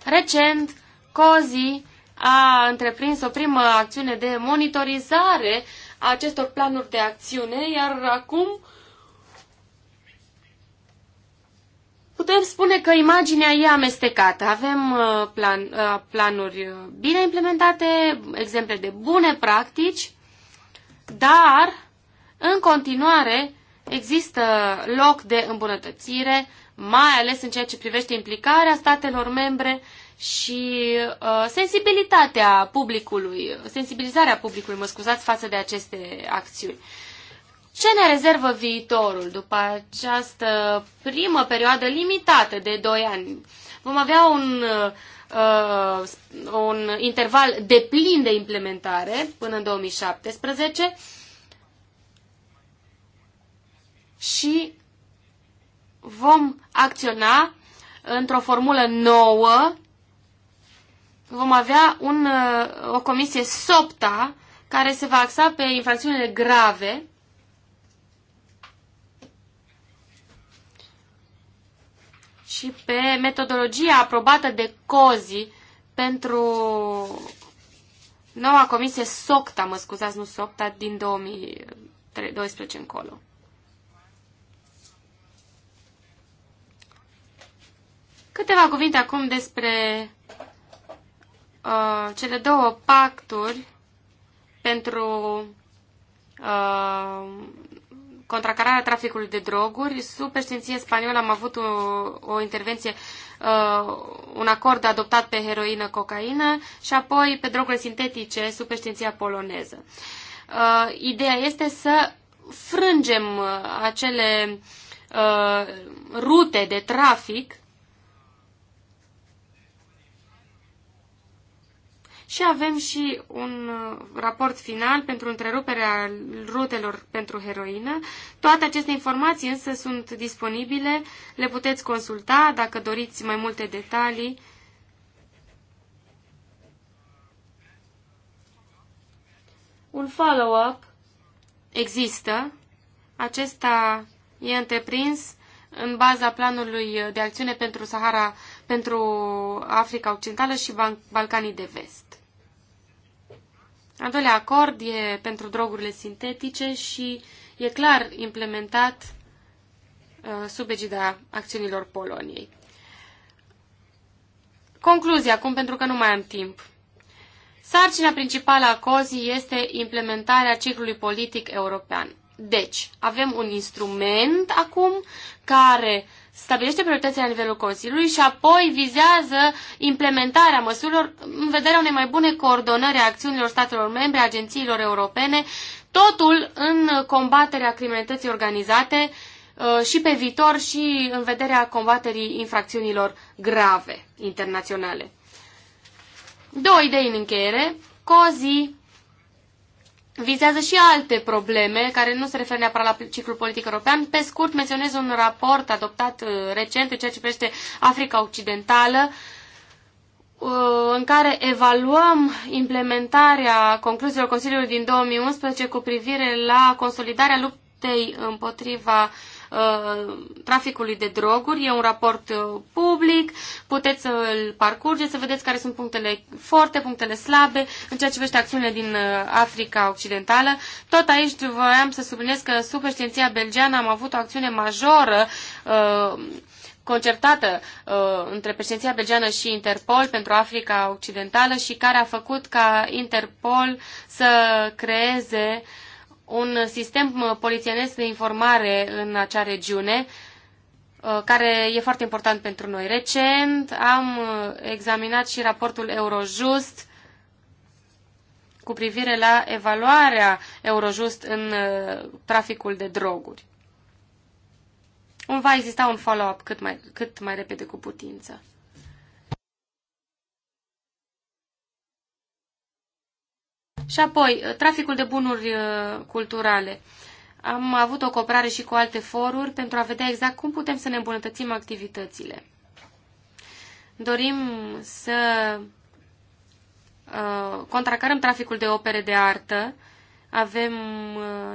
Recent, COZI a întreprins o primă acțiune de monitorizare a acestor planuri de acțiune, iar acum putem spune că imaginea e amestecată. Avem uh, plan, uh, planuri bine implementate, exemple de bune practici, dar în continuare există loc de îmbunătățire, mai ales în ceea ce privește implicarea statelor membre și uh, sensibilitatea publicului, sensibilizarea publicului, mă scuzați, față de aceste acțiuni. Ce ne rezervă viitorul după această primă perioadă limitată de 2 ani? Vom avea un, uh, un interval de plin de implementare până în 2017 și vom acționa într-o formulă nouă. Vom avea un, uh, o comisie SOPTA care se va axa pe infracțiunile grave și pe metodologia aprobată de COZI pentru noua comisie SOCTA, mă scuzați, nu SOCTA, din 2012 încolo. Câteva cuvinte acum despre uh, cele două pacturi pentru uh, contracararea traficului de droguri. Sub președinție spaniolă am avut o, o intervenție, uh, un acord adoptat pe heroină, cocaină și apoi pe droguri sintetice sub președinția poloneză. Uh, ideea este să frângem uh, acele uh, rute de trafic Și avem și un uh, raport final pentru întreruperea rutelor pentru heroină. Toate aceste informații însă sunt disponibile, le puteți consulta dacă doriți mai multe detalii. Un follow-up există. Acesta e întreprins în baza planului de acțiune pentru Sahara, pentru Africa Occidentală și Balcanii de Vest. Al doilea acord e pentru drogurile sintetice și e clar implementat uh, sub egida acțiunilor Poloniei. Concluzia acum, pentru că nu mai am timp. Sarcina principală a COZI este implementarea ciclului politic european. Deci, avem un instrument acum care stabilește prioritățile la nivelul Consiliului și apoi vizează implementarea măsurilor în vederea unei mai bune coordonări a acțiunilor statelor membre, agențiilor europene, totul în combaterea criminalității organizate uh, și pe viitor și în vederea combaterii infracțiunilor grave internaționale. Două idei în încheiere. COZI vizează și alte probleme care nu se referă neapărat la ciclul politic european. Pe scurt, menționez un raport adoptat uh, recent în ceea ce privește Africa Occidentală, uh, în care evaluăm implementarea concluziilor Consiliului din 2011 cu privire la consolidarea luptei împotriva uh, Uh, traficului de droguri. E un raport uh, public, puteți să-l parcurgeți, să vedeți care sunt punctele forte, punctele slabe, în ceea ce privește acțiunile din uh, Africa Occidentală. Tot aici voiam să subliniez că sub președinția belgeană am avut o acțiune majoră concertată uh, între președinția belgeană și Interpol pentru Africa Occidentală și care a făcut ca Interpol să creeze uh, un sistem uh, polițienesc de informare în acea regiune, uh, care e foarte important pentru noi. Recent am uh, examinat și raportul Eurojust cu privire la evaluarea Eurojust în traficul de droguri. Va exista un follow-up cât mai, cât mai repede cu putință. Și apoi, uh, traficul de bunuri uh, culturale. Am avut o cooperare și cu alte foruri pentru a vedea exact cum putem să ne îmbunătățim activitățile. Dorim să uh, contracarăm traficul de opere de artă, avem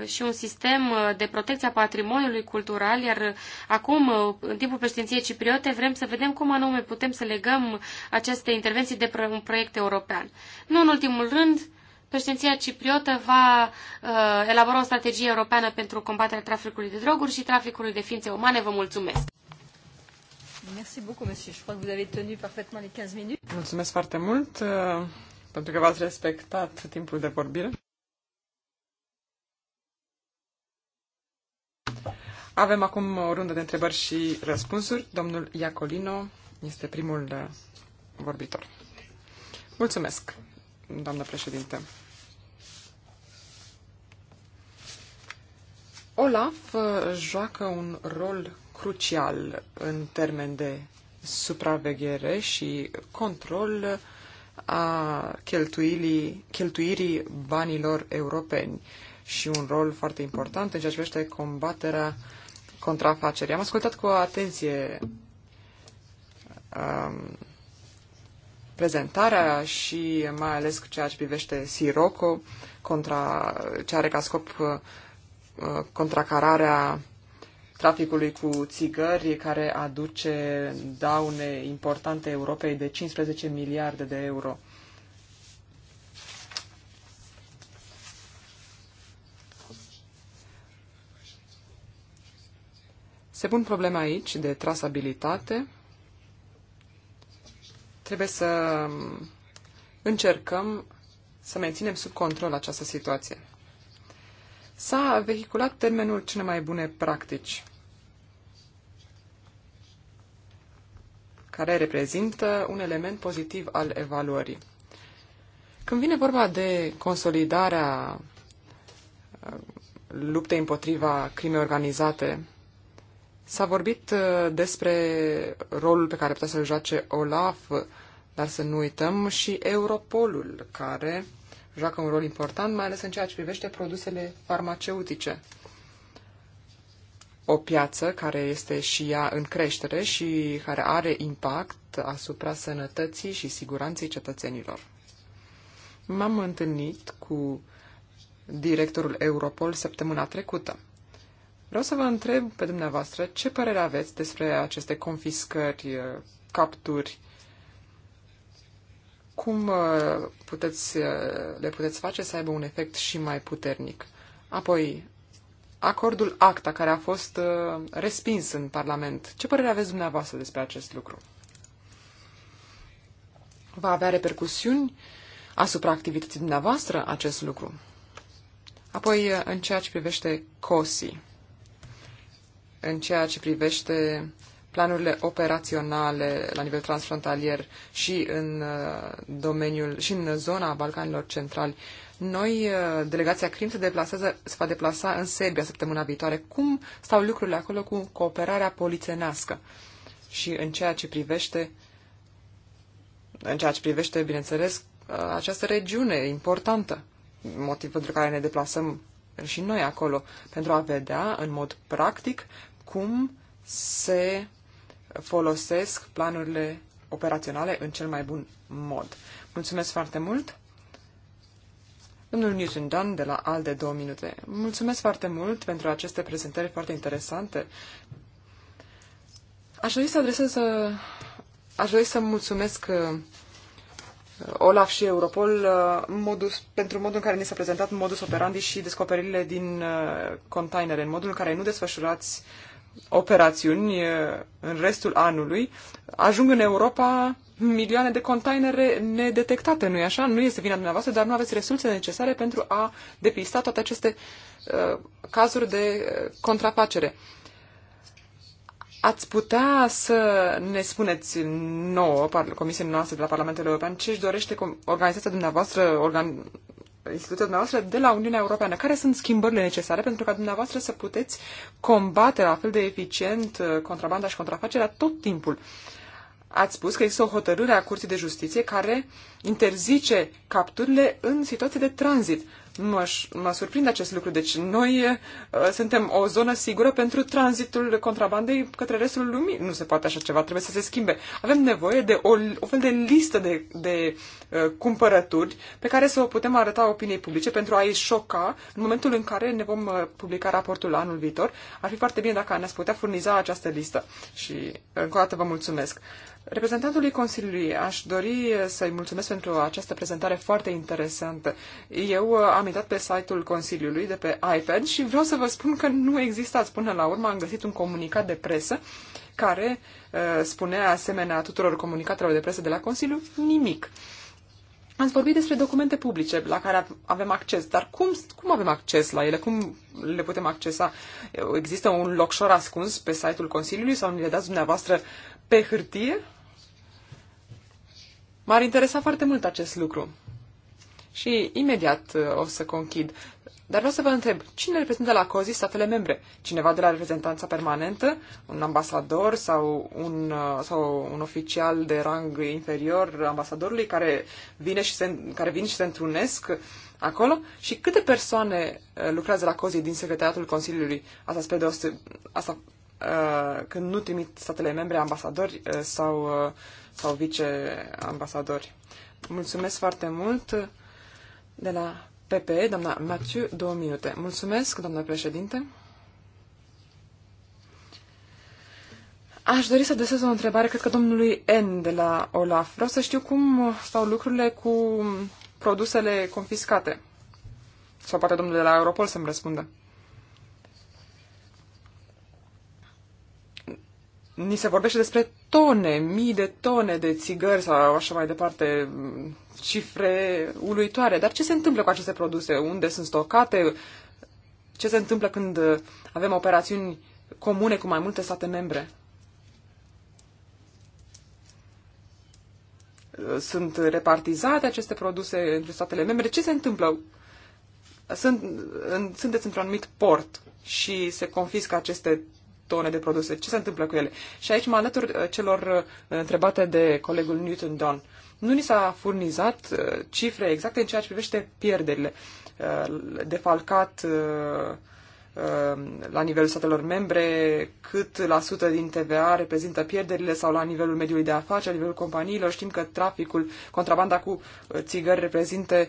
și un sistem de protecție a patrimoniului cultural, iar acum, în timpul președinției cipriote, vrem să vedem cum anume putem să legăm aceste intervenții de un proiect european. Nu în ultimul rând, Președinția cipriotă va uh, elabora o strategie europeană pentru combaterea traficului de droguri și traficului de ființe umane. Vă mulțumesc! Mulțumesc foarte mult uh, pentru că v-ați respectat timpul de vorbire. Avem acum o rundă de întrebări și răspunsuri. Domnul Iacolino este primul uh, vorbitor. Mulțumesc, doamnă președinte. Olaf uh, joacă un rol crucial în termen de supraveghere și control a cheltuirii, cheltuirii banilor europeni și un rol foarte important în ceea ce privește combaterea contrafacerii. Am ascultat cu atenție um, prezentarea și mai ales ceea ce privește Siroco contra ce are ca scop uh, Uh, contracararea traficului cu țigări care aduce daune importante Europei de 15 miliarde de euro. Se pun probleme aici de trasabilitate. Trebuie să încercăm să menținem sub control această situație s-a vehiculat termenul cele mai bune practici, care reprezintă un element pozitiv al evaluării. Când vine vorba de consolidarea uh, luptei împotriva crimei organizate, s-a vorbit uh, despre rolul pe care putea să-l joace OLAF, dar să nu uităm și Europolul, care joacă un rol important, mai ales în ceea ce privește produsele farmaceutice. O piață care este și ea în creștere și care are impact asupra sănătății și siguranței cetățenilor. M-am întâlnit cu directorul Europol săptămâna trecută. Vreau să vă întreb pe dumneavoastră ce părere aveți despre aceste confiscări, capturi cum uh, puteți, uh, le puteți face să aibă un efect și mai puternic. Apoi, acordul ACTA, care a fost uh, respins în Parlament. Ce părere aveți dumneavoastră despre acest lucru? Va avea repercusiuni asupra activității dumneavoastră acest lucru? Apoi, în ceea ce privește COSI, în ceea ce privește planurile operaționale la nivel transfrontalier și în uh, domeniul și în zona Balcanilor Centrali. Noi, uh, delegația CRIM se, deplasează, se va deplasa în Serbia săptămâna viitoare. Cum stau lucrurile acolo cu cooperarea polițenească? Și în ceea ce privește, în ceea ce privește, bineînțeles, uh, această regiune importantă, motiv pentru care ne deplasăm și noi acolo, pentru a vedea în mod practic cum se folosesc planurile operaționale în cel mai bun mod. Mulțumesc foarte mult! Domnul Newton Dunn de la ALDE 2 minute. Mulțumesc foarte mult pentru aceste prezentări foarte interesante. Aș dori să adresez, aș dori să mulțumesc uh, Olaf și Europol uh, modus, pentru modul în care ni s-a prezentat modus operandi și descoperirile din uh, containere, în modul în care nu desfășurați uh, operațiuni eh, în restul anului, ajung în Europa milioane de containere nedetectate, nu-i așa? Nu este vina dumneavoastră, dar nu aveți resurse necesare pentru a depista toate aceste uh, cazuri de eh, contrafacere. Ați putea să ne spuneți nouă, Comisiei noastre de la Parlamentul European, ce își dorește organizația dumneavoastră, organ, instituția dumneavoastră de la Uniunea Europeană. Care sunt schimbările necesare pentru ca dumneavoastră să puteți combate la fel de eficient uh, contrabanda și contrafacerea tot timpul? Ați spus că există o hotărâre a Curții de Justiție care interzice capturile în situații de tranzit. Mă, mă surprinde acest lucru. Deci noi uh, suntem o zonă sigură pentru tranzitul contrabandei către restul lumii. Nu se poate așa ceva, trebuie să se schimbe. Avem nevoie de o, o fel de listă de, de uh, cumpărături pe care să o putem arăta opiniei publice pentru a-i șoca în momentul în care ne vom uh, publica raportul anul viitor. Ar fi foarte bine dacă ne-ați putea furniza această listă. Și încă o dată vă mulțumesc. Uh, Reprezentantului Consiliului aș dori să-i mulțumesc pentru această prezentare foarte interesantă. Eu am intrat pe site-ul Consiliului de pe iPad și vreau să vă spun că nu existați până la urmă. Am găsit un comunicat de presă care uh, spunea asemenea tuturor comunicatelor de presă de la Consiliu nimic. Ați vorbit despre documente publice la care avem acces, dar cum, cum avem acces la ele? Cum le putem accesa? Există un locșor ascuns pe site-ul Consiliului sau ne le dați dumneavoastră pe hârtie? M-ar interesa foarte mult acest lucru. Și imediat uh, o să conchid. Dar vreau să vă întreb, cine reprezintă la COZI statele membre? Cineva de la reprezentanța permanentă? Un ambasador sau un, uh, sau un oficial de rang inferior ambasadorului care, vine și se, care vin și se întrunesc acolo? Și câte persoane uh, lucrează la COZI din secretariatul Consiliului? Asta spre, deoseb- asta Uh, când nu trimit statele membre ambasadori uh, sau, uh, sau viceambasadori. Mulțumesc foarte mult de la PPE, doamna Mathieu, două minute. Mulțumesc, doamna președinte. Aș dori să adresez o întrebare, cred că domnului N de la Olaf. Vreau să știu cum stau lucrurile cu produsele confiscate. Sau poate domnul de la Europol să-mi răspundă. ni se vorbește despre tone, mii de tone de țigări sau așa mai departe, cifre uluitoare. Dar ce se întâmplă cu aceste produse? Unde sunt stocate? Ce se întâmplă când avem operațiuni comune cu mai multe state membre? Sunt repartizate aceste produse între statele membre? Ce se întâmplă? Sunt, în, sunteți într-un anumit port și se confiscă aceste tone de produse. Ce se întâmplă cu ele? Și aici mă alătur uh, celor uh, întrebate de colegul Newton Don. Nu ni s-a furnizat uh, cifre exacte în ceea ce privește pierderile. Defalcat la nivelul statelor membre, cât la sută din TVA reprezintă pierderile sau la nivelul mediului de afaceri, la nivelul companiilor. Știm că traficul, contrabanda cu țigări reprezintă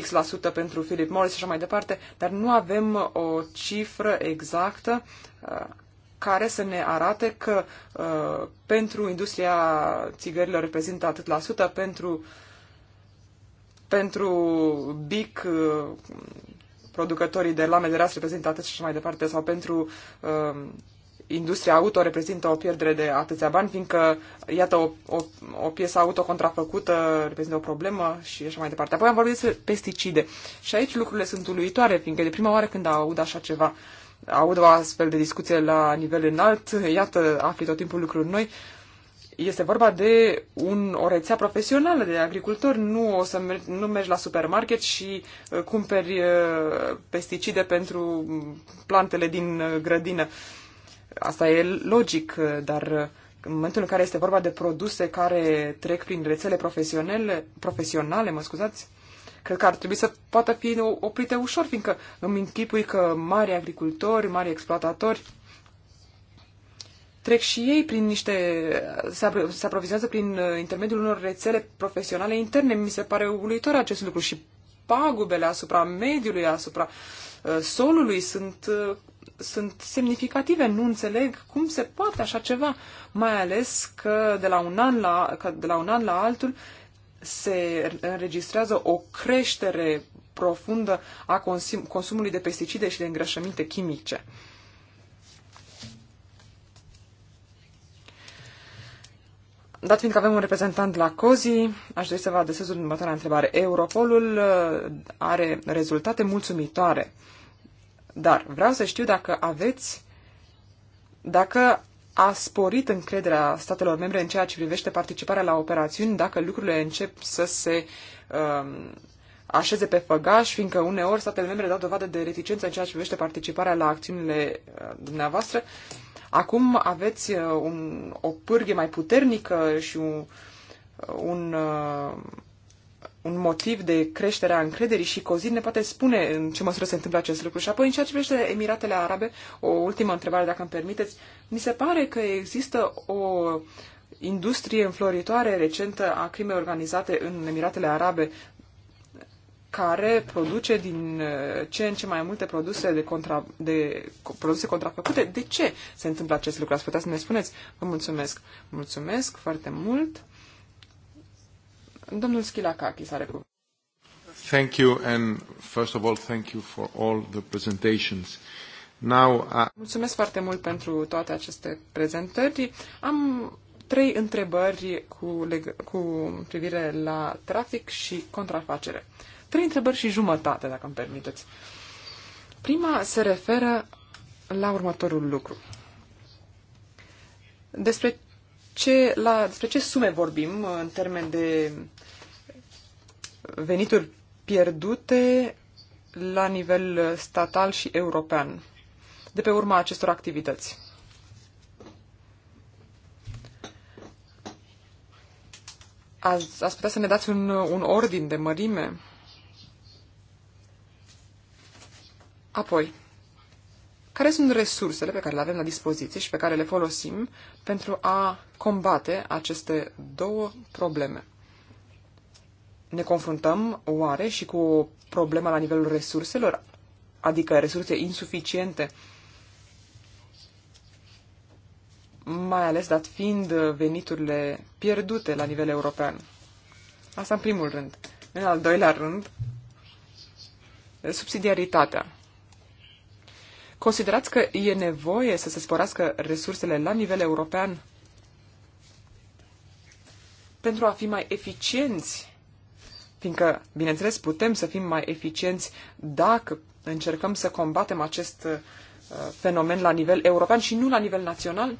X% la sută pentru Philip Morris și așa mai departe, dar nu avem o cifră exactă care să ne arate că uh, pentru industria țigărilor reprezintă atât la sută, pentru, pentru BIC, uh, producătorii de lame de ras reprezintă atât și mai departe, sau pentru uh, industria auto reprezintă o pierdere de atâția bani, fiindcă, iată, o, o, o piesă auto contrafăcută reprezintă o problemă și așa mai departe. Apoi am vorbit despre pesticide și aici lucrurile sunt uluitoare, fiindcă de prima oară când aud așa ceva, uh, aud o astfel de discuție la nivel înalt, iată, afli tot timpul lucruri noi. Este vorba de un, o rețea profesională de agricultori. Nu o să mer- nu mergi la supermarket și uh, cumperi uh, pesticide pentru plantele din uh, grădină. Asta e logic, uh, dar uh, în momentul în care este vorba de produse care trec prin rețele profesionale, profesionale mă scuzați, cred că ar trebui să poată fi oprite ușor, fiindcă îmi închipui că mari agricultori, mari exploatatori trec și ei prin niște, se aprovizează prin uh, intermediul unor rețele profesionale interne. Mi se pare uluitor acest lucru și pagubele asupra mediului, asupra uh, solului sunt, uh, sunt semnificative. Nu înțeleg cum se poate așa ceva, mai ales că de la un an la, că de la, un an la altul se înregistrează o creștere profundă a consum- consumului de pesticide și de îngrășăminte chimice. Dat fiindcă avem un reprezentant la COZI, aș dori să vă adresez următoarea întrebare. Europolul uh, are rezultate mulțumitoare, dar vreau să știu dacă aveți, dacă a sporit încrederea statelor membre în ceea ce privește participarea la operațiuni dacă lucrurile încep să se um, așeze pe făgaș, fiindcă uneori statele membre dau dovadă de reticență în ceea ce privește participarea la acțiunile uh, dumneavoastră. Acum aveți uh, un, o pârghie mai puternică și un, uh, un uh, un motiv de creștere a încrederii și Cozid ne poate spune în ce măsură se întâmplă acest lucru. Și apoi, în ceea ce privește Emiratele Arabe, o ultimă întrebare, dacă îmi permiteți. Mi se pare că există o industrie înfloritoare recentă a crimei organizate în Emiratele Arabe, care produce din uh, ce în ce mai multe produse de, contra, de produse contrafăcute. De ce se întâmplă acest lucru? Ați putea să ne spuneți? Vă mulțumesc. Mulțumesc foarte mult. Domnul Schilacakis are Thank you and first of all thank you for all the presentations. Now, uh, Mulțumesc foarte mult pentru toate aceste prezentări. Am trei întrebări cu, leg- cu privire la trafic și contrafacere. Trei întrebări și jumătate, dacă îmi permiteți. Prima se referă la următorul lucru. Despre ce, la, despre ce sume vorbim în termen de venituri pierdute la nivel statal și european, de pe urma acestor activități. Ați, ați putea să ne dați un, un ordin de mărime? Apoi, care sunt resursele pe care le avem la dispoziție și pe care le folosim pentru a combate aceste două probleme? Ne confruntăm oare și cu problema la nivelul resurselor, adică resurse insuficiente, mai ales dat fiind veniturile pierdute la nivel european. Asta în primul rând. În al doilea rând, subsidiaritatea. Considerați că e nevoie să se sporească resursele la nivel european pentru a fi mai eficienți fiindcă, bineînțeles, putem să fim mai eficienți dacă încercăm să combatem acest uh, fenomen la nivel european și nu la nivel național.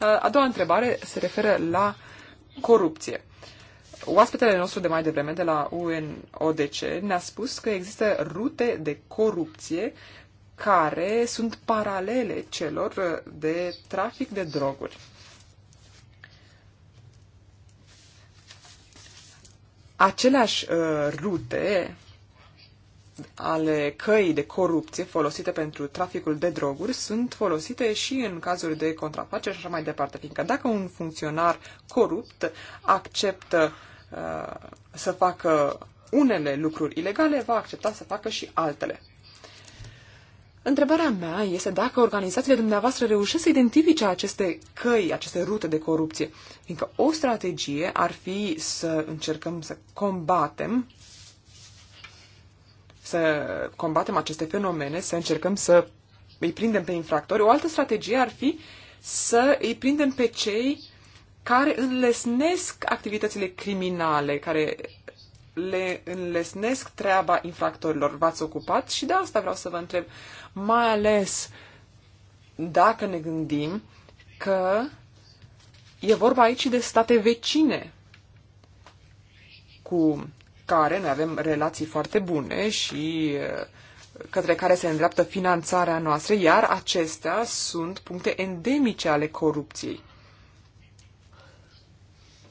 Uh, a doua întrebare se referă la corupție. Oaspetele nostru de mai devreme de la UNODC ne-a spus că există rute de corupție care sunt paralele celor uh, de trafic de droguri. Aceleași uh, rute ale căii de corupție folosite pentru traficul de droguri sunt folosite și în cazuri de contrafacere și așa mai departe, fiindcă dacă un funcționar corupt acceptă uh, să facă unele lucruri ilegale, va accepta să facă și altele. Întrebarea mea este dacă organizațiile dumneavoastră reușesc să identifice aceste căi, aceste rute de corupție, fiindcă o strategie ar fi să încercăm să combatem să combatem aceste fenomene, să încercăm să îi prindem pe infractori. O altă strategie ar fi să îi prindem pe cei care înlesnesc activitățile criminale, care le înlesnesc treaba infractorilor. V-ați ocupat și de asta vreau să vă întreb, mai ales dacă ne gândim că e vorba aici de state vecine cu care noi avem relații foarte bune și uh, către care se îndreaptă finanțarea noastră, iar acestea sunt puncte endemice ale corupției.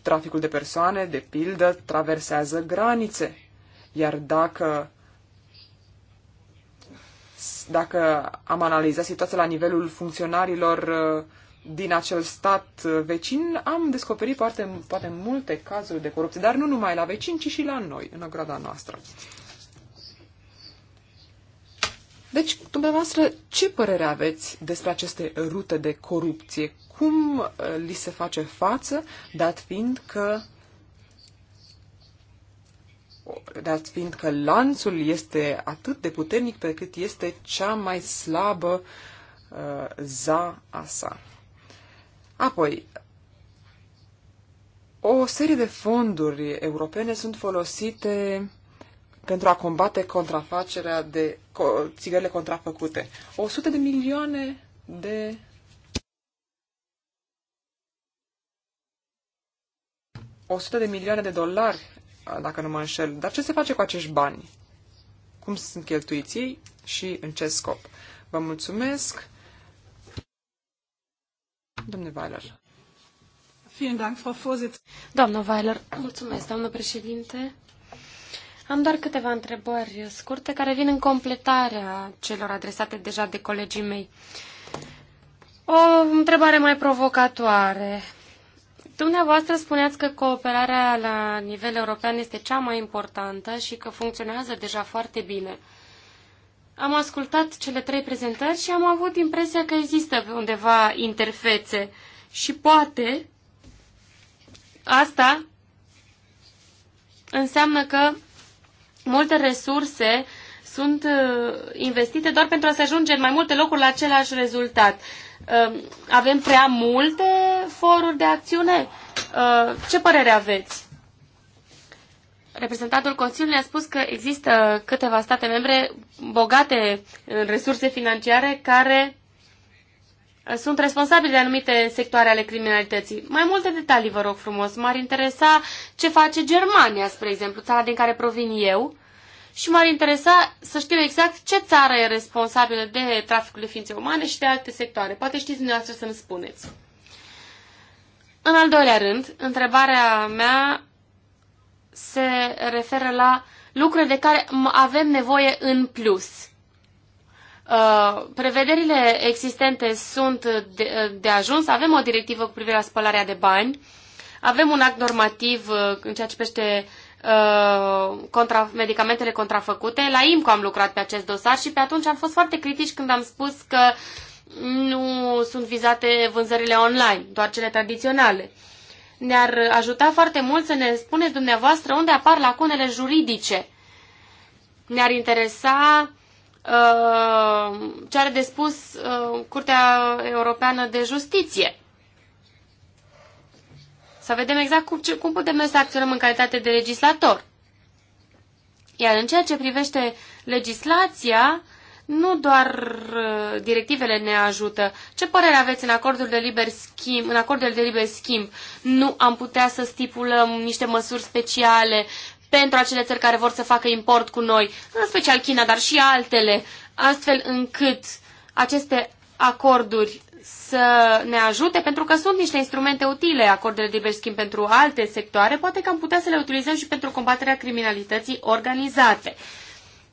Traficul de persoane, de pildă, traversează granițe. Iar dacă, dacă am analizat situația la nivelul funcționarilor uh, din acel stat uh, vecin, am descoperit poate, poate multe cazuri de corupție, dar nu numai la vecin, ci și la noi, în ograda noastră. Deci, dumneavoastră, ce părere aveți despre aceste rute de corupție? Cum uh, li se face față, dat fiind că dat fiind că lanțul este atât de puternic pe cât este cea mai slabă uh, za a sa. Apoi, o serie de fonduri europene sunt folosite pentru a combate contrafacerea de co- țigările contrafăcute. 100 de milioane de o sută de milioane de dolari, dacă nu mă înșel. Dar ce se face cu acești bani? Cum sunt cheltuiți ei și în ce scop? Vă mulțumesc. Domnule Weiler. Vielen Dank, Frau Vorsitzende. Doamnă Weiler, mulțumesc, doamnă președinte. Am doar câteva întrebări scurte care vin în completarea celor adresate deja de colegii mei. O întrebare mai provocatoare. Dumneavoastră spuneați că cooperarea la nivel european este cea mai importantă și că funcționează deja foarte bine. Am ascultat cele trei prezentări și am avut impresia că există undeva interfețe și poate asta înseamnă că multe resurse sunt uh, investite doar pentru a se ajunge în mai multe locuri la același rezultat. Uh, avem prea multe foruri de acțiune? Uh, ce părere aveți? Reprezentantul Consiliului a spus că există câteva state membre bogate în resurse financiare care sunt responsabili de anumite sectoare ale criminalității. Mai multe detalii, vă rog frumos. M-ar interesa ce face Germania, spre exemplu, țara din care provin eu, și m-ar interesa să știu exact ce țară e responsabilă de traficul de ființe umane și de alte sectoare. Poate știți dumneavoastră să-mi spuneți. În al doilea rând, întrebarea mea se referă la lucruri de care avem nevoie în plus. Uh, prevederile existente sunt de, uh, de ajuns. Avem o directivă cu privire la spălarea de bani, avem un act normativ uh, în ceea ce pește contra, medicamentele contrafăcute. La IMCO am lucrat pe acest dosar și pe atunci am fost foarte critici când am spus că nu sunt vizate vânzările online, doar cele tradiționale. Ne-ar ajuta foarte mult să ne spuneți dumneavoastră unde apar lacunele juridice. Ne-ar interesa Uh, ce are de spus uh, Curtea Europeană de Justiție. Să vedem exact cum, cum putem noi să acționăm în calitate de legislator. Iar în ceea ce privește legislația, nu doar uh, directivele ne ajută. Ce părere aveți în acordul de liber schimb, în acordul de liber schimb? Nu am putea să stipulăm niște măsuri speciale pentru acele țări care vor să facă import cu noi, în special China, dar și altele, astfel încât aceste acorduri să ne ajute, pentru că sunt niște instrumente utile, acordurile de liber schimb pentru alte sectoare, poate că am putea să le utilizăm și pentru combaterea criminalității organizate.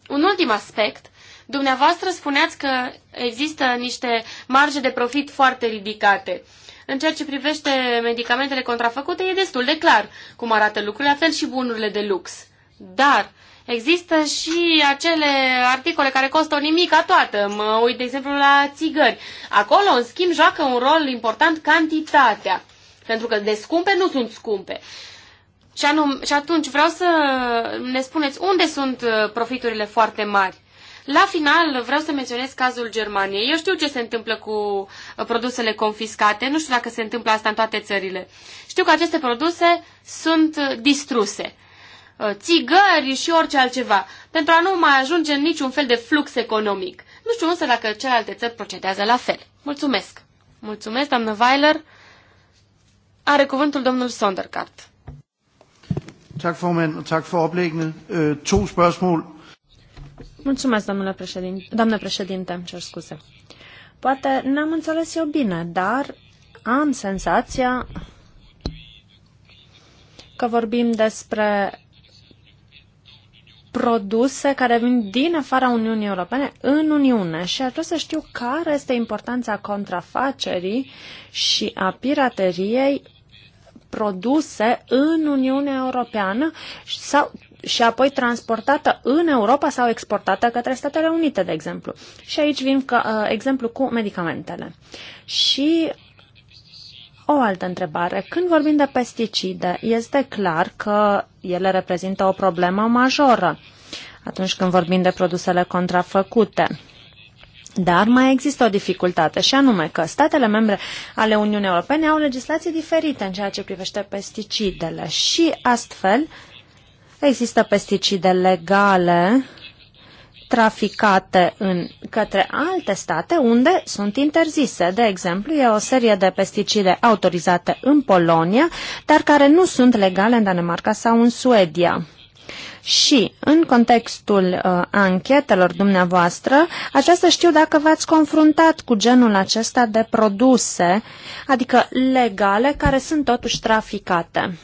Un ultim aspect, dumneavoastră spuneați că există niște marje de profit foarte ridicate. Uh, în ceea ce privește medicamentele contrafăcute, e destul de clar cum arată lucrurile, la fel și bunurile de lux. Dar există și acele articole care costă o nimica toată. Mă uit, de exemplu, la țigări. Acolo, în schimb, joacă un rol important cantitatea. Pentru că de scumpe nu sunt scumpe. Și, anum, și atunci vreau să ne spuneți unde sunt uh, profiturile foarte mari. La final, vreau să menționez cazul Germaniei. Eu știu ce se întâmplă cu uh, produsele confiscate, nu știu dacă se întâmplă asta în toate țările. Știu că aceste produse sunt uh, distruse uh, țigări și orice altceva, pentru a nu mai ajunge în niciun fel de flux economic. Nu știu însă dacă celelalte țări procedează la fel. Mulțumesc! Mulțumesc, doamnă Weiler. Are cuvântul domnul Sondergaard. Tak, formand, og tak for oplæggene. Uh, to spørgsmål. Mulțumesc, domnule președinte, doamnă președinte, îmi cer scuze. Poate n-am înțeles eu bine, dar am senzația că vorbim despre produse care vin din afara Uniunii Europene în Uniune și ar vrea să știu care este importanța contrafacerii și a pirateriei produse în Uniunea Europeană sau și apoi transportată în Europa sau exportată către Statele Unite, de exemplu. Și aici vin ca, uh, exemplu cu medicamentele. Și o altă întrebare. Când vorbim de pesticide, este clar că ele reprezintă o problemă majoră atunci când vorbim de produsele contrafăcute. Dar mai există o dificultate și anume că statele membre ale Uniunii Europene au legislații diferite în ceea ce privește pesticidele și astfel uh, Există pesticide legale traficate în, către alte state unde sunt interzise. De exemplu, e o serie de pesticide autorizate în Polonia, dar care nu sunt legale în Danemarca sau în Suedia. Și, în contextul uh, anchetelor dumneavoastră, aș vrea să știu dacă v-ați confruntat cu genul acesta de produse, adică legale, care sunt totuși traficate.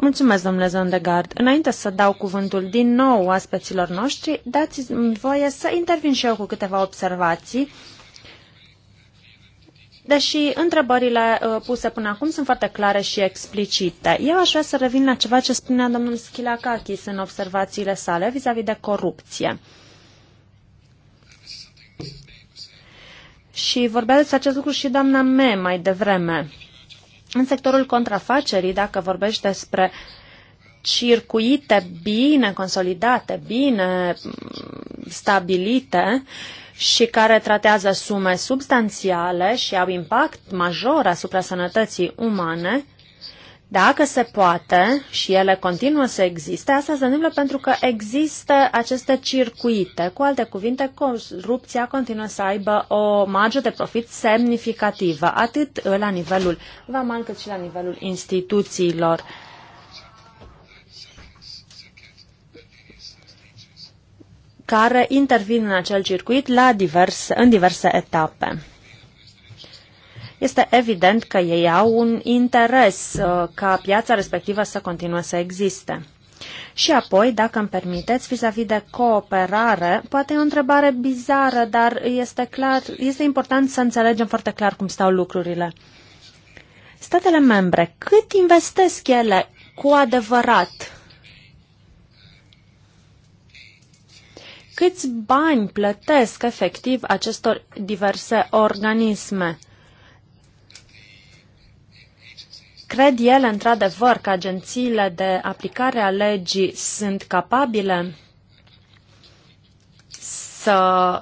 Mulțumesc, domnule Zondegard. Înainte să dau cuvântul din nou oaspeților noștri, dați-mi voie să intervin și eu cu câteva observații, deși întrebările uh, puse până acum sunt foarte clare și explicite. Eu aș vrea să revin la ceva ce spunea domnul Schilakakis în observațiile sale vis-a-vis -vis de corupție. Și vorbea despre acest lucru și doamna M. mai devreme. În sectorul contrafacerii, dacă vorbești despre circuite bine consolidate, bine mm, stabilite și care tratează sume substanțiale și au impact major asupra sănătății umane, dacă se poate și ele continuă să existe, asta se întâmplă pentru că există aceste circuite. Cu alte cuvinte, corupția continuă să aibă o marjă de profit semnificativă, atât la nivelul vamal cât și la nivelul instituțiilor. care intervin în acel circuit la divers, în diverse etape este evident că ei au un interes uh, ca piața respectivă să continue să existe. Și apoi, dacă îmi permiteți, vis-a-vis -vis de cooperare, poate e o întrebare bizară, dar este, clar, este important să înțelegem foarte clar cum stau lucrurile. Statele membre, cât investesc ele cu adevărat? Câți bani plătesc efectiv acestor diverse organisme? Cred el într-adevăr că agențiile de aplicare a legii sunt capabile să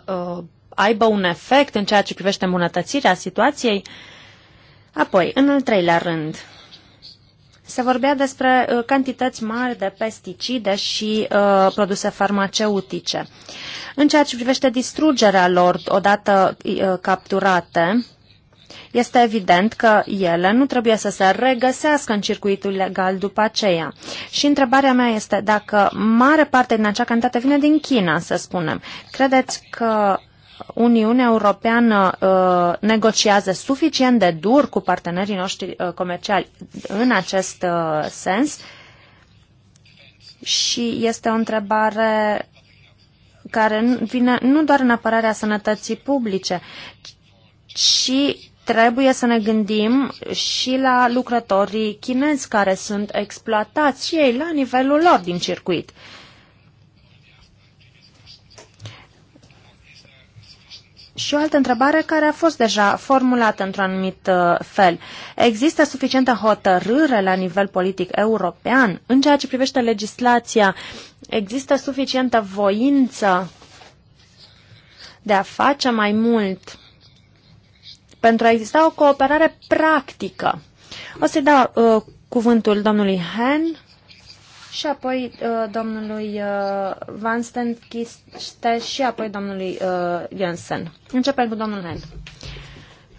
uh, aibă un efect în ceea ce privește îmbunătățirea situației? Apoi, în al treilea rând, se vorbea despre uh, cantități mari de pesticide și uh, produse farmaceutice. În ceea ce privește distrugerea lor odată uh, capturate, este evident că ele nu trebuie să se regăsească în circuitul legal după aceea. Și întrebarea mea este dacă mare parte din acea cantitate vine din China, să spunem. Credeți că Uniunea Europeană uh, negociază suficient de dur cu partenerii noștri uh, comerciali în acest uh, sens? Și este o întrebare care vine nu doar în apărarea sănătății publice, ci trebuie să ne gândim și la lucrătorii chinezi care sunt exploatați și ei la nivelul lor din circuit. Și o altă întrebare care a fost deja formulată într-un anumit uh, fel. Există suficientă hotărâre la nivel politic european în ceea ce privește legislația? Există suficientă voință de a face mai mult pentru a exista o cooperare practică. O să-i dau uh, cuvântul domnului Han și apoi uh, domnului uh, Van Stenkiste și apoi domnului uh, Jensen. Începem cu domnul Han.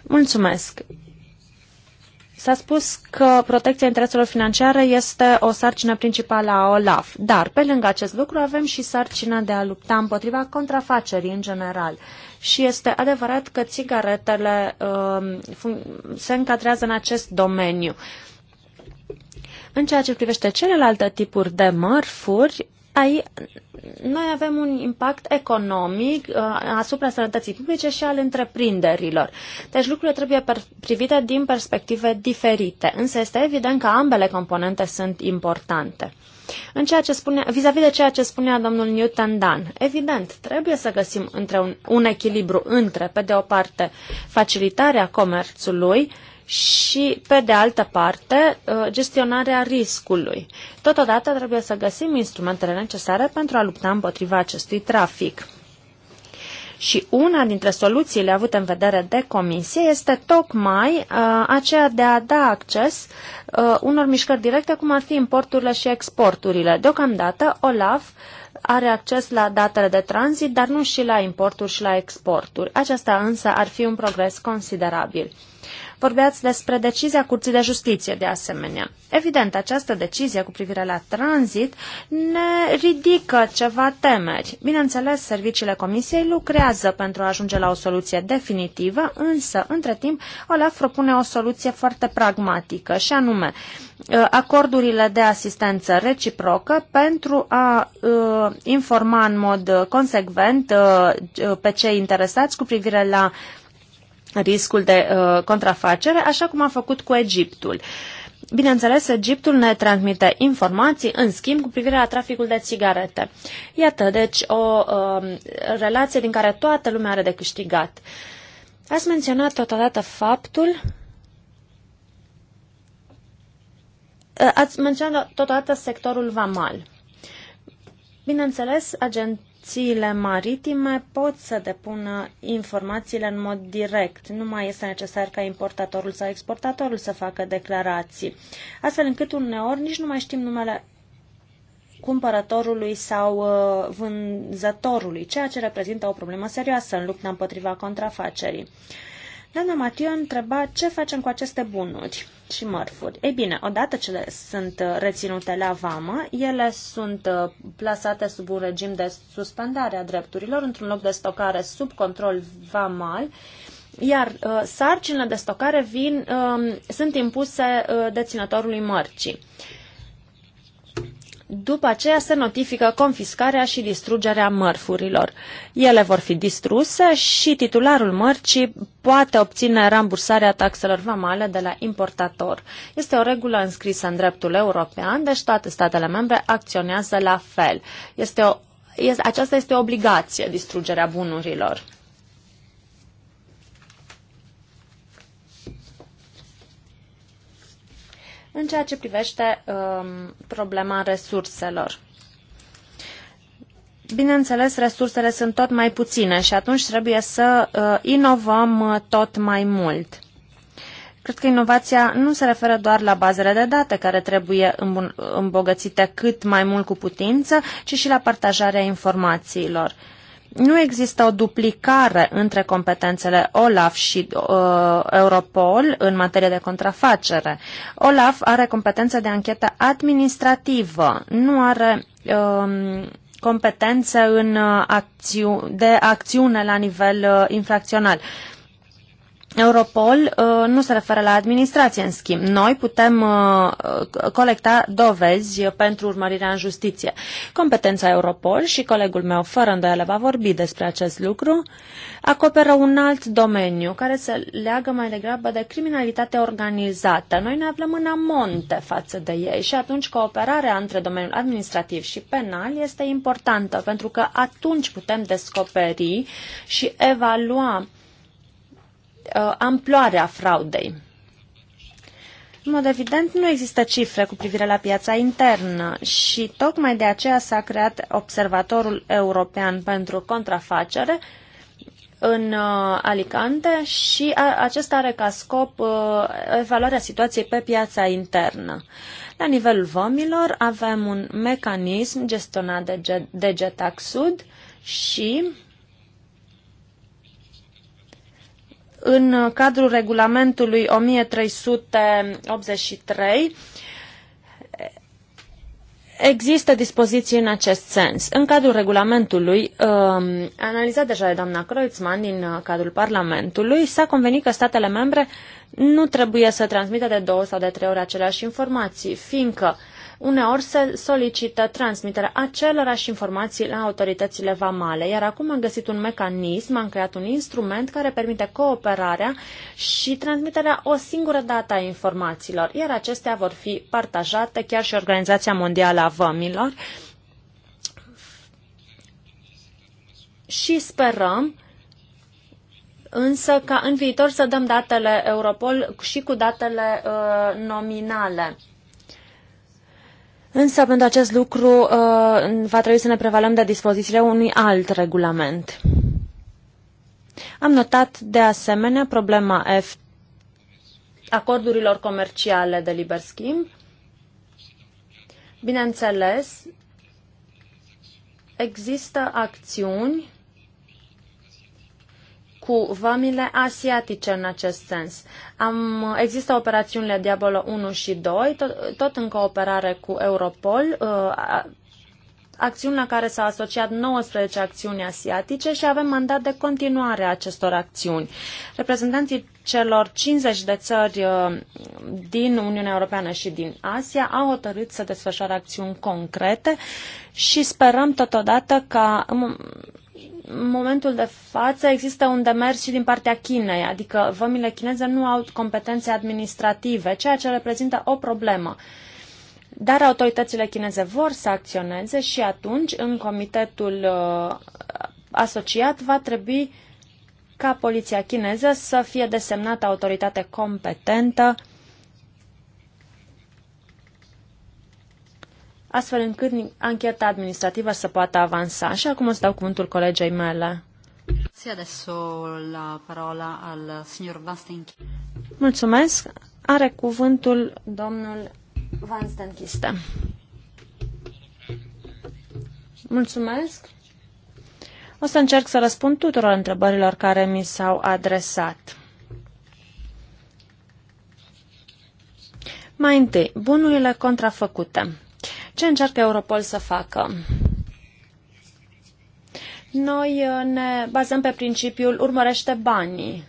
Mulțumesc. S-a spus că protecția intereselor financiare este o sarcină principală a OLAF, dar pe lângă acest lucru avem și sarcina de a lupta împotriva contrafacerii în general. Uh, și este adevărat că țigaretele uh, se încadrează în acest domeniu. În ceea ce privește celelalte tipuri de mărfuri, ai, noi avem un impact economic uh, asupra sănătății publice și al întreprinderilor. Deci lucrurile trebuie privite din perspective diferite, însă este evident că ambele componente sunt importante. În ceea ce spune, vis-a-vis -vis de ceea ce spunea domnul Newton Dan, evident, trebuie să găsim între un, un echilibru între, pe de o parte, facilitarea comerțului, și, pe de altă parte, uh, gestionarea riscului. Totodată trebuie să găsim instrumentele necesare pentru a lupta împotriva acestui trafic. Și una dintre soluțiile avute în vedere de comisie este tocmai uh, aceea de a da acces uh, unor mișcări directe, cum ar fi importurile și exporturile. Deocamdată, OLAF are acces la datele de tranzit, dar nu și la importuri și la exporturi. Aceasta însă ar fi un progres considerabil. Vorbeați despre decizia Curții de Justiție, de asemenea. Evident, această decizie cu privire la tranzit ne ridică ceva temeri. Bineînțeles, serviciile Comisiei lucrează pentru a ajunge la o soluție definitivă, însă, între timp, Olaf propune o soluție foarte pragmatică, și anume ă, acordurile de asistență reciprocă pentru a uh, informa în mod consecvent uh, pe cei interesați cu privire la riscul de uh, contrafacere, așa cum a făcut cu Egiptul. Bineînțeles, Egiptul ne transmite informații, în schimb, cu privire la traficul de țigarete. Iată, deci, o uh, relație din care toată lumea are de câștigat. Ați menționat totodată faptul uh, Ați menționat totodată sectorul vamal. Bineînțeles, agent, agențiile maritime pot să depună informațiile în mod direct. Nu mai este necesar ca importatorul sau exportatorul să facă declarații. Astfel încât uneori nici nu mai știm numele cumpărătorului sau uh, vânzătorului, ceea ce reprezintă o problemă serioasă în lupta împotriva contrafacerii. Doamna Matiu întreba ce facem cu aceste bunuri și mărfuri. Ei bine, odată ce le sunt uh, reținute la vamă, ele sunt uh, plasate sub un regim de suspendare a drepturilor într-un loc de stocare sub control vamal, iar uh, sarcinile de stocare vin, uh, sunt impuse uh, deținătorului mărcii. Uh, după aceea se notifică confiscarea și distrugerea mărfurilor. Ele vor fi distruse și titularul mărcii poate obține rambursarea taxelor vamale de la importator. Este o regulă înscrisă în dreptul european, deci toate statele membre acționează la fel. Este o, este, aceasta este o obligație, distrugerea bunurilor. în ceea ce privește um, problema resurselor. Bineînțeles, resursele sunt tot mai puține și atunci trebuie să uh, inovăm uh, tot mai mult. Cred că inovația nu se referă doar la bazele de date care trebuie îmbogățite cât mai mult cu putință, ci și la partajarea informațiilor. Uh, nu există o duplicare între competențele OLAF și uh, Europol în materie de contrafacere. OLAF are competență de anchetă administrativă, nu are uh, competență în uh, acțiu- de acțiune la nivel uh, infracțional. Uh, Europol uh, nu se referă la administrație, în schimb. Noi putem uh, colecta dovezi pentru urmărirea în justiție. Competența Europol și colegul meu, fără îndoială, va vorbi despre acest lucru, acoperă un alt domeniu care se leagă mai degrabă de criminalitate organizată. Noi ne aflăm în amonte față de ei și atunci cooperarea între domeniul administrativ și penal este importantă, pentru că atunci putem descoperi și evalua uh, amploarea fraudei. În mod evident, nu există cifre cu privire la piața internă și tocmai de aceea s-a creat Observatorul European pentru Contrafacere în uh, Alicante și a, acesta are ca scop uh, evaluarea situației pe piața internă. La nivelul vomilor avem un mecanism gestionat de, de Getax Sud și în cadrul regulamentului 1383 Există dispoziții în acest sens. În cadrul regulamentului, um, analizat deja de doamna Kreutzmann din uh, cadrul Parlamentului, s-a convenit că statele membre nu trebuie să transmită de două sau de trei ori aceleași informații, fiindcă uh, uneori se solicită transmiterea acelorași informații la autoritățile vamale, iar acum am găsit un mecanism, am creat un instrument care permite cooperarea și transmiterea o singură dată a informațiilor, iar acestea vor fi partajate chiar și Organizația Mondială a Vămilor. Și sperăm însă ca în viitor să dăm datele Europol și cu datele uh, nominale. Însă, pentru acest lucru, uh, va trebui să ne prevalăm de dispozițiile unui alt regulament. Am notat, de asemenea, problema F acordurilor comerciale de liber schimb. Bineînțeles, există acțiuni cu vămile asiatice în acest sens. Am, există operațiunile Diabolo 1 și 2, tot, tot în cooperare cu Europol, uh, acțiunea care s a asociat 19 acțiuni asiatice și avem mandat de continuare a acestor acțiuni. Reprezentanții celor 50 de țări uh, din Uniunea Europeană și din Asia au hotărât să desfășoare acțiuni concrete și sperăm totodată ca um, în momentul de față există un demers și din partea Chinei, adică vămile chineze nu au competențe administrative, ceea ce reprezintă o problemă. Dar autoritățile chineze vor să acționeze și atunci, în comitetul uh, asociat, va trebui ca poliția chineză să fie desemnată autoritate competentă astfel încât ancheta administrativă să poată avansa. Și acum îți dau cuvântul colegei mele. Mulțumesc. Are cuvântul domnul Van Stenchiste. Mulțumesc. O să încerc să răspund tuturor întrebărilor care mi s-au adresat. Mai întâi, bunurile contrafăcute. Ce încearcă Europol să facă? Noi uh, ne bazăm pe principiul urmărește banii.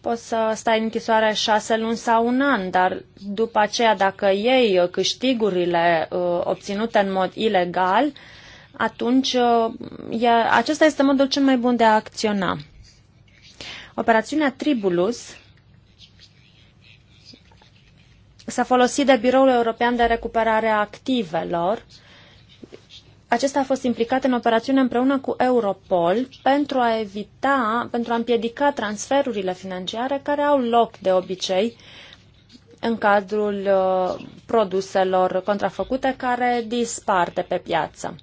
Poți să stai în închisoare șase luni sau un an, dar după aceea, dacă iei uh, câștigurile uh, obținute în mod ilegal, atunci e, acesta este modul cel mai bun de a acționa. Operațiunea Tribulus s-a folosit de Biroul European de Recuperare a Activelor. Acesta a fost implicat în operațiune împreună cu Europol pentru a evita, pentru a împiedica transferurile financiare care au loc de obicei în cadrul uh, produselor contrafăcute care dispar de pe piață.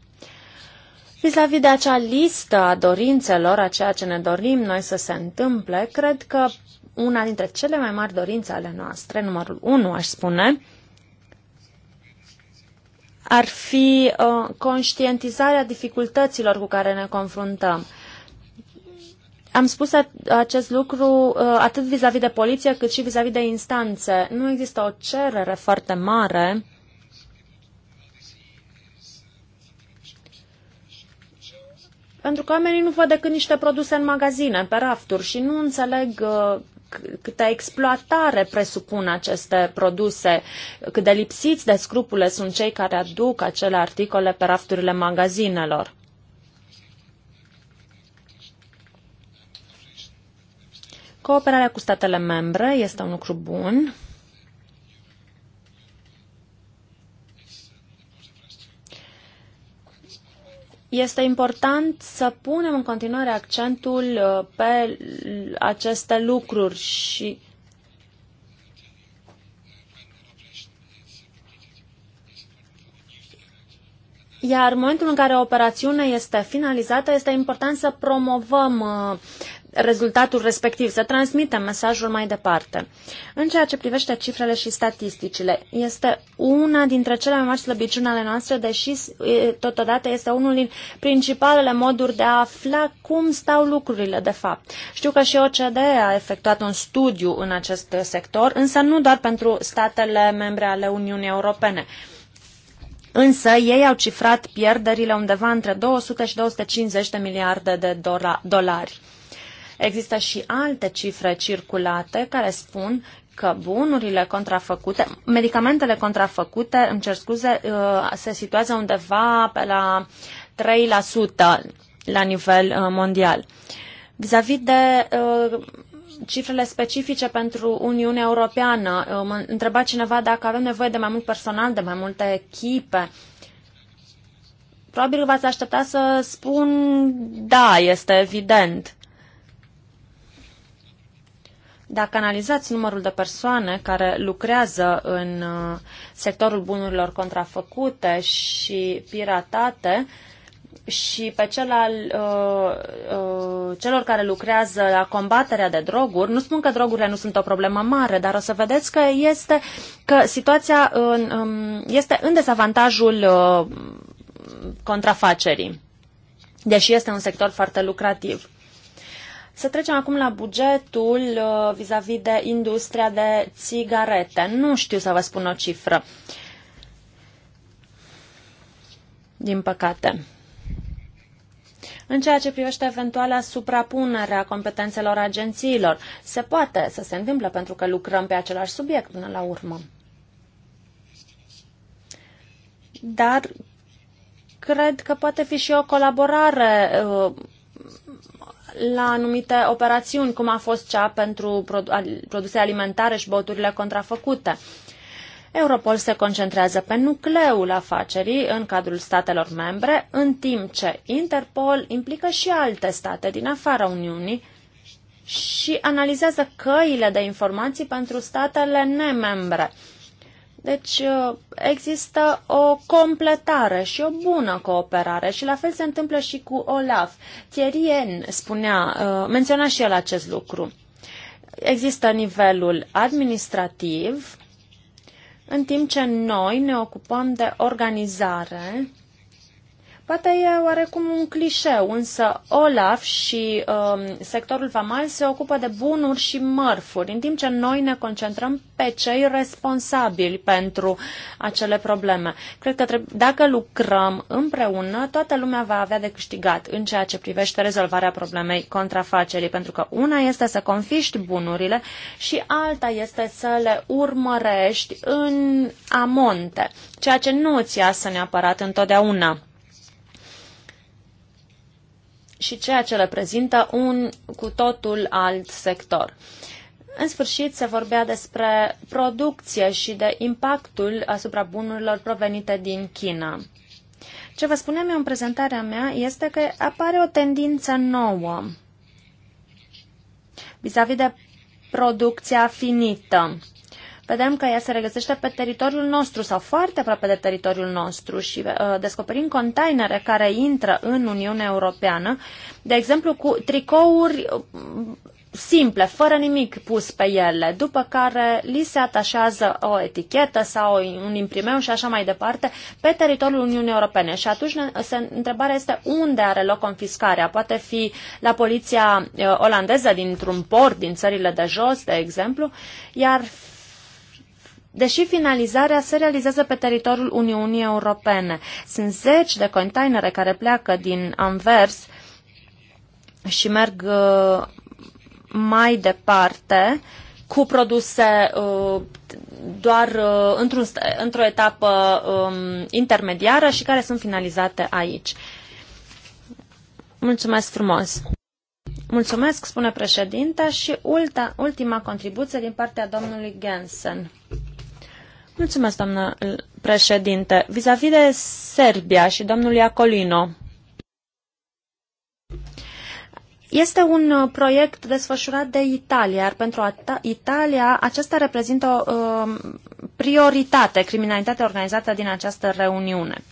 Vis-a-vis -vis de acea listă a dorințelor, a ceea ce ne dorim noi să se întâmple, cred că una dintre cele mai mari dorințe ale noastre, numărul 1, aș spune, ar fi uh, conștientizarea dificultăților cu care ne confruntăm. Am spus acest lucru uh, atât vis-a-vis -vis de poliție cât și vis-a-vis -vis de instanțe. Nu există o cerere foarte mare pentru că oamenii nu văd decât niște produse în magazine, pe rafturi și nu înțeleg uh, câtă exploatare presupun aceste produse, cât de lipsiți de scrupule sunt cei care aduc acele articole pe rafturile magazinelor. Cooperarea cu statele membre este un lucru bun. Este important să punem în continuare accentul uh, pe aceste lucruri și Iar în momentul în care o operațiune este finalizată, este important să promovăm uh, rezultatul respectiv, să transmitem mesajul mai departe. În ceea ce privește cifrele și statisticile, este una dintre cele mai mari slăbiciuni ale noastre, deși totodată este unul din principalele moduri de a afla cum stau lucrurile de fapt. Știu că și OCDE a efectuat un studiu în acest sector, însă nu doar pentru statele membre ale Uniunii Europene. Însă ei au cifrat pierderile undeva între 200 și 250 de miliarde de dola- dolari. Există și alte cifre circulate care spun că bunurile contrafăcute, medicamentele contrafăcute, îmi cer scuze, uh, se situează undeva pe la 3% la nivel uh, mondial. Vis-a-vis -vis de uh, cifrele specifice pentru Uniunea Europeană, mă întreba cineva dacă avem nevoie de mai mult personal, de mai multe echipe. Probabil v-ați aștepta să spun da, este evident. Dacă analizați numărul de persoane care lucrează în uh, sectorul bunurilor contrafăcute și piratate, și pe cel al uh, uh, celor care lucrează la combaterea de droguri. Nu spun că drogurile nu sunt o problemă mare, dar o să vedeți că este că situația în, um, este în dezavantajul uh, contrafacerii, deși este un sector foarte lucrativ. Să trecem acum la bugetul uh, vis-a-vis -vis de industria de țigarete. Nu știu să vă spun o cifră. Din păcate. În ceea ce privește eventuala suprapunere a competențelor agențiilor, se poate să se întâmple pentru că lucrăm pe același subiect până la urmă. Dar cred că poate fi și o colaborare uh, la anumite operațiuni, cum a fost cea pentru produse alimentare și băuturile contrafăcute. Europol se concentrează pe nucleul afacerii în cadrul statelor membre, în timp ce Interpol implică și alte state din afara Uniunii și analizează căile de informații pentru statele nemembre. membre deci uh, există o completare și o bună cooperare și la fel se întâmplă și cu Olaf. Thierry spunea, uh, menționa și el acest lucru. Există nivelul administrativ, în timp ce noi ne ocupăm de organizare Poate e oarecum un clișeu, însă Olaf și um, sectorul vamal se ocupă de bunuri și mărfuri, în timp ce noi ne concentrăm pe cei responsabili pentru acele probleme. Cred că trebuie, dacă lucrăm împreună, toată lumea va avea de câștigat în ceea ce privește rezolvarea problemei contrafacerii, pentru că una este să confiști bunurile și alta este să le urmărești în amonte, ceea ce nu ți iasă neapărat întotdeauna și ceea ce reprezintă un cu totul alt sector. În sfârșit, se vorbea despre producție și de impactul asupra bunurilor provenite din China. Ce vă spunem eu în prezentarea mea este că apare o tendință nouă vis-a-vis -vis de producția finită vedem că ea se regăsește pe teritoriul nostru sau foarte aproape de teritoriul nostru și uh, descoperim containere care intră în Uniunea Europeană, de exemplu cu tricouri uh, simple, fără nimic pus pe ele, după care li se atașează o etichetă sau un imprimeu și așa mai departe pe teritoriul Uniunii Europene. Și atunci întrebarea este unde are loc confiscarea. Poate fi la poliția uh, olandeză dintr-un port din țările de jos, de exemplu, iar deși finalizarea se realizează pe teritoriul Uniunii Europene. Sunt zeci de containere care pleacă din Anvers și merg uh, mai departe cu produse uh, doar uh, într-o într etapă um, intermediară și care sunt finalizate aici. Mulțumesc frumos! Mulțumesc, spune președinta, și ultima contribuție din partea domnului Gensen. Mulțumesc, doamnă președinte. Vis-a-vis de Serbia și domnul Iacolino, este un uh, proiect desfășurat de Italia, iar pentru Italia acesta reprezintă o um, prioritate, criminalitatea organizată din această reuniune.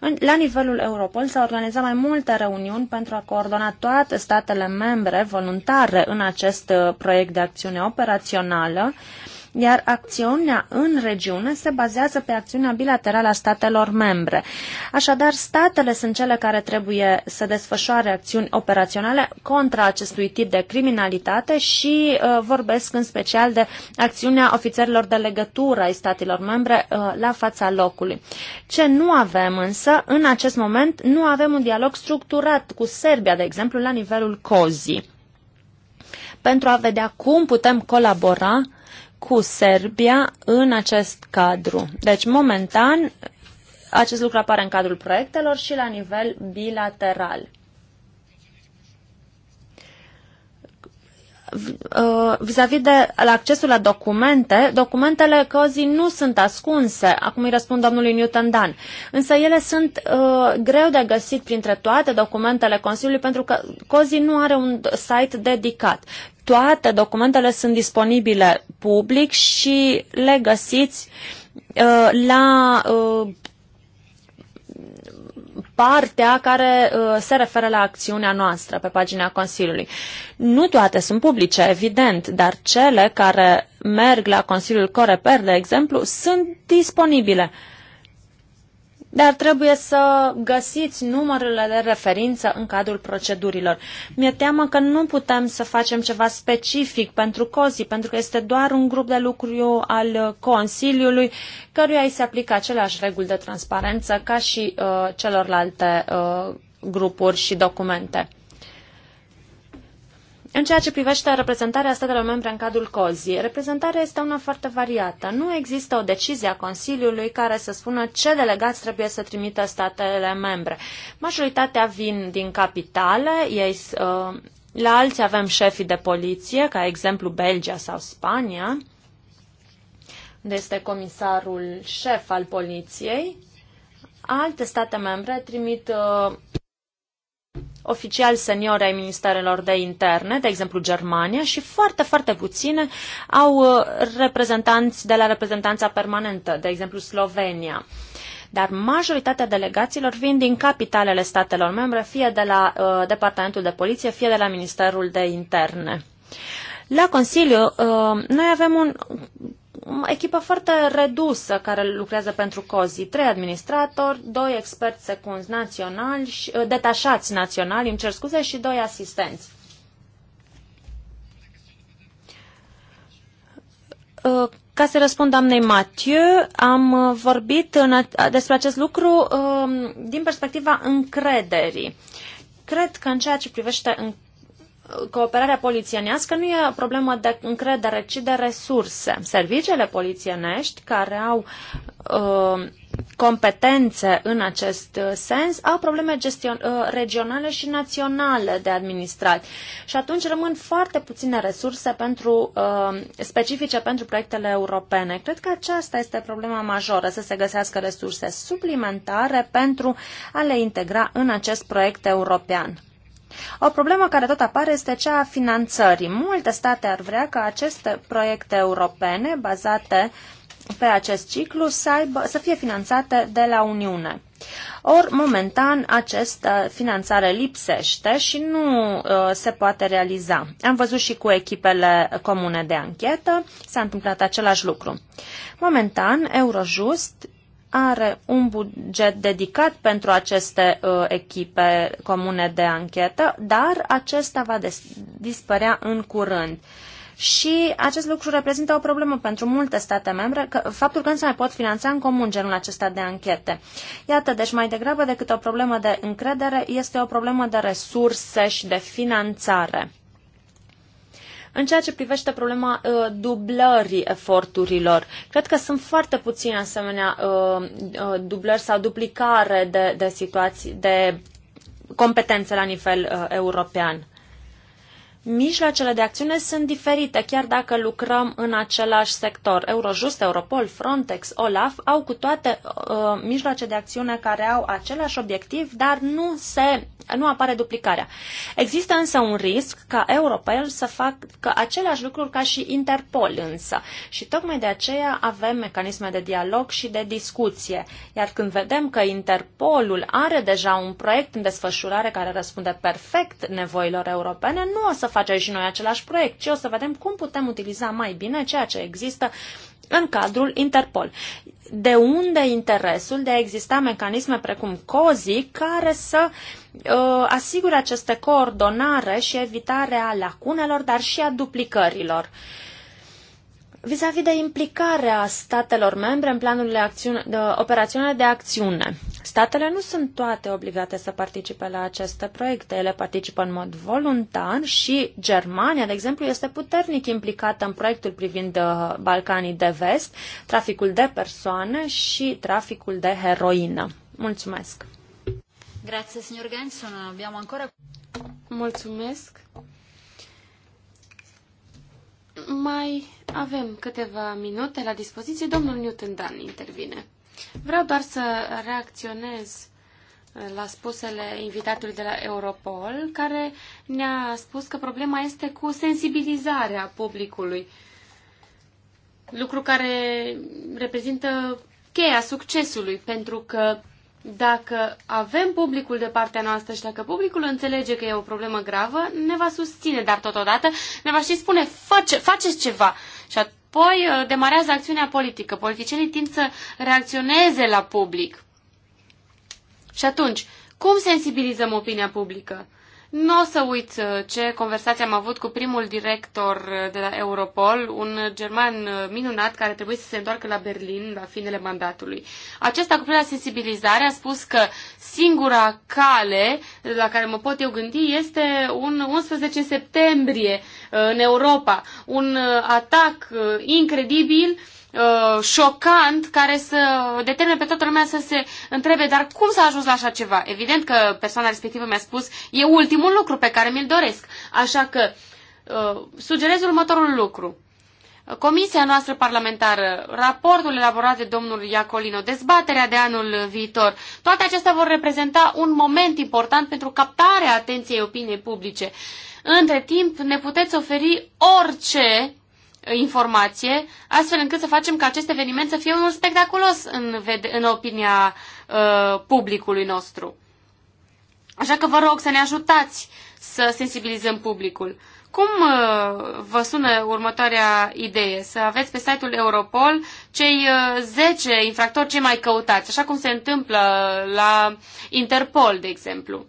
În, la nivelul Europol s-au organizat mai multe reuniuni pentru a coordona toate statele membre voluntare în acest uh, proiect de acțiune operațională uh, iar acțiunea în regiune se bazează pe acțiunea bilaterală a statelor membre. Așadar, statele sunt cele care trebuie să desfășoare acțiuni operaționale contra acestui tip de criminalitate și uh, vorbesc în special de acțiunea ofițerilor de legătură ai statelor membre uh, la fața locului. Ce nu avem însă, în acest moment, nu avem un dialog structurat cu Serbia, de exemplu, la nivelul COZI pentru a vedea cum putem colabora cu Serbia în acest cadru. Deci, momentan, acest lucru apare în cadrul proiectelor și la nivel bilateral. vis-a-vis -vis de accesul la documente, documentele cozii nu sunt ascunse, acum îi răspund domnului Newton Dan, însă ele sunt uh, greu de găsit printre toate documentele Consiliului pentru că cozii nu are un site dedicat. Toate documentele sunt disponibile public și le găsiți uh, la uh, partea care uh, se referă la acțiunea noastră pe pagina Consiliului. Nu toate sunt publice, evident, dar cele care merg la Consiliul Coreper, de exemplu, sunt disponibile. Uh, dar trebuie să găsiți numărele de referință în cadrul procedurilor. Mi-e teamă că nu putem să facem ceva specific pentru COSI, pentru că este doar un grup de lucru al Consiliului, căruia îi se aplică aceleași reguli de transparență ca și uh, celorlalte uh, grupuri și documente. În ceea ce privește reprezentarea statelor membre în cadrul COZI, reprezentarea este una foarte variată. Nu există o decizie a Consiliului care să spună ce delegați trebuie să trimită statele membre. Majoritatea vin din capitale, ei, uh, la alții avem șefii de poliție, ca exemplu Belgia sau Spania, unde este comisarul șef al poliției. Alte state membre trimit uh, oficiali seniori ai ministerelor de interne, de exemplu Germania, și foarte, foarte puține au uh, reprezentanți de la reprezentanța permanentă, de exemplu Slovenia. Dar majoritatea delegațiilor vin din capitalele statelor membre, fie de la uh, Departamentul de Poliție, fie de la Ministerul de Interne. La Consiliu, uh, noi avem un echipă foarte redusă care lucrează pentru COZI. Trei administratori, doi experți secunzi naționali, și, uh, detașați naționali, îmi cer scuze, și doi asistenți. Uh, ca să răspund doamnei Mathieu, am uh, vorbit în, despre acest lucru din perspectiva încrederii. Cred că în ceea ce privește cooperarea polițienească nu e o problemă de încredere, ci de resurse. Serviciile polițienești care au uh, competențe în acest sens au probleme gestion- uh, regionale și naționale de administrat și atunci rămân foarte puține resurse pentru, uh, specifice pentru proiectele europene. Cred că aceasta este problema majoră, să se găsească resurse suplimentare pentru a le integra în acest proiect european. O problemă care tot apare este cea a finanțării. Multe state ar vrea ca aceste proiecte europene bazate pe acest ciclu să, aibă, să fie finanțate de la Uniune. Or, momentan, această finanțare lipsește și nu uh, se poate realiza. Am văzut și cu echipele comune de anchetă, s-a întâmplat același lucru. Momentan, Eurojust are un buget dedicat pentru aceste uh, echipe comune de anchetă, dar acesta va dispărea în curând. Și acest lucru reprezintă o problemă pentru multe state membre, că, faptul că nu se mai pot finanța în comun genul acesta de anchete. Iată, deci mai degrabă decât o problemă de încredere, este o problemă de resurse și de finanțare. În ceea ce privește problema uh, dublării eforturilor, cred că sunt foarte puține asemenea uh, uh, dublări sau duplicare de, de situații, de competențe la nivel uh, european mijloacele de acțiune sunt diferite, chiar dacă lucrăm în același sector. Eurojust, Europol, Frontex, OLAF au cu toate uh, mijloace de acțiune care au același obiectiv, dar nu, se, nu apare duplicarea. Există însă un risc ca Europol să facă același lucruri ca și Interpol însă. Și tocmai de aceea avem mecanisme de dialog și de discuție. Iar când vedem că Interpolul are deja un proiect în desfășurare care răspunde perfect nevoilor europene, nu o să facem și noi același proiect, ci o să vedem cum putem utiliza mai bine ceea ce există în cadrul Interpol. De unde interesul de a exista mecanisme precum COZI care să uh, asigure aceste coordonare și evitarea lacunelor, dar și a duplicărilor? Uh, Vis-a-vis de implicarea statelor membre în planurile acțiune, de, operaționale de acțiune, statele nu sunt toate obligate să participe la aceste proiecte. Ele participă în mod voluntar și Germania, de exemplu, este puternic implicată în proiectul privind uh, Balcanii de Vest, traficul de persoane și traficul de heroină. Mulțumesc! Grazie, signor Genson. Abbiamo ancora... Mulțumesc! Mai avem câteva minute la dispoziție. Domnul Newton Dan intervine. Vreau doar să reacționez uh, la spusele invitatului de la Europol, care ne-a spus că problema este cu sensibilizarea publicului, lucru care reprezintă cheia succesului, pentru că dacă avem publicul de partea noastră și dacă publicul înțelege că e o problemă gravă, ne va susține, dar totodată ne va și spune, Face, faceți ceva. Și apoi uh, demarează acțiunea politică. Politicienii tind să reacționeze la public. Și atunci, cum sensibilizăm opinia publică? Nu o să uit uh, ce conversație am avut cu primul director uh, de la Europol, un uh, german minunat care trebuie să se întoarcă la Berlin la finele mandatului. Acesta cu prea sensibilizare a spus că singura cale la care mă pot eu gândi este un 11 septembrie în Europa. Un uh, atac uh, incredibil uh, șocant care să determine pe toată lumea să se întrebe dar cum s-a ajuns la așa ceva? Evident că persoana respectivă mi-a spus e ultimul lucru pe care mi-l doresc. Așa că sugerez următorul lucru. Comisia noastră parlamentară, raportul elaborat de domnul Iacolino, dezbaterea de anul viitor, toate acestea vor reprezenta un moment important pentru captarea atenției opiniei publice. Uh, între timp, ne puteți oferi orice informație, astfel încât să facem ca acest eveniment să fie unul spectaculos în, în opinia uh, publicului nostru. Așa că vă rog să ne ajutați să sensibilizăm publicul. Cum uh, vă sună următoarea idee? Să aveți pe site-ul Europol cei 10 uh, infractori cei mai căutați, așa cum se întâmplă la Interpol, de exemplu.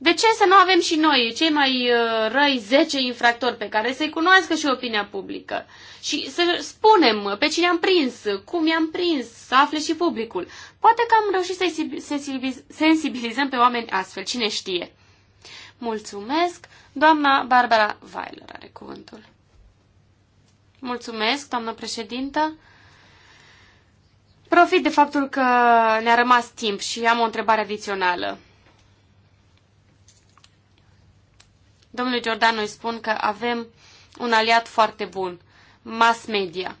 De ce să nu avem și noi, cei mai uh, răi 10 infractori pe care să-i cunoască și opinia publică? Și să spunem pe cine am prins, cum i-am prins, să afle și publicul. Poate că am reușit să-i sensibilizăm pe oameni astfel, cine știe. Mulțumesc, doamna Barbara Weiler are cuvântul. Mulțumesc, doamnă președintă. Profit de faptul că ne-a rămas timp și am o întrebare adițională. Domnule Jordan, îi spun că avem un aliat foarte bun, mass media.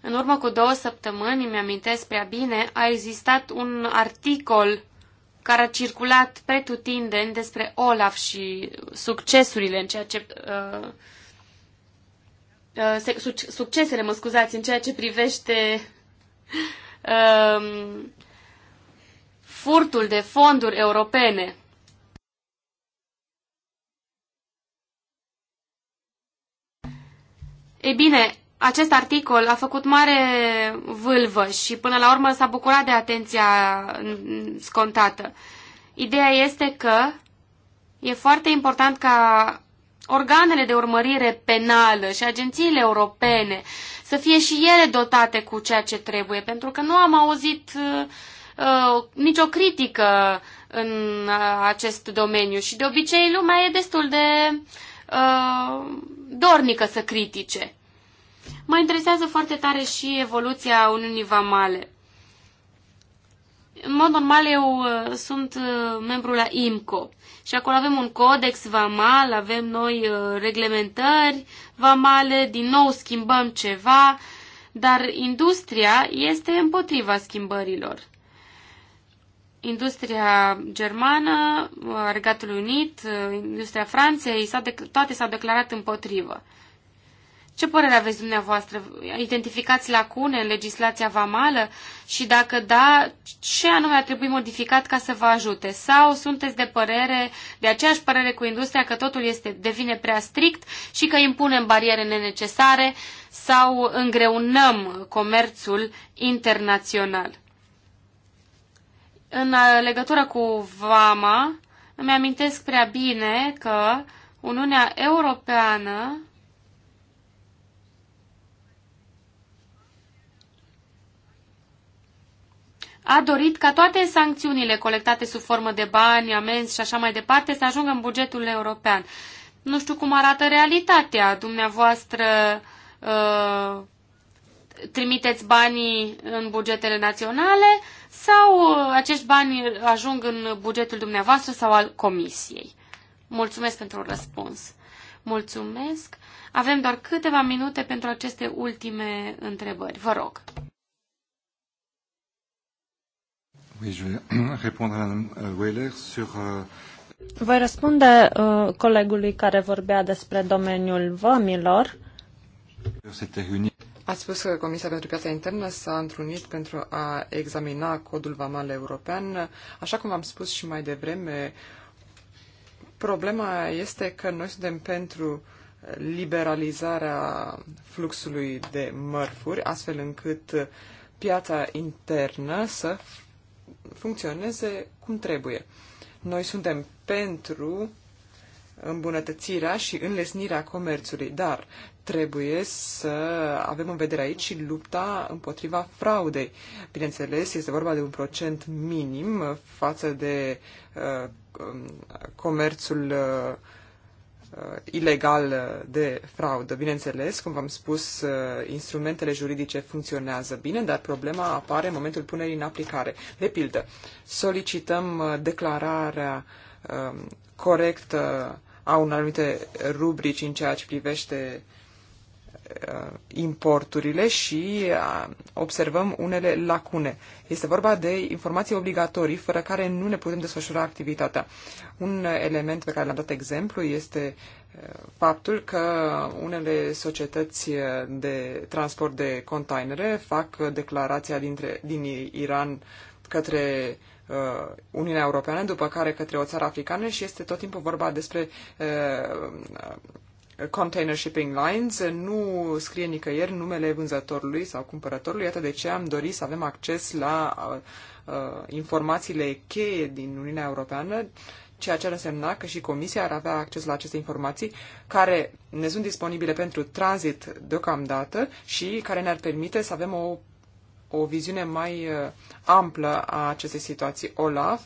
În urmă cu două săptămâni, îmi amintesc prea bine, a existat un articol care a circulat pretutindeni despre Olaf și succesurile în ceea ce... Uh, uh, succesele, mă scuzați, în ceea ce privește uh, furtul de fonduri europene. E bine, acest articol a făcut mare vâlvă și până la urmă s-a bucurat de atenția scontată. Ideea este că e foarte important ca organele de urmărire penală și agențiile europene să fie și ele dotate cu ceea ce trebuie, pentru că nu am auzit uh, nicio critică în uh, acest domeniu și de obicei lumea e destul de uh, dornică să critique. Mă interesează foarte tare și evoluția Uniunii Vamale. În mod normal, eu uh, sunt uh, membru la IMCO și acolo avem un codex vamal, avem noi uh, reglementări vamale, din nou schimbăm ceva, dar industria este împotriva schimbărilor industria germană, uh, Regatul Unit, uh, industria Franței, s toate s-au declarat împotrivă. Ce părere aveți dumneavoastră? Identificați lacune în legislația vamală și dacă da, ce anume ar trebui modificat ca să vă ajute? Sau sunteți de părere, de aceeași părere cu industria că totul este, devine prea strict și că impunem bariere nenecesare sau îngreunăm comerțul internațional? În uh, legătură cu VAMA, îmi amintesc prea bine că Uniunea Europeană a dorit ca toate sancțiunile colectate sub formă de bani, amenzi și așa mai departe să ajungă în bugetul european. Nu știu cum arată realitatea. Dumneavoastră uh, trimiteți banii în bugetele naționale sau uh, acești bani ajung în bugetul dumneavoastră sau al comisiei? Mulțumesc pentru răspuns. Mulțumesc. Avem doar câteva minute pentru aceste ultime întrebări. Vă rog. Euh, euh, Voi răspunde uh, colegului care vorbea despre domeniul vămilor. Ați spus că Comisia pentru Piața Internă s-a întrunit pentru a examina codul vamal european. Așa cum v-am spus și mai devreme, problema este că noi suntem pentru liberalizarea fluxului de mărfuri, astfel încât piața internă să funcționeze cum trebuie. Noi suntem pentru îmbunătățirea și înlesnirea comerțului, dar trebuie să avem în vedere aici și lupta împotriva fraudei. Bineînțeles, este vorba de un procent minim față de uh, um, comerțul uh, uh, ilegal de fraudă. Bineînțeles, cum v-am spus, uh, instrumentele juridice funcționează bine, dar problema apare în momentul punerii în aplicare. De pildă, solicităm uh, declararea um, corectă a unor anumite rubrici în ceea ce privește uh, Uh, importurile și uh, observăm unele lacune. Este vorba de informații obligatorii fără care nu ne putem desfășura activitatea. Un element pe care l-am dat exemplu este uh, faptul că unele societăți de transport de containere fac declarația dintre, din Iran către Uniunea Europeană, după care către o țară africană și este tot timpul vorba despre container shipping lines, nu scrie nicăieri numele vânzătorului sau cumpărătorului, iată de ce am dorit să avem acces la uh, uh, informațiile cheie din Uniunea Europeană, ceea ce ar însemna că și Comisia ar avea acces la aceste informații care ne sunt disponibile pentru tranzit deocamdată și care ne-ar permite să avem o, o viziune mai uh, amplă a acestei situații. OLAF,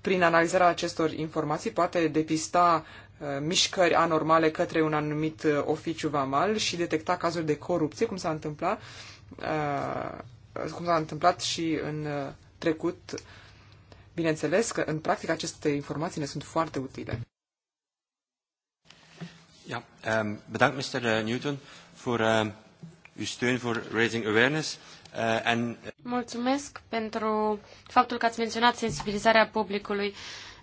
prin analizarea acestor informații, poate depista Uh, mișcări anormale către un anumit uh, oficiu vamal și detecta cazuri de corupție, cum s-a întâmplat, uh, cum s-a întâmplat și în trecut. Bineînțeles că, în practică, aceste informații ne sunt foarte utile. Ja, um, bedankt Mr. Eh, Newton uh, steun raising awareness. Uh, eh, and... Eh, Mulțumesc pentru faptul că ați menționat sensibilizarea publicului.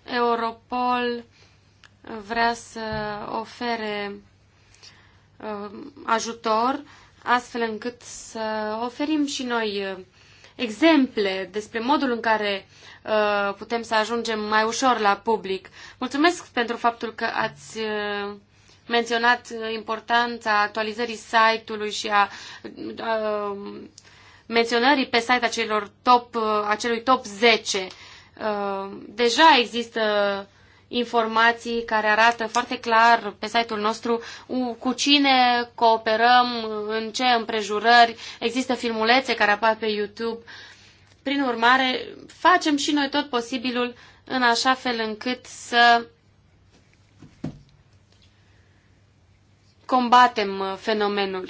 Europol vrea să ofere uh, ajutor astfel încât să oferim și noi uh, exemple despre modul în care uh, putem să ajungem mai ușor la public. Mulțumesc pentru faptul că ați menționat importanța actualizării site-ului și a, a menționării pe site acelor top, acelui top 10. Deja există informații care arată foarte clar pe site-ul nostru cu cine cooperăm, în ce împrejurări, există filmulețe care apar pe YouTube. Prin urmare, facem și noi tot posibilul în așa fel încât să combatem fenomenul.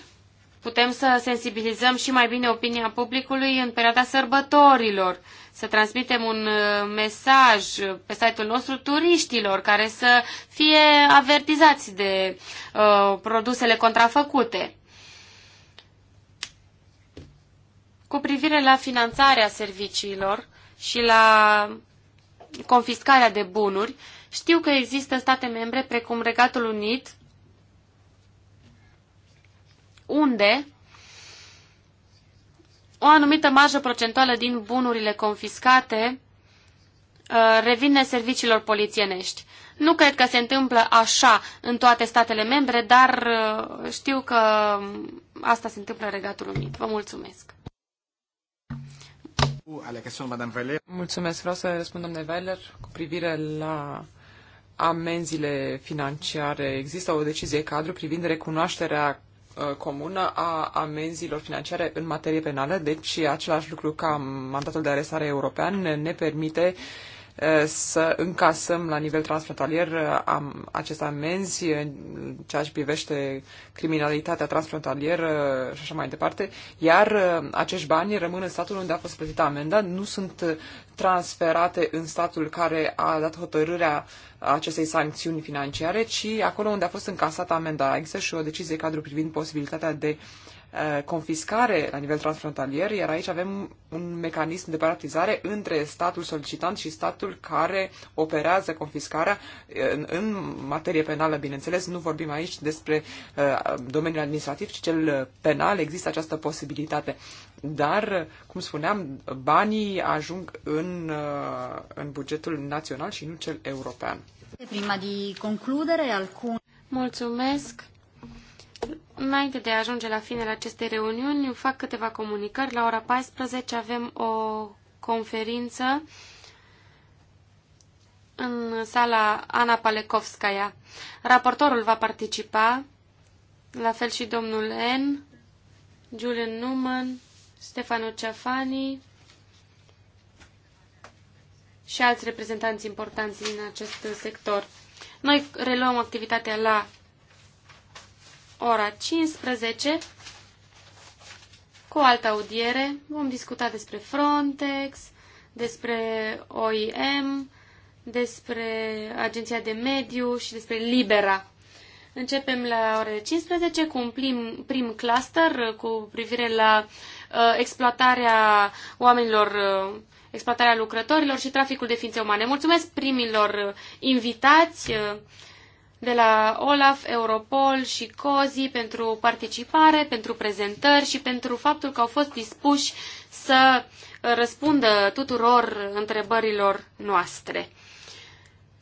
Putem să sensibilizăm și mai bine opinia publicului în perioada sărbătorilor, să transmitem un uh, mesaj pe site-ul nostru turiștilor care să fie avertizați de uh, produsele contrafăcute. Cu privire la finanțarea serviciilor și la confiscarea de bunuri, știu că există state membre precum Regatul Unit, unde o anumită marjă procentuală din bunurile confiscate uh, revine serviciilor polițienești. Nu cred că se întâmplă așa în toate statele membre, dar uh, știu că um, asta se întâmplă în Regatul Unit. Vă mulțumesc! Mulțumesc, vreau să răspund, domnule Weiler, cu privire la amenzile financiare. Există o decizie cadru privind recunoașterea Uh, comună a amenzilor financiare în materie penală, deci același lucru ca mandatul de arestare european ne permite uh, să încasăm la nivel transfrontalier uh, aceste amenzi în ceea ce privește criminalitatea transfrontalieră uh, și așa mai departe, iar uh, acești bani rămân în statul unde a fost plătită amenda, nu sunt transferate în statul care a dat hotărârea acestei sancțiuni financiare, ci acolo unde a fost încasată amenda. Există și o decizie cadru privind posibilitatea de uh, Uh, confiscare la nivel transfrontalier, iar aici avem un mecanism de privatizare între statul solicitant și statul care operează confiscarea uh, în, în materie penală, bineînțeles. Nu vorbim aici despre uh, domeniul administrativ, ci cel penal. Există această posibilitate. Dar, cum spuneam, banii ajung în, uh, în bugetul național și nu cel european. Prima de concludere, alcun... Mulțumesc! Înainte de a ajunge la finele acestei reuniuni, fac câteva comunicări. La ora 14 avem o conferință în sala Ana Palekovskaya. Raportorul va participa, la fel și domnul N, Julian Newman, Stefano Ceafani și alți reprezentanți importanți din acest sector. Noi reluăm activitatea la ora 15 cu o altă audiere. Vom discuta despre Frontex, despre OIM, despre Agenția de Mediu și despre Libera. Începem la ore 15 cu un prim, prim cluster uh, cu privire la uh, exploatarea oamenilor, uh, exploatarea lucrătorilor și traficul de ființe umane. Mulțumesc primilor uh, invitați. Uh, de la OLAF, Europol și COZI pentru participare, pentru prezentări și pentru faptul că au fost dispuși să răspundă tuturor întrebărilor noastre.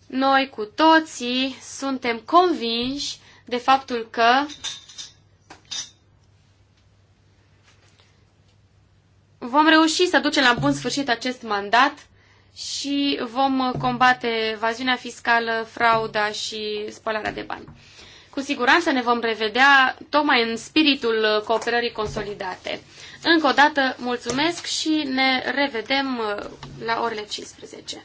Noi cu toții suntem convinși de faptul că vom reuși să ducem la bun sfârșit acest mandat și vom uh, combate evaziunea fiscală, frauda și spălarea de bani. Cu siguranță ne vom revedea tocmai în spiritul uh, cooperării consolidate. Încă o dată mulțumesc și ne revedem uh, la orele 15.